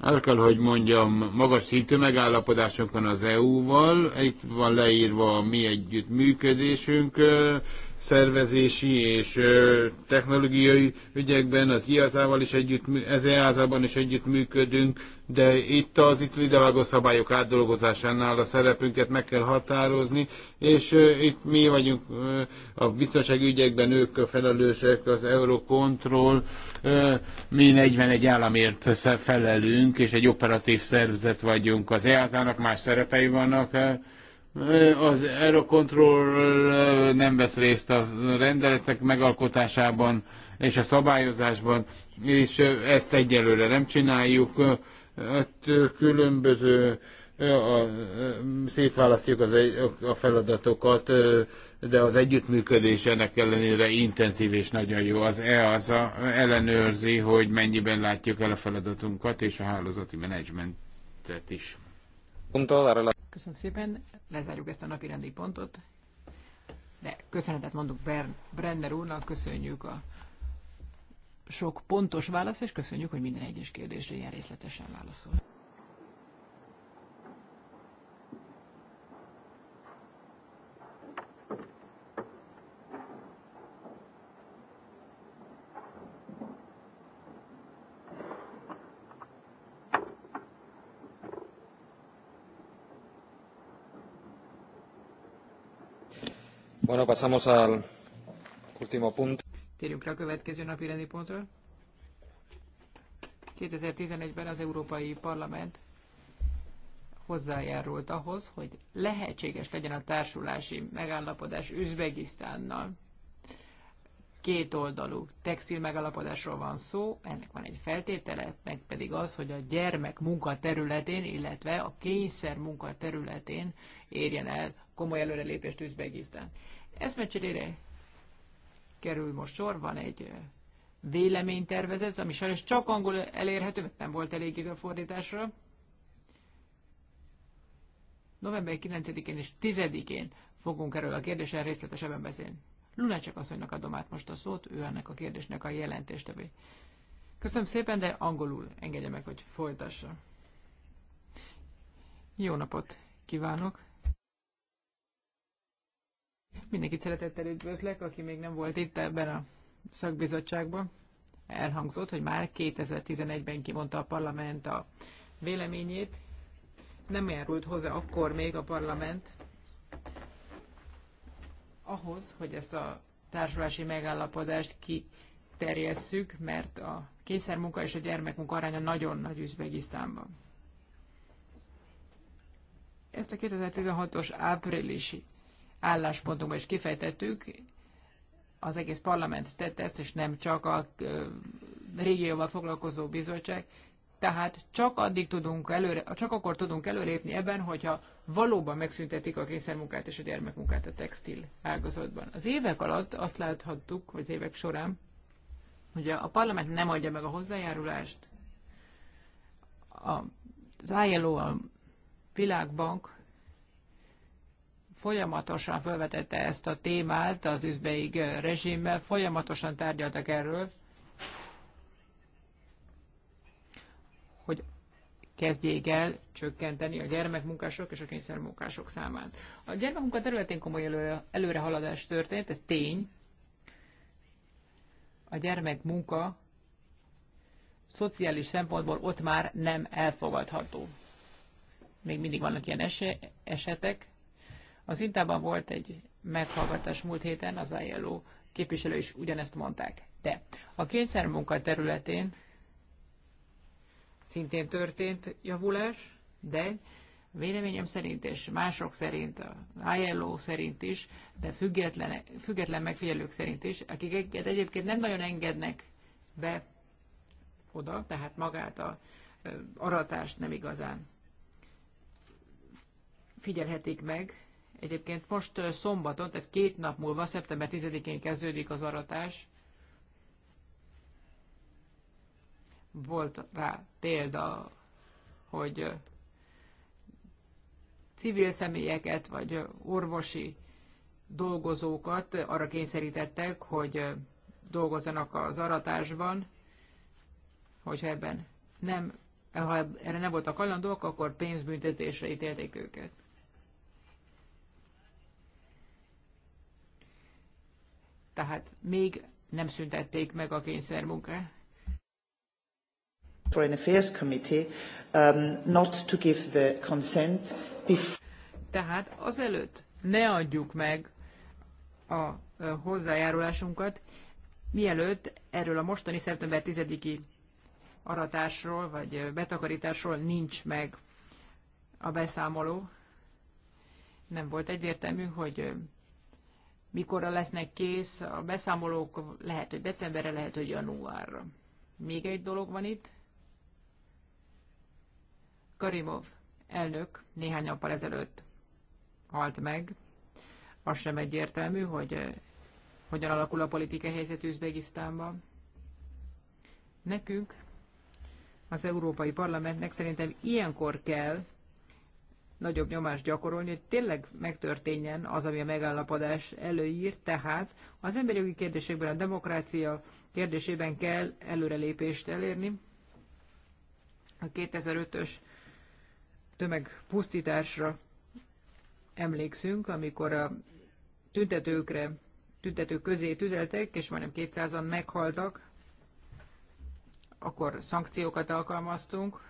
El kell, hogy mondjam, magas szintű megállapodásunk van az EU-val, itt van leírva a mi együttműködésünk, szervezési és technológiai ügyekben, az IAZ-val is együtt, az EAZ-ban is együttműködünk, de itt az itt videóvágó szabályok átdolgozásánál a szerepünket meg kell határozni, és itt mi vagyunk a biztonsági ügyekben ők a felelősek, az Eurocontrol, mi 41 államért felelünk, és egy operatív szervezet vagyunk. Az EAZ-nak más szerepei vannak, az Aerocontrol nem vesz részt a rendeletek megalkotásában és a szabályozásban, és ezt egyelőre nem csináljuk. Hát, különböző a, szétválasztjuk az, a feladatokat, de az együttműködés ennek ellenére intenzív és nagyon jó. Az e-az a ellenőrzi, hogy mennyiben látjuk el a feladatunkat, és a hálózati menedzsmentet is. Köszönöm szépen, lezárjuk ezt a napi rendi pontot, de köszönetet mondunk Bern, Brenner úrnak, köszönjük a sok pontos választ, és köszönjük, hogy minden egyes kérdésre ilyen részletesen válaszol. Bueno, pasamos al último punto. Térjünk rá a következő napi rendi pontra. 2011-ben az Európai Parlament hozzájárult ahhoz, hogy lehetséges legyen a társulási megállapodás Üzbegisztánnal. Két oldalú textil megállapodásról van szó, ennek van egy feltétele, meg pedig az, hogy a gyermek munka területén, illetve a kényszer munka területén érjen el komoly előrelépést Üzbegisztán eszmecserére kerül most sor, van egy véleménytervezet, ami sajnos csak angol elérhető, mert nem volt elég idő a fordításra. November 9-én és 10-én fogunk erről a kérdésen részletesebben beszélni. Lunácsek asszonynak adom át most a szót, ő ennek a kérdésnek a jelentéstevő. Köszönöm szépen, de angolul engedje meg, hogy folytassa. Jó napot kívánok! Mindenkit szeretettel üdvözlek, aki még nem volt itt ebben a szakbizottságban. Elhangzott, hogy már 2011-ben kimondta a parlament a véleményét. Nem járult hozzá akkor még a parlament ahhoz, hogy ezt a társulási megállapodást kiterjesszük, mert a kényszermunka és a gyermekmunka aránya nagyon nagy Üzbegisztánban. Ezt a 2016-os áprilisi álláspontunkban is kifejtettük, az egész parlament tette ezt, és nem csak a régióval foglalkozó bizottság. Tehát csak addig tudunk előre, csak akkor tudunk előrépni ebben, hogyha valóban megszüntetik a kényszermunkát és a gyermekmunkát a textil ágazatban. Az évek alatt azt láthattuk, vagy az évek során, hogy a parlament nem adja meg a hozzájárulást, az ILO, a Világbank folyamatosan felvetette ezt a témát az üzbeig rezsimmel, folyamatosan tárgyaltak erről, hogy kezdjék el csökkenteni a gyermekmunkások és a kényszermunkások számát. A gyermekmunka területén komoly előre, előrehaladás történt, ez tény. A gyermekmunka szociális szempontból ott már nem elfogadható. Még mindig vannak ilyen esetek, az Intában volt egy meghallgatás múlt héten, az ILO képviselő is ugyanezt mondták. De a kényszermunka területén szintén történt javulás, de véleményem szerint és mások szerint, a ILO szerint is, de független, független megfigyelők szerint is, akik egyébként nem nagyon engednek be oda, tehát magát a aratást nem igazán figyelhetik meg, Egyébként most szombaton, tehát két nap múlva, szeptember 10-én kezdődik az aratás. Volt rá példa, hogy civil személyeket, vagy orvosi dolgozókat arra kényszerítettek, hogy dolgozzanak az aratásban, hogyha ebben nem, ha erre nem voltak hajlandók, akkor pénzbüntetésre ítélték őket. tehát még nem szüntették meg a kényszermunkát. Foreign Affairs Committee um, not to give the consent before. Tehát azelőtt ne adjuk meg a hozzájárulásunkat, mielőtt erről a mostani szeptember 10-i aratásról vagy betakarításról nincs meg a beszámoló. Nem volt egyértelmű, hogy mikorra lesznek kész a beszámolók, lehet, hogy decemberre, lehet, hogy januárra. Még egy dolog van itt. Karimov elnök néhány nappal ezelőtt halt meg. Az sem egyértelmű, hogy eh, hogyan alakul a politikai helyzet Üzbegisztánban. Nekünk, az Európai Parlamentnek szerintem ilyenkor kell nagyobb nyomást gyakorolni, hogy tényleg megtörténjen az, ami a megállapodás előír, tehát az emberi jogi kérdésekben, a demokrácia kérdésében kell előrelépést elérni. A 2005-ös tömegpusztításra emlékszünk, amikor a tüntetőkre, tüntetők közé tüzeltek, és majdnem 200-an meghaltak, akkor szankciókat alkalmaztunk,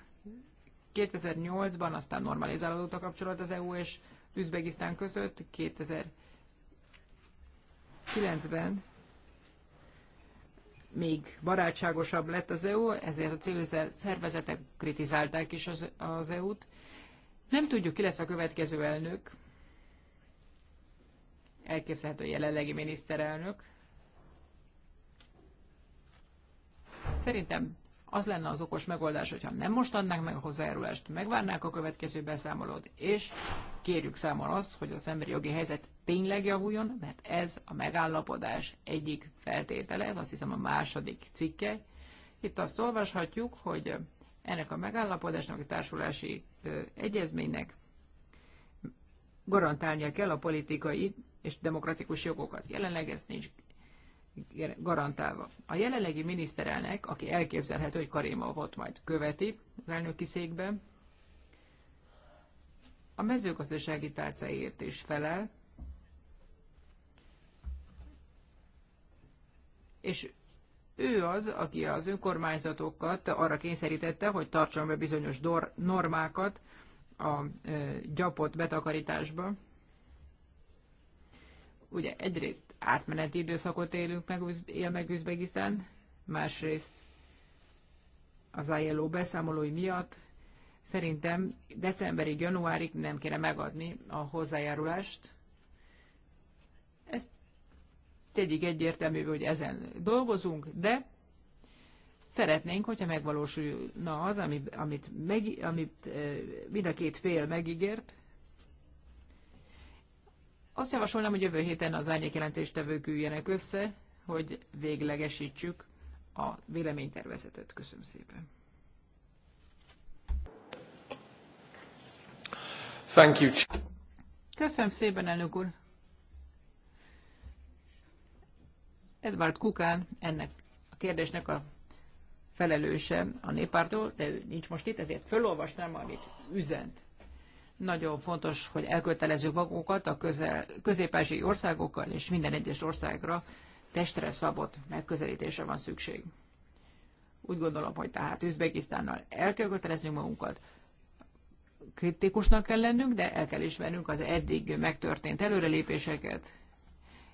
2008-ban aztán normalizálódott a kapcsolat az EU és Üzbegisztán között, 2009-ben még barátságosabb lett az EU, ezért a civil szervezetek kritizálták is az, az EU-t. Nem tudjuk, lesz a következő elnök, elképzelhető jelenlegi miniszterelnök, szerintem az lenne az okos megoldás, hogyha nem most adnánk meg a hozzájárulást, megvárnák a következő beszámolót, és kérjük számon azt, hogy az emberi jogi helyzet tényleg javuljon, mert ez a megállapodás egyik feltétele, ez azt hiszem a második cikke. Itt azt olvashatjuk, hogy ennek a megállapodásnak, a társulási egyezménynek garantálnia kell a politikai és demokratikus jogokat. Jelenleg ez nincs garantálva. A jelenlegi miniszterelnök, aki elképzelhető, hogy volt majd követi az elnöki székbe, a mezőgazdasági tárcáért is felel, és ő az, aki az önkormányzatokat arra kényszerítette, hogy tartson be bizonyos normákat a gyapott betakarításba ugye egyrészt átmeneti időszakot élünk meg, él meg Üzbegisztán, másrészt az ILO beszámolói miatt szerintem decemberig, januárig nem kéne megadni a hozzájárulást. Ezt tegyük egyértelmű, hogy ezen dolgozunk, de szeretnénk, hogyha megvalósulna az, amit, amit, amit eh, mind a két fél megígért, azt javasolnám, hogy jövő héten az árnyékjelentéstevők üljenek össze, hogy véglegesítsük a véleménytervezetet. Köszönöm szépen. Thank you. Köszönöm szépen, elnök úr. Edward Kukán ennek a kérdésnek a felelőse a néppártól, de ő nincs most itt, ezért fölolvasnám, amit üzent. Nagyon fontos, hogy elkötelezzük magunkat a közel, közép országokkal, és minden egyes országra testre szabott megközelítésre van szükség. Úgy gondolom, hogy tehát Üzbegisztánnal el kell köteleznünk magunkat, kritikusnak kell lennünk, de el kell ismernünk az eddig megtörtént előrelépéseket,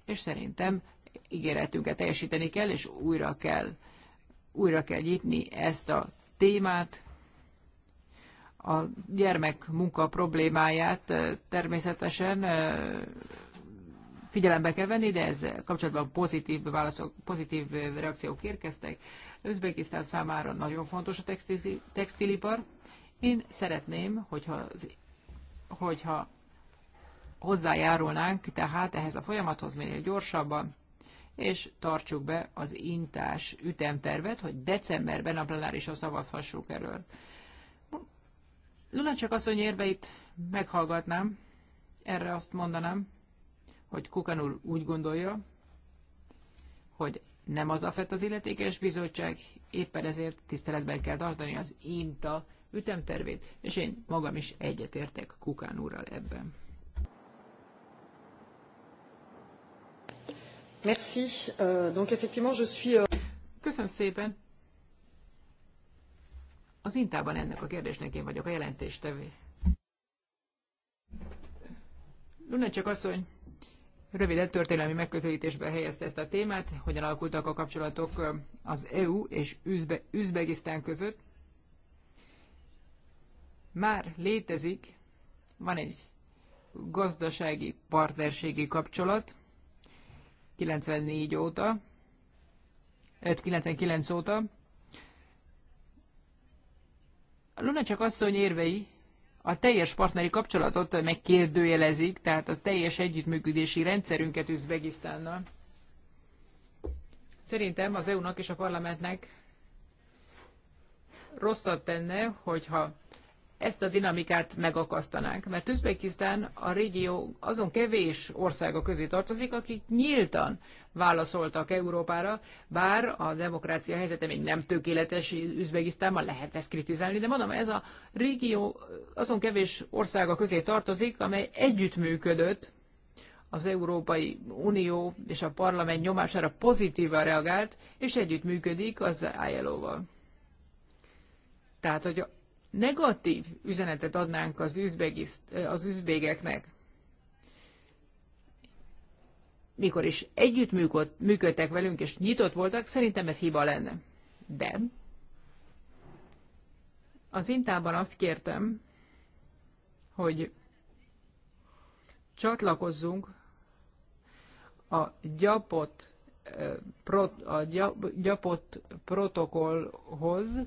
és szerintem ígéretünket teljesíteni kell, és újra kell, újra kell nyitni ezt a témát, a gyermek munka problémáját természetesen figyelembe kell venni, de ez kapcsolatban pozitív válaszok, pozitív reakciók érkeztek. Özbekisztán számára nagyon fontos a textilipar. Én szeretném, hogyha, hogyha hozzájárulnánk tehát ehhez a folyamathoz minél gyorsabban, és tartsuk be az intás ütemtervet, hogy decemberben a plenárisra szavazhassuk erről csak asszony érveit meghallgatnám, erre azt mondanám, hogy Kukanul úgy gondolja, hogy nem az AFET az illetékes bizottság, éppen ezért tiszteletben kell tartani az INTA ütemtervét, és én magam is egyetértek Kukán úrral ebben. Merci. Uh, donc effectivement, je suis... Uh... Köszönöm szépen. Az intában ennek a kérdésnek én vagyok a jelentéstevő. Lunacek asszony röviden történelmi megközelítésbe helyezte ezt a témát, hogyan alakultak a kapcsolatok az EU és Üzbe- Üzbegisztán között. Már létezik, van egy gazdasági partnerségi kapcsolat 94 óta, 99 eh, óta, a Lunacsak asszony érvei a teljes partneri kapcsolatot megkérdőjelezik, tehát a teljes együttműködési rendszerünket Üzbegisztánnal. Szerintem az EU-nak és a parlamentnek rosszat tenne, hogyha ezt a dinamikát megakasztanánk, mert Üzbekisztán a régió azon kevés országa közé tartozik, akik nyíltan válaszoltak Európára, bár a demokrácia helyzete még nem tökéletes Üzbegisztánban, lehet ezt kritizálni, de mondom, ez a régió azon kevés országa közé tartozik, amely együttműködött az Európai Unió és a parlament nyomására pozitívan reagált, és együttműködik az ILO-val. Tehát, hogy negatív üzenetet adnánk az, üzbegiszt, az üzbégeknek, mikor is együtt működtek velünk és nyitott voltak, szerintem ez hiba lenne. De az intában azt kértem, hogy csatlakozzunk a gyapott, a gyapott protokollhoz,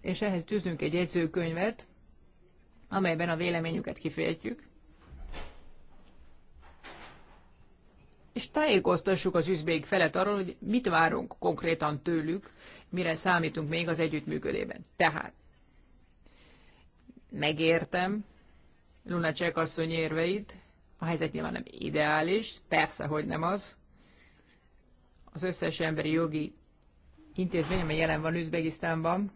és ehhez tűzünk egy jegyzőkönyvet, amelyben a véleményüket kifejtjük, és tájékoztassuk az üzbék felet arról, hogy mit várunk konkrétan tőlük, mire számítunk még az együttműködében. Tehát megértem Luna asszony érveit, a helyzet nyilván nem ideális, persze, hogy nem az. Az összes emberi jogi intézmény, amely jelen van Üzbegisztánban,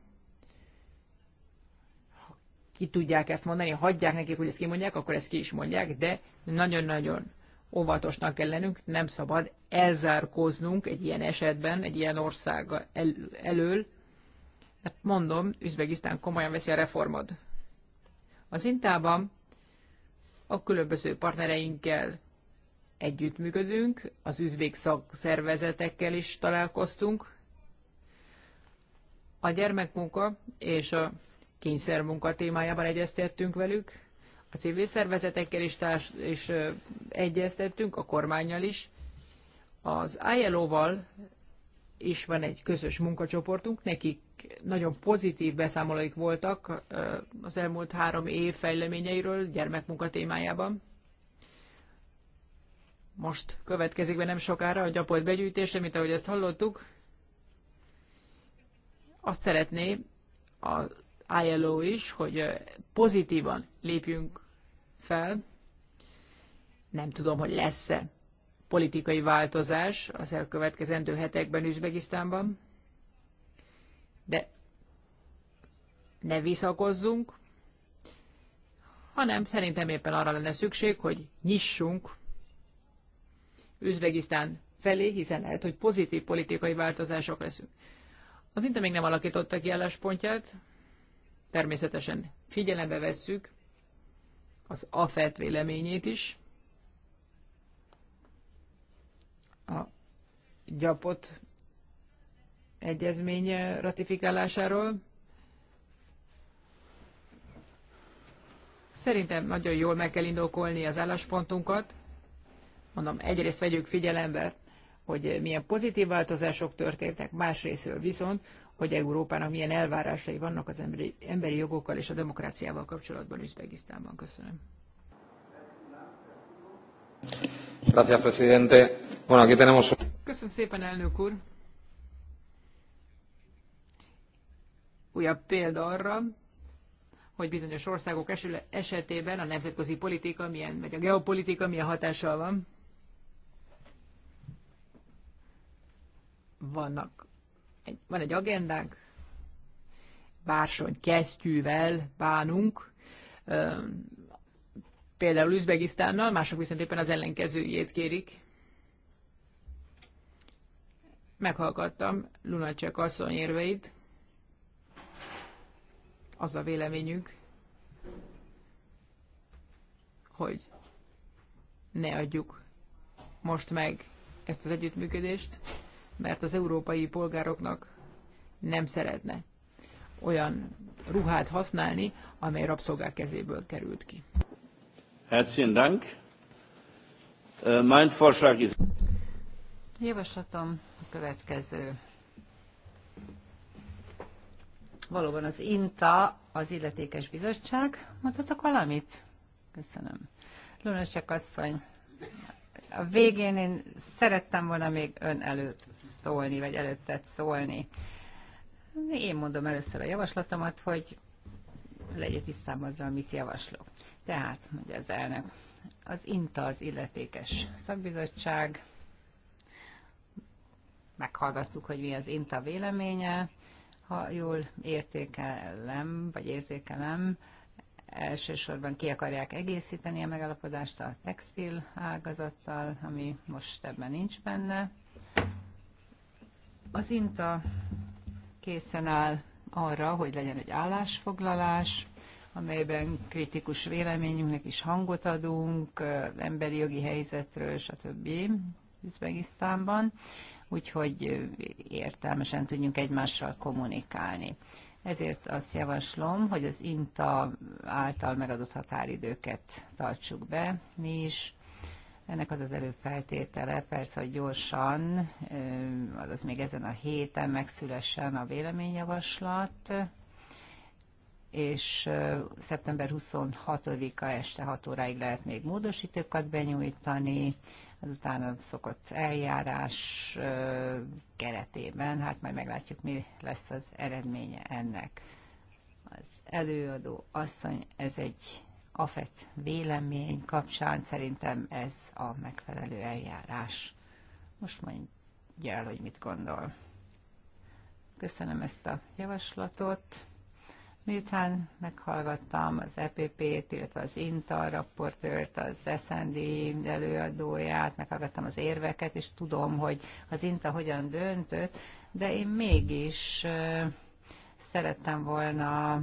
ki tudják ezt mondani, hagyják nekik, hogy ezt kimondják, akkor ezt ki is mondják, de nagyon-nagyon óvatosnak kell lennünk, nem szabad elzárkóznunk egy ilyen esetben, egy ilyen ország el, elől. Hát mondom, Üzbegisztán komolyan veszi a reformod. Az Intában a különböző partnereinkkel együttműködünk, az üzvég szakszervezetekkel is találkoztunk. A gyermekmunka és a munka témájában egyeztettünk velük, a civil szervezetekkel is, társ, és ö, egyeztettünk, a kormányjal is. Az ILO-val is van egy közös munkacsoportunk, nekik nagyon pozitív beszámolóik voltak ö, az elmúlt három év fejleményeiről gyermekmunka témájában. Most következik be nem sokára a gyapolt begyűjtése, mint ahogy ezt hallottuk. Azt szeretné a ILO is, hogy pozitívan lépjünk fel. Nem tudom, hogy lesz-e politikai változás az elkövetkezendő hetekben Üzbegisztánban, de ne visszakozzunk, hanem szerintem éppen arra lenne szükség, hogy nyissunk Üzbegisztán felé, hiszen lehet, hogy pozitív politikai változások leszünk. Az inte még nem alakította ki álláspontját, Természetesen figyelembe vesszük az AFET véleményét is. A gyapot egyezmény ratifikálásáról. Szerintem nagyon jól meg kell indokolni az álláspontunkat. Mondom, egyrészt vegyük figyelembe, hogy milyen pozitív változások történtek, másrésztről viszont, hogy Európának milyen elvárásai vannak az emberi, emberi jogokkal és a demokráciával kapcsolatban Üzbegisztánban. Köszönöm. Köszönöm szépen, elnök úr. Újabb példa arra, hogy bizonyos országok esetében a nemzetközi politika, milyen, vagy a geopolitika milyen hatással van. Vannak egy, van egy agendánk, bársony kesztyűvel bánunk, például Üzbegisztánnal, mások viszont éppen az ellenkezőjét kérik. Meghallgattam Lunacek asszony érveit, az a véleményük, hogy ne adjuk most meg ezt az együttműködést mert az európai polgároknak nem szeretne olyan ruhát használni, amely rabszolgák kezéből került ki. Herzlichen Dank. Äh, mein Vorschlag ist... Javaslatom a következő. Valóban az INTA, az illetékes bizottság, mondhatok valamit? Köszönöm. Lunacek asszony, a végén én szerettem volna még ön előtt szólni, vagy előtte szólni. Én mondom először a javaslatomat, hogy legyen tisztában azzal, mit javaslok. Tehát, mondja az elnök, az INTA az illetékes szakbizottság, meghallgattuk, hogy mi az INTA véleménye, ha jól értékelem, vagy érzékelem, elsősorban ki akarják egészíteni a megalapodást a textil ágazattal, ami most ebben nincs benne. Az INTA készen áll arra, hogy legyen egy állásfoglalás, amelyben kritikus véleményünknek is hangot adunk, emberi jogi helyzetről, stb. Üzbegisztánban, úgyhogy értelmesen tudjunk egymással kommunikálni. Ezért azt javaslom, hogy az INTA által megadott határidőket tartsuk be, mi is. Ennek az az előfeltétele persze, hogy gyorsan, azaz még ezen a héten megszülessen a véleményjavaslat, és szeptember 26-a este 6 óráig lehet még módosítókat benyújtani, azután a szokott eljárás keretében, hát majd meglátjuk, mi lesz az eredménye ennek. Az előadó asszony, ez egy afet vélemény kapcsán szerintem ez a megfelelő eljárás. Most mondja el, hogy mit gondol. Köszönöm ezt a javaslatot. Miután meghallgattam az EPP-t, illetve az INTA raportőrt, az SND előadóját, meghallgattam az érveket, és tudom, hogy az INTA hogyan döntött, de én mégis szerettem volna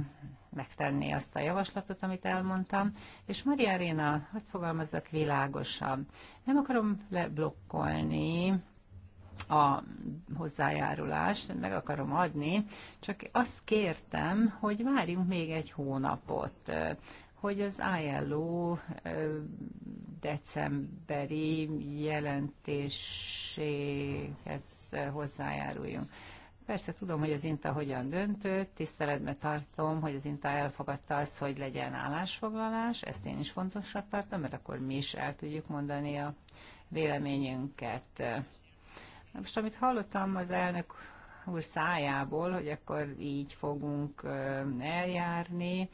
megtenni azt a javaslatot, amit elmondtam, és Maria Réna, hadd fogalmazzak világosan. Nem akarom leblokkolni a hozzájárulást, meg akarom adni, csak azt kértem, hogy várjunk még egy hónapot, hogy az ILO decemberi jelentéséhez hozzájáruljunk. Persze tudom, hogy az INTA hogyan döntött, tiszteletbe tartom, hogy az INTA elfogadta azt, hogy legyen állásfoglalás, ezt én is fontosnak tartom, mert akkor mi is el tudjuk mondani a véleményünket. Most, amit hallottam az elnök úr szájából, hogy akkor így fogunk eljárni,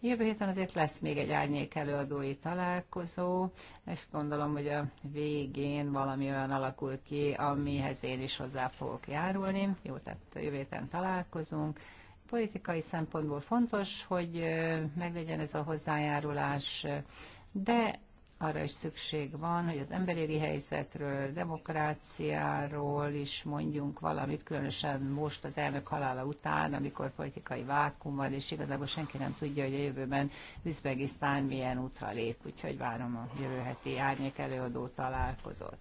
Jövő héten azért lesz még egy árnyék előadói találkozó, és gondolom, hogy a végén valami olyan alakul ki, amihez én is hozzá fogok járulni. Jó, tehát jövő héten találkozunk. Politikai szempontból fontos, hogy meglegyen ez a hozzájárulás, de arra is szükség van, hogy az emberi helyzetről, demokráciáról is mondjunk valamit, különösen most az elnök halála után, amikor politikai vákum van, és igazából senki nem tudja, hogy a jövőben Üzbegisztán milyen útra lép, úgyhogy várom a jövő heti árnyék előadó találkozót.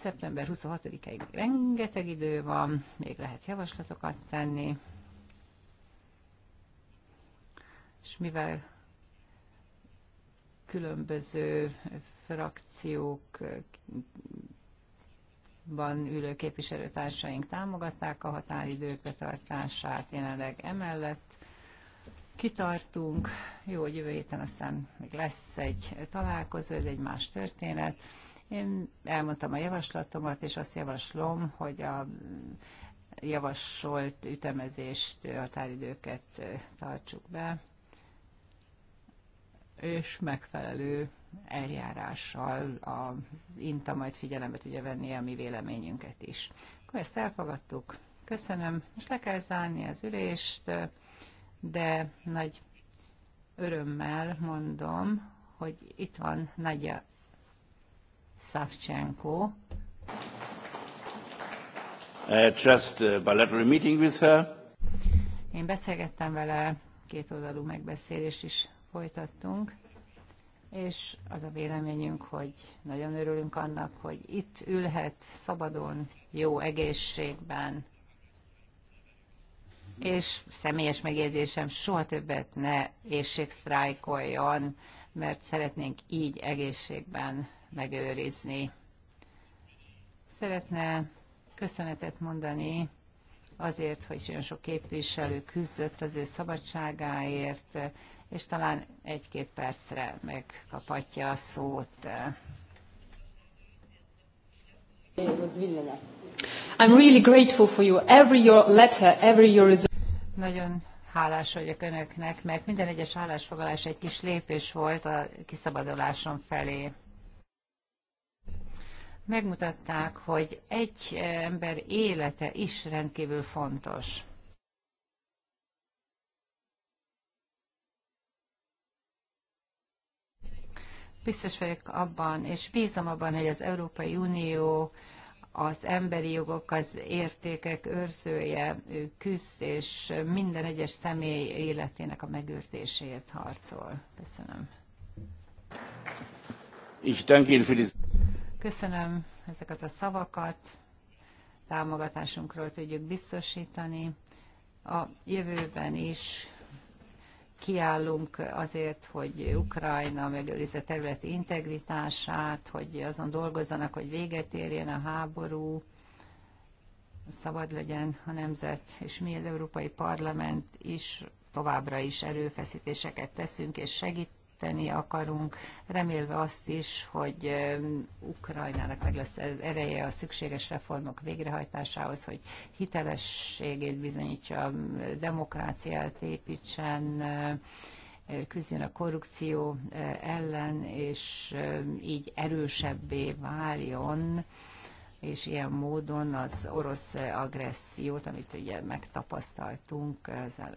Szeptember 26-ig rengeteg idő van, még lehet javaslatokat tenni, és mivel különböző frakciókban ülő képviselőtársaink támogatták a határidők betartását, jelenleg emellett kitartunk. Jó, hogy jövő héten aztán még lesz egy találkozó, ez egy más történet. Én elmondtam a javaslatomat, és azt javaslom, hogy a javasolt ütemezést, határidőket tartsuk be és megfelelő eljárással a INTA majd figyelembe tudja venni a mi véleményünket is. Akkor ezt elfogadtuk. Köszönöm. Most le kell zárni az ülést, de nagy örömmel mondom, hogy itt van Nagyja Savchenko. Uh, just a uh, bilateral meeting with her. Én beszélgettem vele, két oldalú megbeszélés is folytattunk, és az a véleményünk, hogy nagyon örülünk annak, hogy itt ülhet szabadon, jó egészségben, és személyes megjegyzésem, soha többet ne éjségsztrájkoljon, mert szeretnénk így egészségben megőrizni. Szeretne köszönetet mondani azért, hogy olyan sok képviselő küzdött az ő szabadságáért, és talán egy-két percre megkaphatja a szót. I'm really grateful for you. Every your letter, every your Nagyon hálás vagyok önöknek, mert minden egyes állásfoglalás egy kis lépés volt a kiszabadulásom felé. Megmutatták, hogy egy eh, ember élete is rendkívül fontos. Biztos vagyok abban, és bízom abban, hogy az Európai Unió az emberi jogok, az értékek őrzője küzd, és minden egyes személy életének a megőrzéséért harcol. Köszönöm. Köszönöm ezeket a szavakat, támogatásunkról tudjuk biztosítani. A jövőben is kiállunk azért, hogy Ukrajna megőrizze területi integritását, hogy azon dolgozzanak, hogy véget érjen a háború, szabad legyen a nemzet, és mi az Európai Parlament is továbbra is erőfeszítéseket teszünk, és segít segíteni akarunk, remélve azt is, hogy Ukrajnának meg lesz az ereje a szükséges reformok végrehajtásához, hogy hitelességét bizonyítsa, demokráciát építsen, küzdjön a korrupció ellen, és így erősebbé váljon és ilyen módon az orosz agressziót, amit ugye megtapasztaltunk,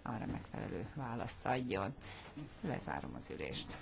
arra megfelelő választ adjon. Lezárom az ülést.